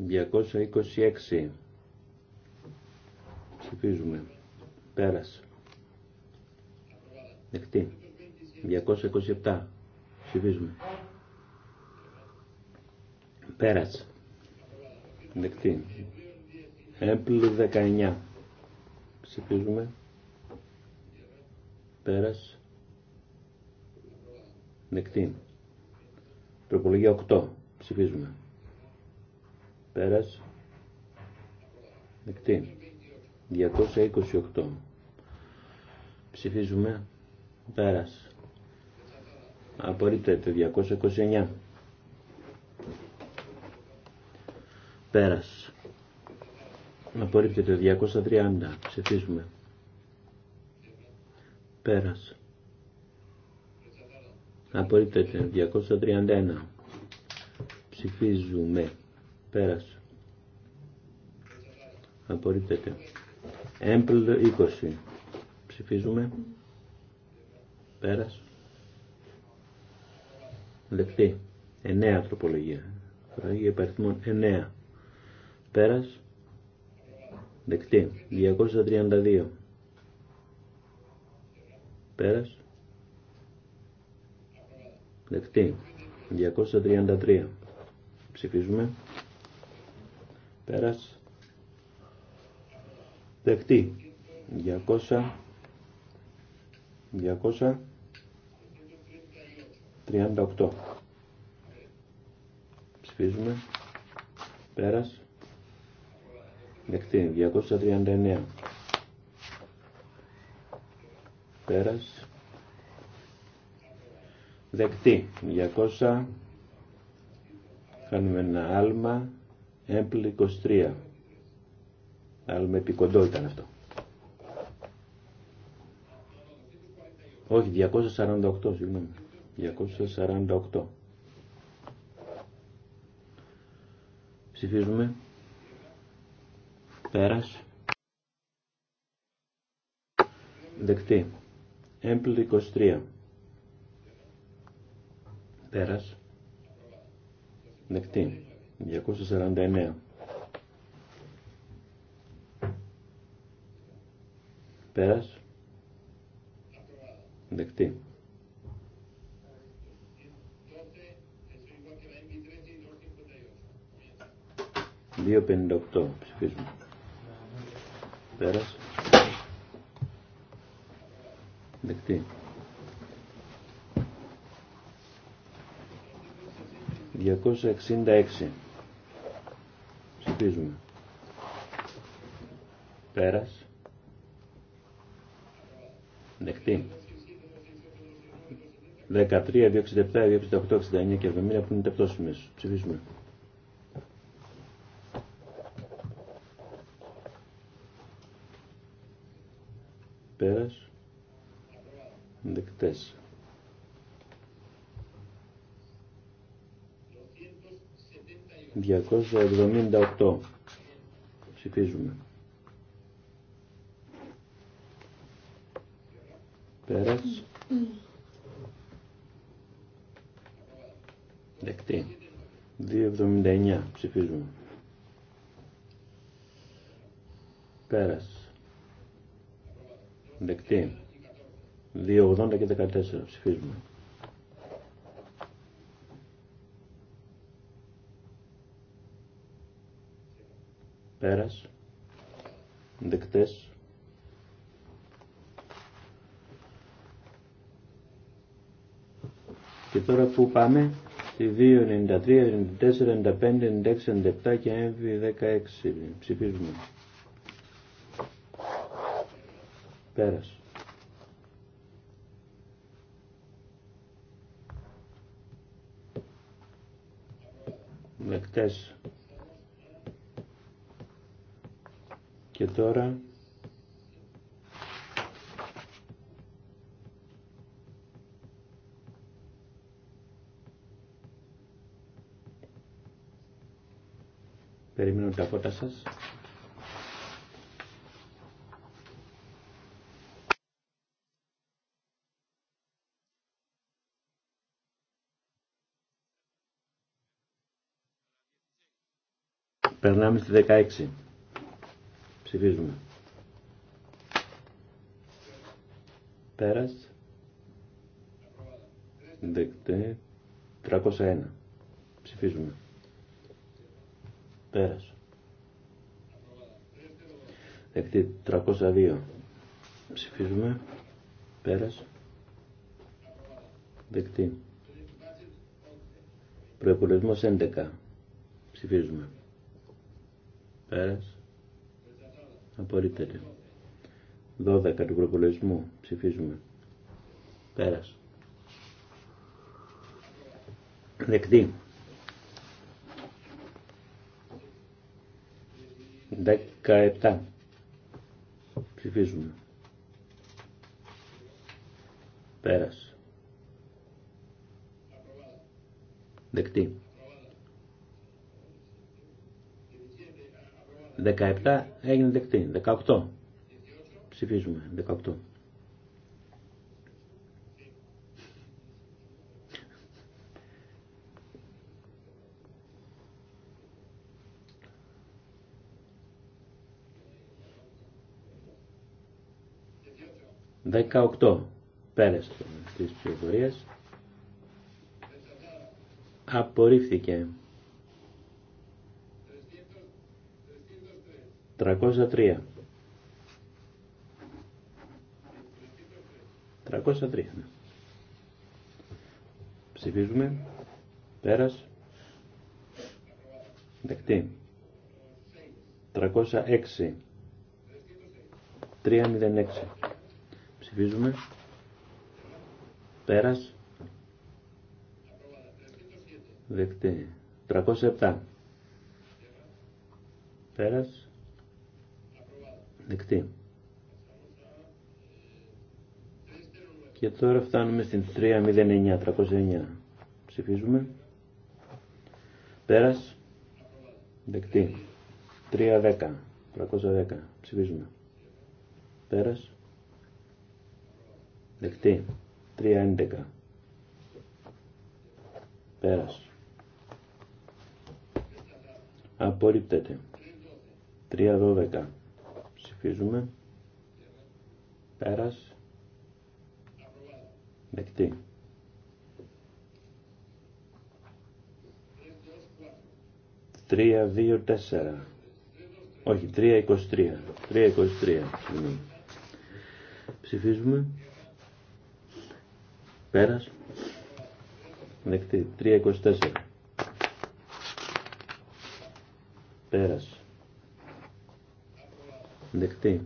226. Ψηφίζουμε. Πέρας. Δεκτή. 227. Ψηφίζουμε. Πέρας. Δεκτή. Έπλου 19. Ψηφίζουμε. Πέρας. Δεκτή. προπολογία 8. Ψηφίζουμε. Πέρας. Δεκτή. 228. Ψηφίζουμε. Πέρας. Απορρίπτεται. 229. Πέρας. Απορρίπτεται. 230. Ψηφίζουμε. Πέρας. Απορρίπτεται. 231. Ψηφίζουμε. Πέρας. Απορρίπτεται. Έμπλ 20. Ψηφίζουμε. Πέρας. Δεκτή. 9 τροπολογία. Φράγει 9. Πέρας. Δεκτή. 232. Πέρας. Δεκτή. 233. Ψηφίζουμε. Πέρας δεκτή. 200, 238. Ψηφίζουμε. Πέρας. Δεκτή. 239. Πέρας. Δεκτή. 200. Κάνουμε ένα άλμα. Έμπλη 23 με επικοντό ήταν αυτό. Όχι, 248, συγγνώμη. 248. Ψηφίζουμε. Πέρας. Δεκτή. Έμπλ 23. Πέρας. Δεκτή. 249. Πέρας Δεκτή 2.58 Ψυχολόγος Πέρας Δεκτή 266 Ψύχισε Πέρας Δεκτή. 13, 267, 268, 69 και 70 που είναι τεπτώσιμες. Ψηφίσουμε. Πέρας. Δεκτές. οκτώ. Ψηφίζουμε. Πέρας. Δεκτή. 2,79 ψηφίζουμε. Πέρας. Δεκτή. 2,80 και 14 ψηφίζουμε. Πέρας. Δεκτές. τώρα που πάμε. Στη 2, 93, 94, 95, 96, 97 και MV16 ψηφίζουμε. Πέρασε. Δεκτές. Και τώρα Περιμένω τα φώτα σας. Περνάμε στη 16. Ψηφίζουμε. Πέρας. Δεκτέ. 301. Ψηφίζουμε. Πέρασε. Δεκτή 302. Ψηφίζουμε. Πέρας. Δεκτή. Προεπολογισμός 11. Ψηφίζουμε. Πέρας. Απορρίπτεται. 12 του προπολογισμού. Ψηφίζουμε. Πέρας. Δεκτή. 17. Ψηφίζουμε. Πέρασε. Δεκτή. 17 έγινε δεκτή. 18. Ψηφίζουμε. 18. 18 πέρας της ψηφοφορίας απορρίφθηκε 303 303 ναι. ψηφίζουμε πέρας δεκτή 306 306 Ψηφίζουμε. Πέρας. Δεκτή. 307. Πέρας. Δεκτή. Και τώρα φτάνουμε στην 309, 309. Ψηφίζουμε. Πέρας. Δεκτή. 310, 310. Ψηφίζουμε. Πέρας. Δεκτή. 3-11. Πέρας. Απορρίπτεται. 3-12. Ψηφίζουμε. Πέρας. Δεκτή. 3-2-4. Όχι, 3-23. 3-23. Ψηφίζουμε. Δεκτή. Πέρας. Δεκτή. 324. Πέρας. Δεκτή.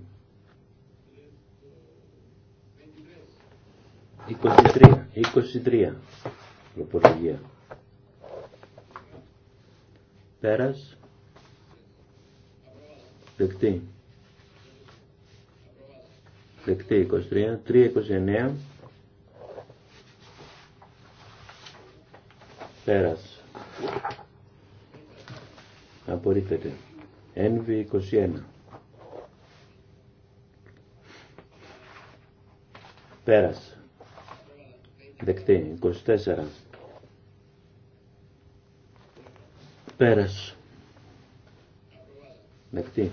23. 23. Προπολογία. Πέρας. Δεκτή. Δεκτή 23. 3-29. 29. Πέρας. Απορρίπτεται. Ένβη 21. Πέρας. Δεκτή. 24. Πέρας. Δεκτή.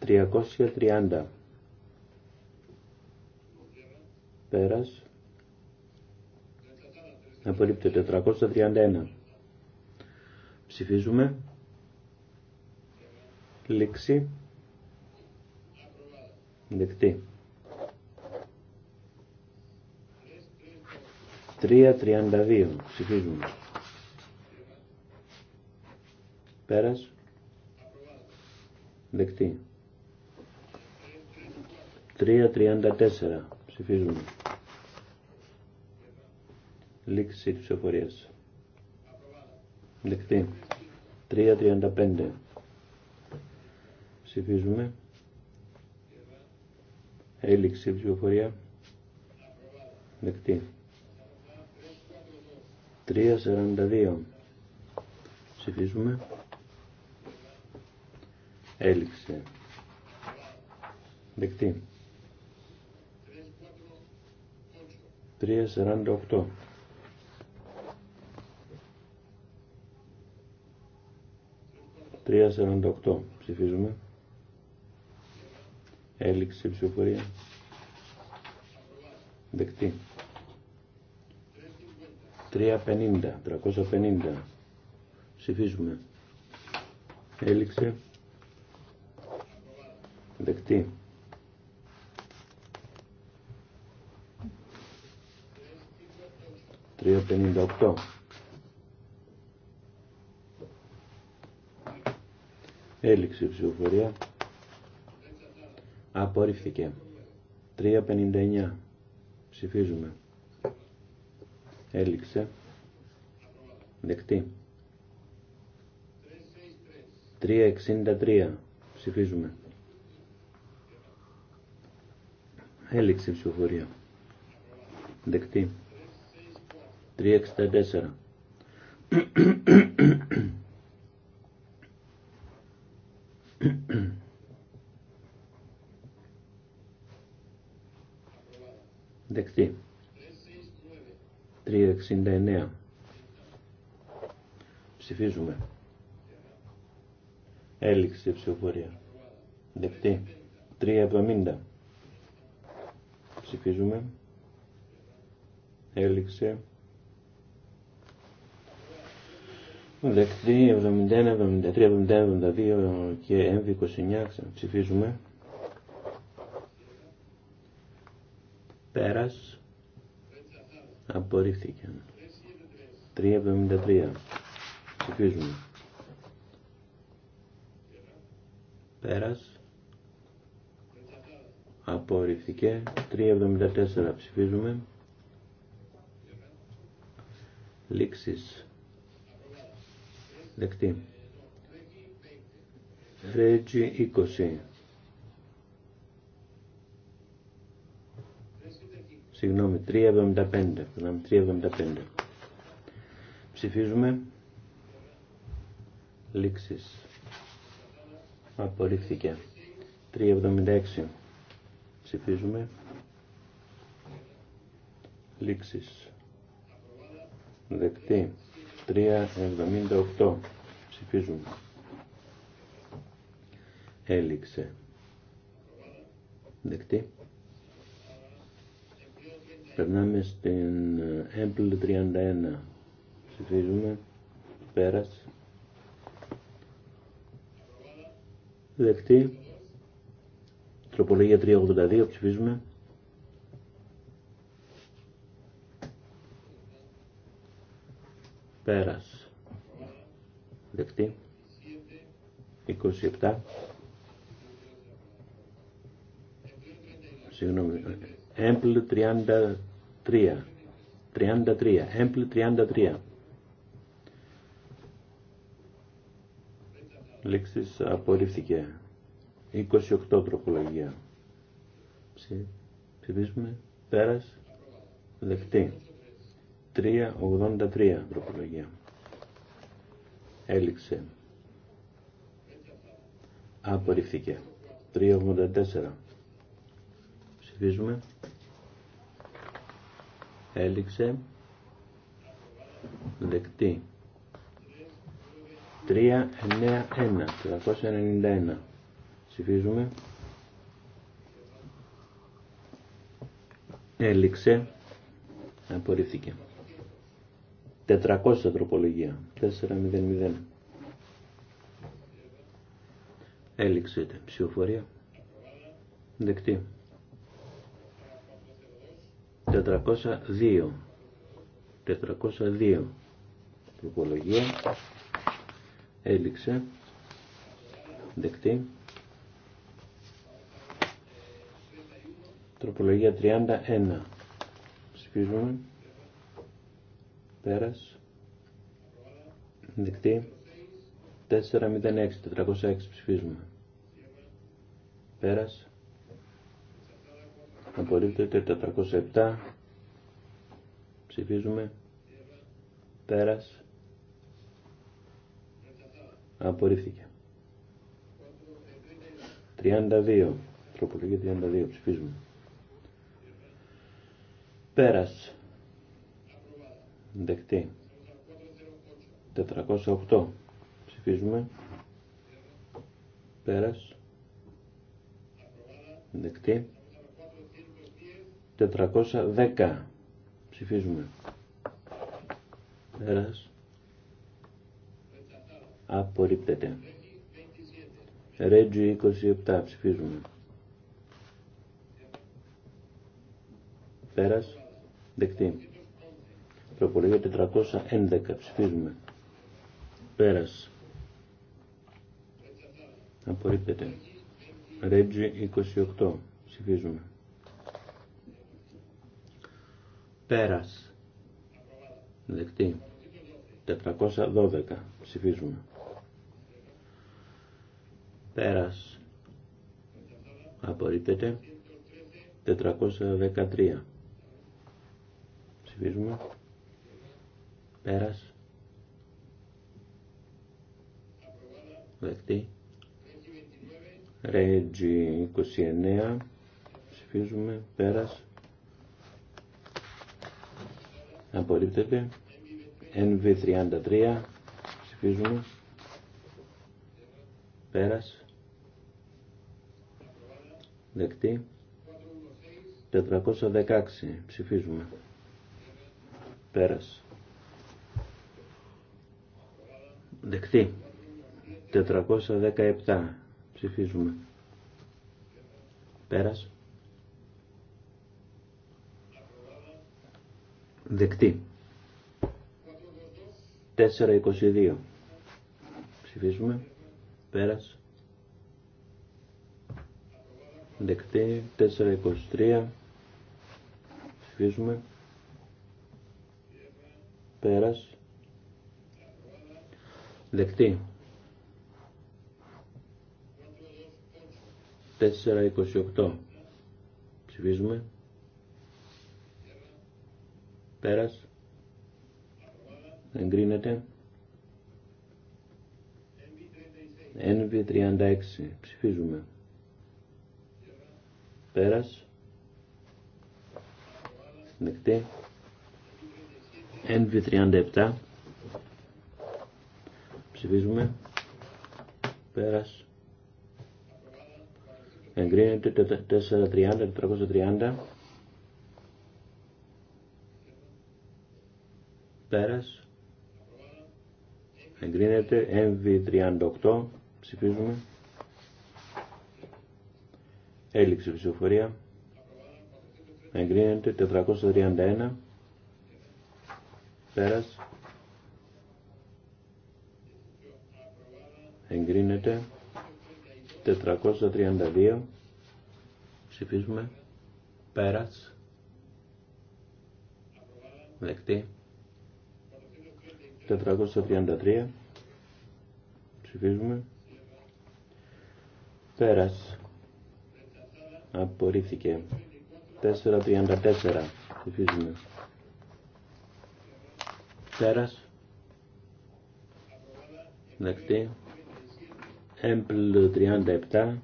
330. Πέρας απορρίπτεται 431 ψηφίζουμε λήξη δεκτή 3.32 ψηφίζουμε πέρας δεκτή 3.34 ψηφίζουμε Λήξη ψηφοφορια Δεκτή. 3.35. Ψηφίζουμε. Έληξη ψηφοφορία. Δεκτή. 3.42. Ψηφίζουμε. Έληξε. Δεκτή. 3.48. 3.48 ψηφίζουμε. Έληξη ψηφοφορία. Δεκτή. 3.50. 350. Ψηφίζουμε. Έληξε. Δεκτή. 3.58. Έληξε η ψηφοφορία. Απορρίφθηκε. 3.59. Ψηφίζουμε. Έληξε. Δεκτή. 3.63. Ψηφίζουμε. Έληξε η ψηφοφορία. Δεκτή. 3.64. Δεκτή. 369. Ψηφίζουμε. Έληξε ψηφοφορία. Δεκτή. 370. Ψηφίζουμε. Έληξε. Δεκτή 71, 73, 71, 72 και MV29 ψηφίζουμε. Πέρας. Απορρίφθηκε. 373 ψηφίζουμε. Πέρας. Απορρίφθηκε. 374 ψηφίζουμε. Λήξεις. Δεκτή. Ρέτζι 20. Συγγνώμη, 3,75. 3,75. Ψηφίζουμε. Λήξεις. Απορρίφθηκε. 3,76. Ψηφίζουμε. Λήξεις. Δεκτή. 3.78. ψηφίζουμε έληξε δεκτή περνάμε στην ε, Apple 31 ψηφίζουμε πέρας δεκτή τροπολογία 382 ψηφίζουμε Πέρας. Δεκτή. 27. Συγγνώμη. Έμπλ 33. 33. Έμπλ 33. Λέξεις απορρίφθηκε. 28 τροπολογία. ψηφίσουμε, Πέρας. Δεκτή. 383 προπολογία. Έληξε. Απορριφθήκε. 384. Ψηφίζουμε. Έληξε. Δεκτή. 391. 391. Ψηφίζουμε. Έληξε. Απορρίφθηκε. 400 τροπολογία. 400. Έληξε την ψηφοφορία. Δεκτή. 402. 402. Τροπολογία. Έληξε. Δεκτή. Τροπολογία 31. Ψηφίζουμε. Πέρας. Δεκτή. 406, 406 ψηφίζουμε. Πέρας. Απορρίπτεται 407. Ψηφίζουμε. Πέρας. Απορρίφθηκε. 32. Τροπολογία 32. Ψηφίζουμε. Πέρας. Δεκτή. 408. Ψηφίζουμε. Πέρας. Δεκτή. 410. Ψηφίζουμε. Πέρας. Απορρίπτεται. Ρέτζι 27. Ψηφίζουμε. Πέρας. Δεκτή. Προπολογία 411. Ψηφίζουμε. Πέρας. Απορρίπτεται. Ρέτζι 28. Ψηφίζουμε. Πέρας. Δεκτή. 412. Ψηφίζουμε. Πέρας. Απορρίπτεται. 413. Ψηφίζουμε. Πέρας. Δεκτή. Ρέτζι 29. Ψηφίζουμε. Πέρας. Απορρίπτεται. NV33. Ψηφίζουμε. Πέρας. Δεκτή. 416. Ψηφίζουμε. Πέρας. Δεκτή. 417. Ψηφίζουμε. Πέρας. Δεκτή. 422. Ψηφίζουμε. Πέρας. Δεκτή. 423. Ψηφίζουμε. Πέρας. Δεκτή. 428. Ψηφίζουμε. Πέρας. Εγκρίνεται. NV36. Ψηφίζουμε. Πέρας. Δεκτή. NV37. Ψηφίζουμε. Πέρας. Εγκρίνεται 430, 430. Πέρας. Εγκρίνεται MV38. Ψηφίζουμε. Έλλειψη ψηφοφορία. Εγκρίνεται 431. Πέρας. εγκρίνεται 432 ψηφίζουμε πέρας δεκτή 433 ψηφίζουμε πέρας απορρίφθηκε 434 ψηφίζουμε πέρας δεκτή Έμπλ 37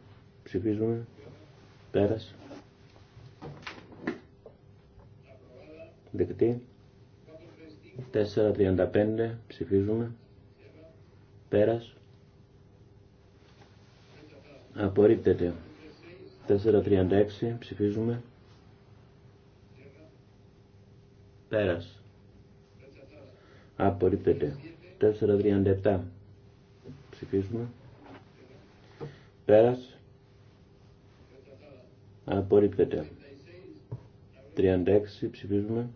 ψηφίζουμε πέρας δεκτή 4.35 ψηφίζουμε πέρας απορρίπτεται 4.36 ψηφίζουμε πέρας απορρίπτεται 4.37 ψηφίζουμε Πέρας. Απορρίπτεται. 36 ψηφίζουμε.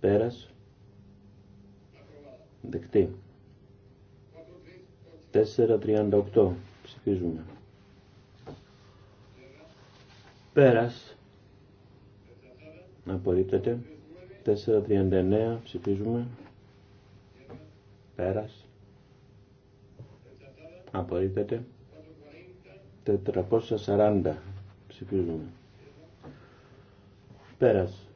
Πέρας. Δεκτή. 4.38 ψηφίζουμε. Πέρας. Απορρίπτεται. 4.39 ψηφίζουμε. Πέρας απορρίπτεται 440 ψηφίζουμε πέρας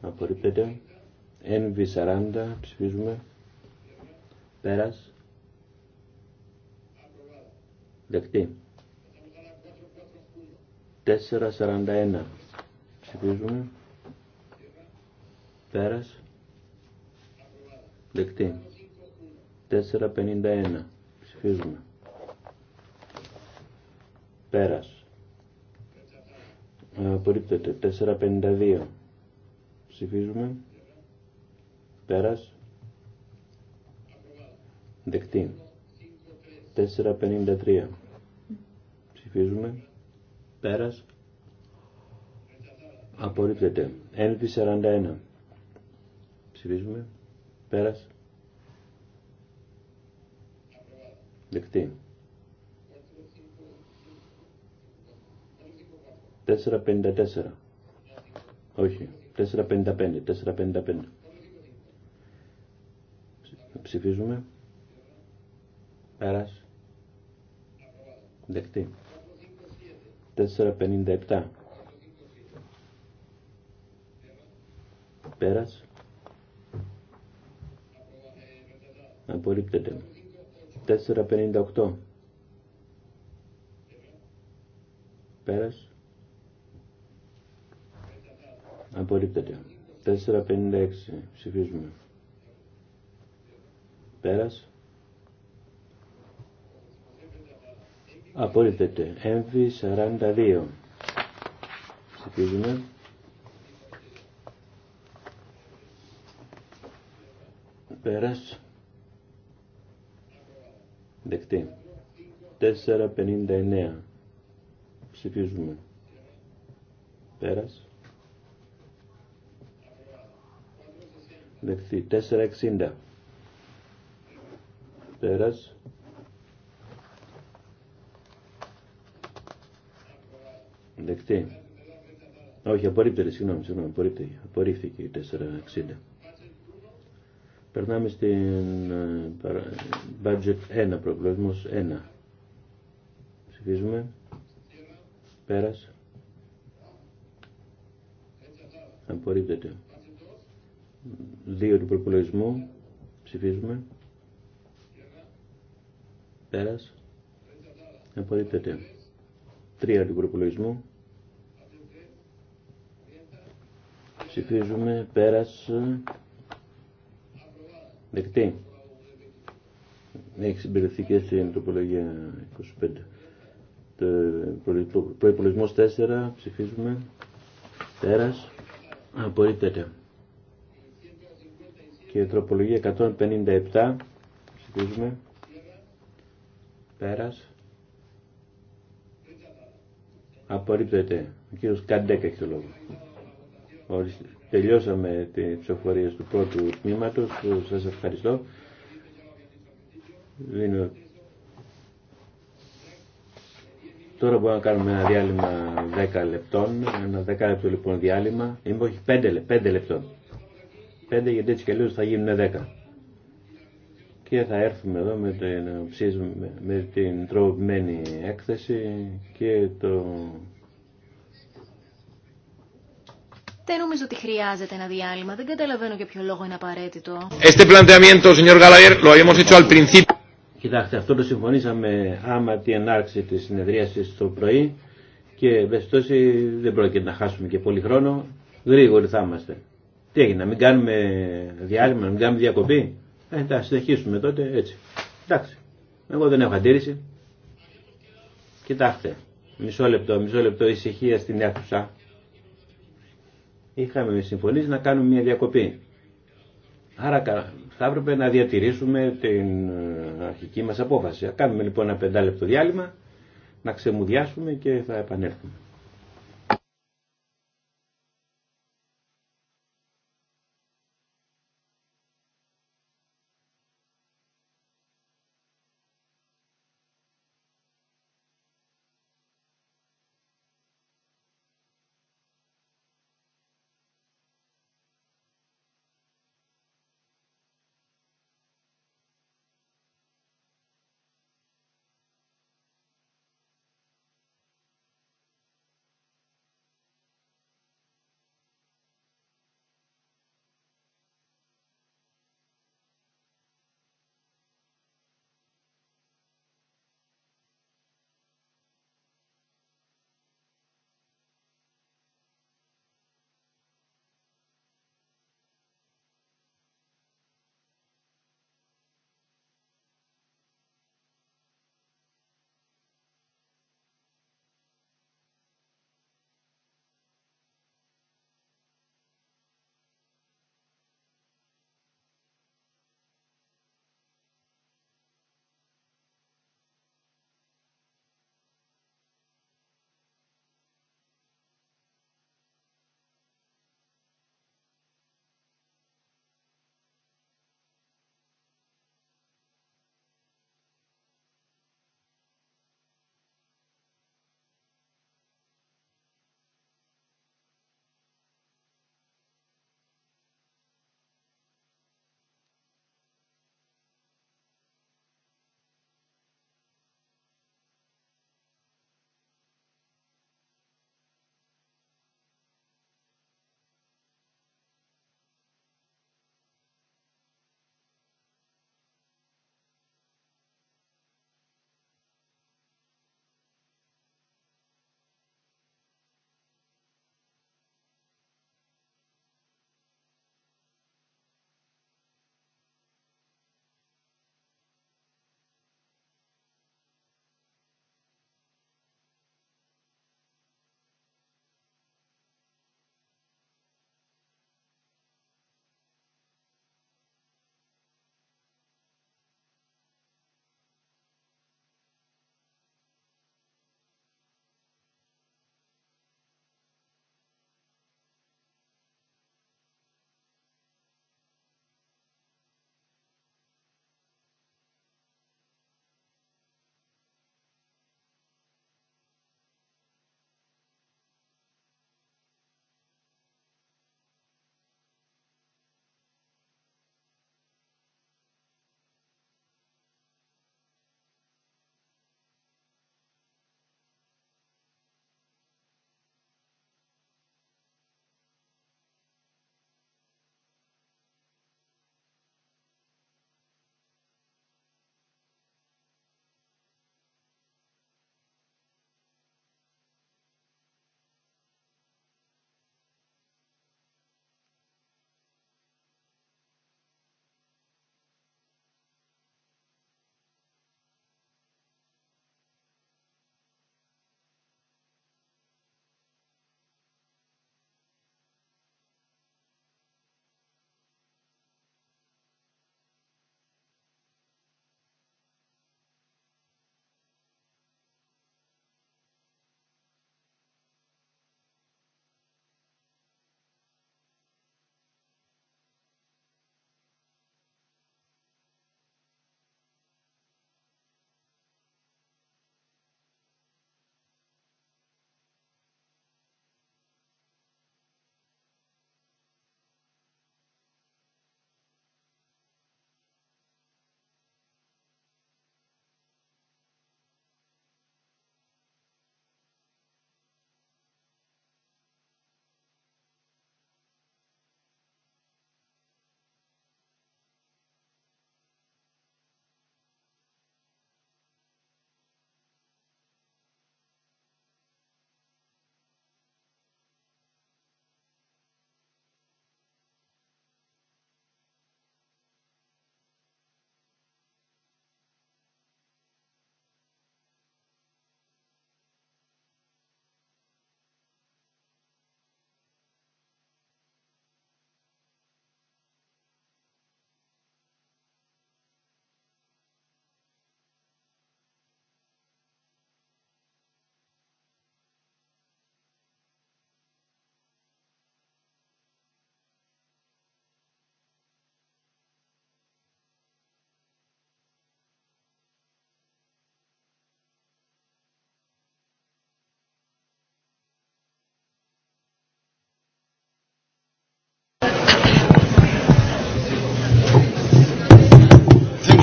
απορρίπτεται NV40 ψηφίζουμε πέρας δεκτή 441 ψηφίζουμε πέρας δεκτή 451 Ψηφίζουμε. Πέρας. Απορρίπτεται. 4.52. Ψηφίζουμε. Πέρας. Δεκτή. 4.53. Ψηφίζουμε. Πέρας. 141. Ψηφίζουμε. Πέρας. Δεκτεί. 4.54. Όχι. 4.55. 4.55. Ψηφίζουμε. Πέρας. Δεκτεί. 4.57. Πέρας. Απορρίπτεται. 4.58 πέρας απορρίπτεται 4.56 ψηφίζουμε πέρας απορρίπτεται έμφυ 42 ψηφίζουμε πέρας Δεκτή. 4.59. Ψηφίζουμε. Πέρας. Δεκτή. 4.60. Πέρας. Δεκτή. Όχι, απορρίπτεται, συγγνώμη, συγγνώμη, απορρίπτεται. Απορρίφθηκε η 460. Περνάμε στην ε, budget 1, προβλόσμος 1. Ψηφίζουμε. Πέρας. Απορρίπτεται. 2 του προπολογισμού. Ψηφίζουμε. Πέρας. Απορρίπτεται. Τρία του προπολογισμού. Ψηφίζουμε. Πέρας. Δεκτή. Έχει συμπεριληφθεί και στην τοπολογία 25. Το προπολογισμό 4 ψηφίζουμε. Πέρα. Απορρίπτεται. Και η τροπολογία 157 ψηφίζουμε. Πέρα. Απορρίπτεται. Ο κύριο Καντέκα έχει το λόγο. Τελειώσαμε τι ψηφορίε του πρώτου τμήματο. Σα ευχαριστώ. Δίνω... Τώρα μπορούμε να κάνουμε ένα διάλειμμα 10 λεπτών. Ένα 10 λεπτό λοιπόν διάλειμμα. Ή όχι 5, 5 λεπτών. 5 γιατί έτσι και θα γίνουν 10. Και θα έρθουμε εδώ με την, με την τροπημένη έκθεση και το Δεν νομίζω ότι χρειάζεται ένα διάλειμμα. Δεν καταλαβαίνω για ποιο λόγο είναι απαραίτητο. Este planteamiento, señor lo habíamos hecho al principio. Κοιτάξτε, αυτό το συμφωνήσαμε άμα την ενάρξη τη συνεδρίαση το πρωί και βεστώσει δεν πρόκειται να χάσουμε και πολύ χρόνο. Γρήγοροι θα είμαστε. Τι έγινε, να μην κάνουμε διάλειμμα, να μην κάνουμε διακοπή. Ε, θα συνεχίσουμε τότε έτσι. Εντάξει, εγώ δεν έχω αντίρρηση. Κοιτάξτε, μισό λεπτό, μισό λεπτό ησυχία στην αίθουσα είχαμε συμφωνήσει να κάνουμε μια διακοπή. Άρα θα έπρεπε να διατηρήσουμε την ε, αρχική μας απόφαση. Κάνουμε λοιπόν ένα πεντάλεπτο διάλειμμα, να ξεμουδιάσουμε και θα επανέλθουμε.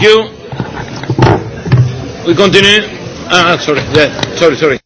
Thank you. We continue. Ah, sorry. Yeah. Sorry, sorry.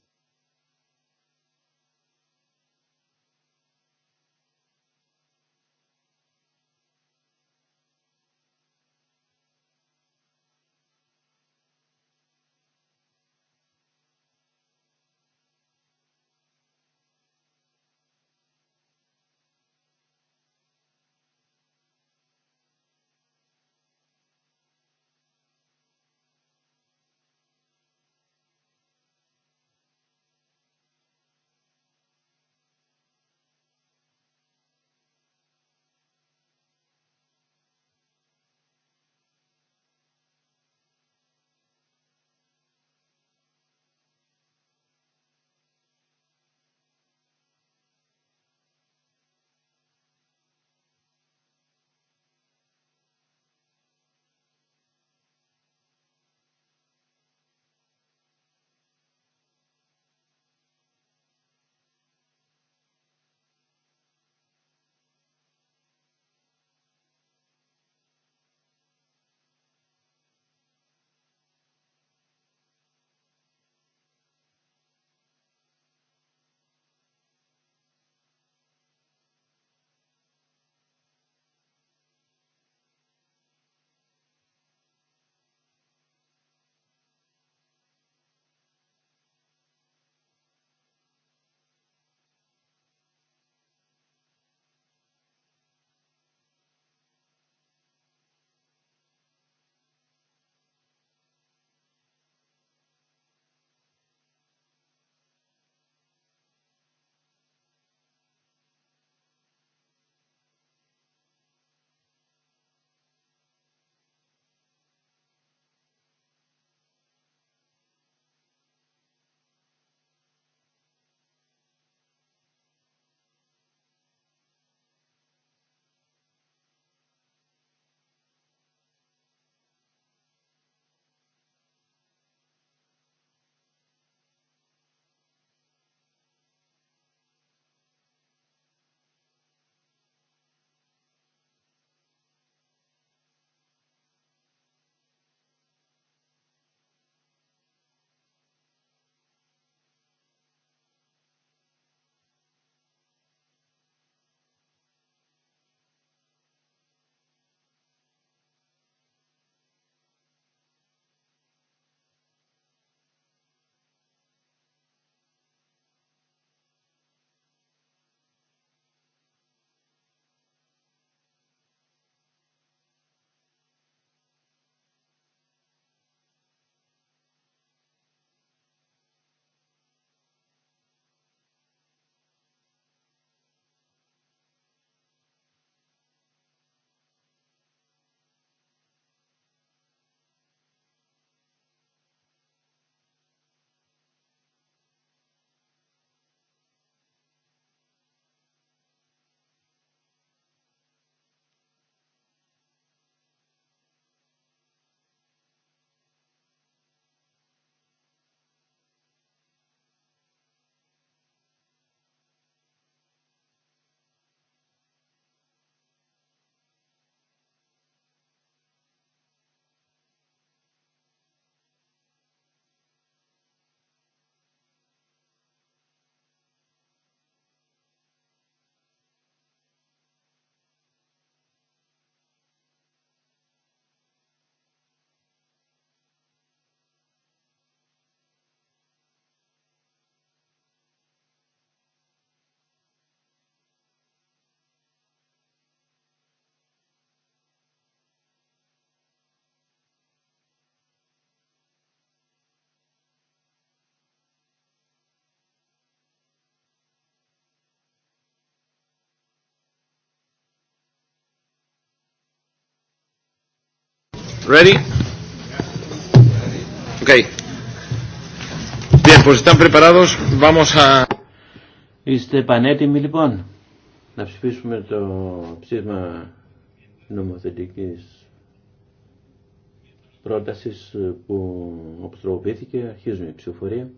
Ready? Bien, pues están preparados. Vamos a... Είστε πανέτοιμοι λοιπόν να ψηφίσουμε το ψήφισμα νομοθετική πρόταση που οπτροποίηθηκε. Αρχίζουμε η ψηφοφορία.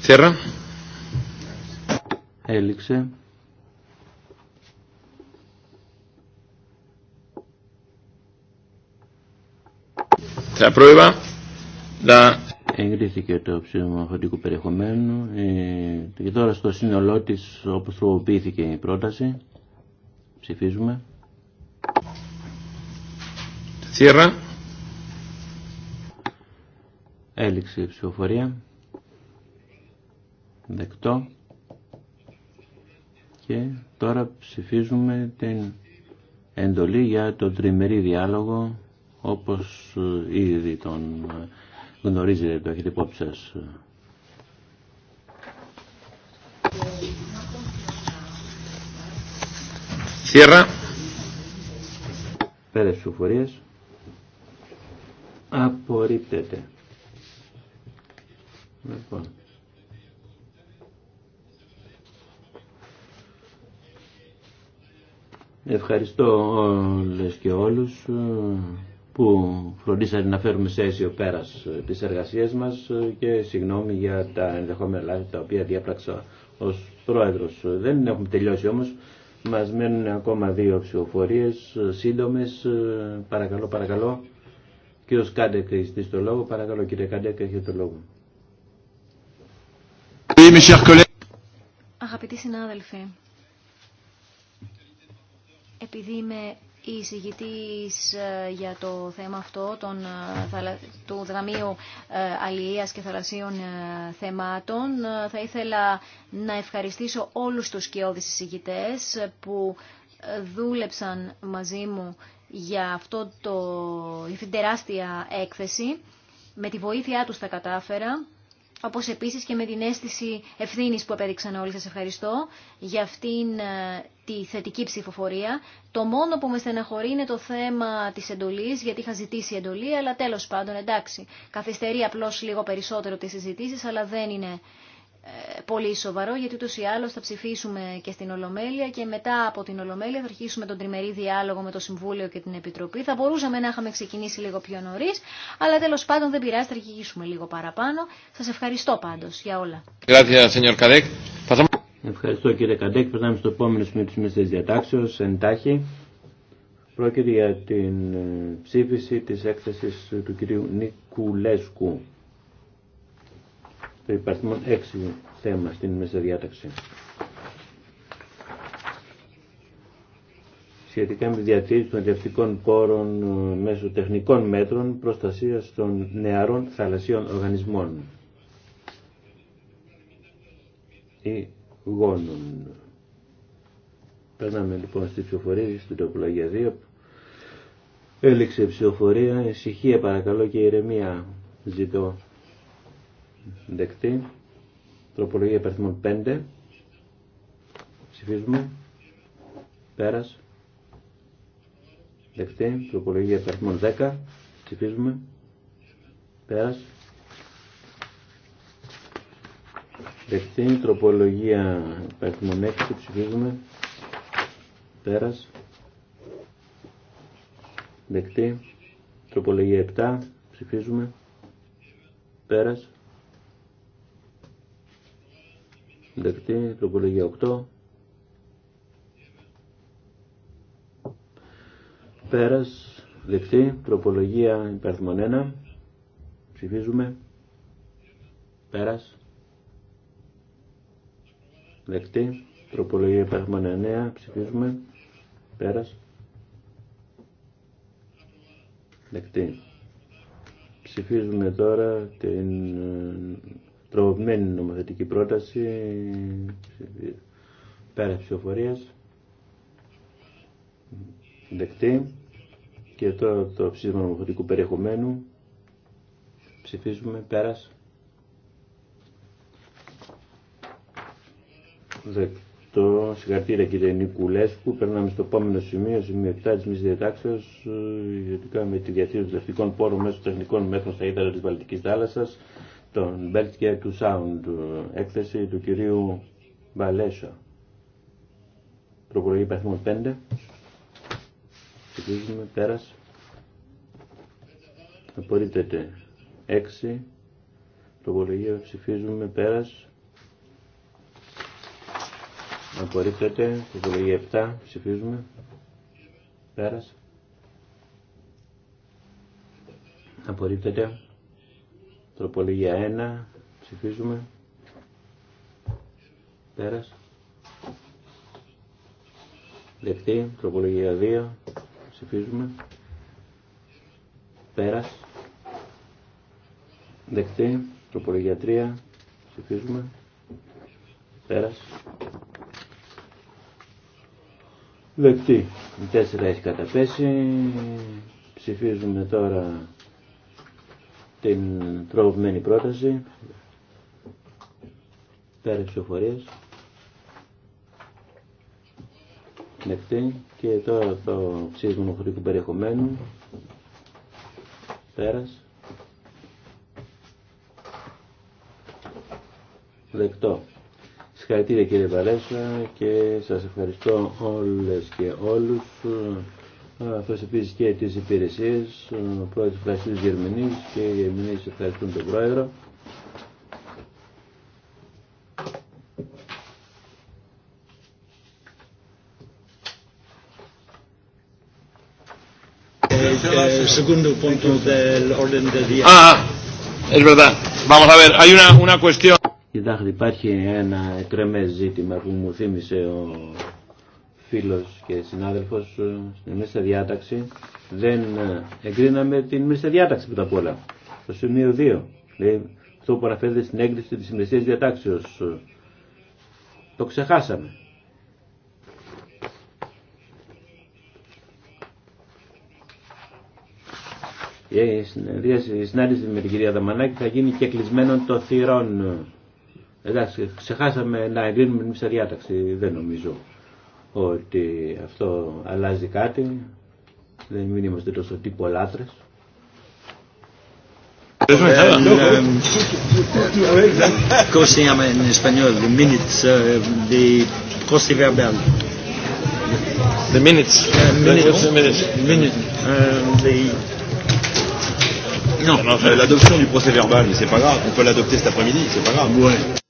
Σέρα. Έληξε. Se πρόβλημα να... Εγκρίθηκε το ψήφισμα χοντικού περιεχομένου ε, και τώρα στο σύνολό τη όπως τροποποιήθηκε η πρόταση ψηφίζουμε. Θύρα. Έληξε ψηφοφορία. Δεκτό. Και τώρα ψηφίζουμε την εντολή για το τριμερή διάλογο όπως ε, ήδη τον ε, γνωρίζετε, το έχετε υπόψη σας. Σιέρα. Πέρα στις Απορρίπτεται. Λοιπόν. Ευχαριστώ ε, όλες και όλους που φροντίσατε να φέρουμε σε αίσιο πέρας ε, τις εργασίες μας ε, και συγγνώμη για τα ενδεχόμενα λάθη τα οποία διέπραξα ως πρόεδρος. Δεν έχουμε τελειώσει όμως. Μας μένουν ακόμα δύο ψηφοφορίε, ε, σύντομες. Παρακαλώ, παρακαλώ. Κύριος Κάντεκ, έχει το λόγο. Παρακαλώ κύριε Κάντεκ, έχετε το λόγο. Αγαπητοί συνάδελφοι, επειδή είμαι η εισηγητής ε, για το θέμα αυτό τον, ε, του Δραμείου ε, Αλληλείας και Θαλασσίων Θεμάτων. Θα ήθελα να ευχαριστήσω όλους τους σκιώδεις εισηγητές που δούλεψαν μαζί μου για αυτό το, την τεράστια έκθεση. Με τη βοήθειά τους τα κατάφερα όπως επίσης και με την αίσθηση ευθύνης που επέδειξαν όλοι. Σας ευχαριστώ για αυτήν ε, τη θετική ψηφοφορία. Το μόνο που με στεναχωρεί είναι το θέμα της εντολής, γιατί είχα ζητήσει εντολή, αλλά τέλος πάντων εντάξει. Καθυστερεί απλώς λίγο περισσότερο τις συζητήσεις, αλλά δεν είναι ε, πολύ σοβαρό, γιατί ούτως ή άλλως θα ψηφίσουμε και στην Ολομέλεια και μετά από την Ολομέλεια θα αρχίσουμε τον τριμερή διάλογο με το Συμβούλιο και την Επιτροπή. Θα μπορούσαμε να είχαμε ξεκινήσει λίγο πιο νωρί, αλλά τέλο πάντων δεν πειράζει, θα αρχίσουμε λίγο παραπάνω. Σα ευχαριστώ πάντω για όλα. Ευχαριστώ κύριε Καντέκ. Περνάμε στο επόμενο σημείο τη μέσης διατάξεω, εντάχει. Πρόκειται για την ε, ψήφιση τη έκθεση του κυρίου Νικουλέσκου το υπαριθμό 6 θέμα στην μεσοδιάταξη. Σχετικά με τη διατήρηση των ελευθερικών πόρων ε, μέσω τεχνικών μέτρων προστασίας των νεαρών θαλασσίων οργανισμών ή γόνων. Περνάμε λοιπόν στη ψηφοφορία, στην τροπολογία 2. Έληξε ψηφοφορία, ησυχία παρακαλώ και ηρεμία ζητώ. Δεκτή. Τροπολογία υπερθυμών 5. Ψηφίζουμε. Πέρας. Δεκτή. Τροπολογία υπερθυμών 10. Ψηφίζουμε. Πέρας. Δεκτή. Τροπολογία υπερθυμών 6. Ψηφίζουμε. Πέρας. Δεκτή. Τροπολογία 7. Ψηφίζουμε. Πέρας. Δεκτή. Τροπολογία 8. Πέρας. Δεκτή. Τροπολογία υπαριθμών 1. Ψηφίζουμε. Πέρας. Δεκτή. Τροπολογία υπαριθμών 9. Ψηφίζουμε. Πέρας. Δεκτή. Ψηφίζουμε τώρα την τροποποιημένη νομοθετική πρόταση πέρα ψηφοφορία. Δεκτή. Και τώρα το ψήφισμα νομοθετικού περιεχομένου. Ψηφίζουμε πέρας. Δεκτό. Συγχαρητήρια κύριε Νικουλέσκου. Περνάμε στο επόμενο σημείο, σημείο 7 τη μης διατάξεω, ε, ιδιωτικά με τη διατήρηση των δευτικών πόρων μέσω τεχνικών μέτρων στα ύδατα τη Βαλτική θάλασσα τον Beltke του Sound, έκθεση του κυρίου Βαλέσα. Προπολογή παθμό 5. Ψηφίζουμε, πέρας. Απορρίπτεται 6. Προπολογία ψηφίζουμε, πέρα Απορρίπτεται. Προπολογία 7. Ψηφίζουμε. πέρα. Απορρίπτεται. Τροπολογία 1. Ψηφίζουμε. Πέρας. Δεκτή. Τροπολογία 2. Ψηφίζουμε. Πέρας. Δεκτή. Τροπολογία 3. Ψηφίζουμε. Πέρας. Δεκτή. Η 4 έχει καταπέσει. Ψηφίζουμε τώρα την προηγουμένη πρόταση πέρα ψηφοφορίας νεκτή και τώρα το ψήφισμα νοχωρικού περιεχομένου πέρας δεκτό Συγχαρητήρια κύριε Βαλέσσα και σας ευχαριστώ όλες και όλους αυτό επίση και τι υπηρεσίε. ο πρόεδρος ευχαριστεί τους και οι Γερμηνείς ευχαριστούν τον πρόεδρο. Ah, Κοιτάξτε, υπάρχει ένα εκρεμέ ζήτημα που μου θύμισε ο φίλος και συνάδελφος ε, στην μέσα διάταξη δεν ε, εγκρίναμε την μέσα διάταξη πρώτα απ' όλα. Το σημείο 2. Δηλαδή αυτό που αναφέρεται στην έγκριση της ημερησίας διατάξεως. Ε, το ξεχάσαμε. Η συνάντηση με την κυρία Δαμανάκη θα γίνει και κλεισμένο των θυρών. Εντάξει, ξεχάσαμε να εγκρίνουμε την διάταξη, δεν νομίζω ότι αυτό αλλάζει κάτι. Δεν μην είμαστε τόσο τυπολάτρες. ¿Cómo se llama en español? The minutes, uh, the coste verbal. The minutes. minutes. minutes. Uh, the... Non. L'adoption du procès verbal, mais c'est pas grave. On peut l'adopter cet après-midi, c'est pas grave. Ouais.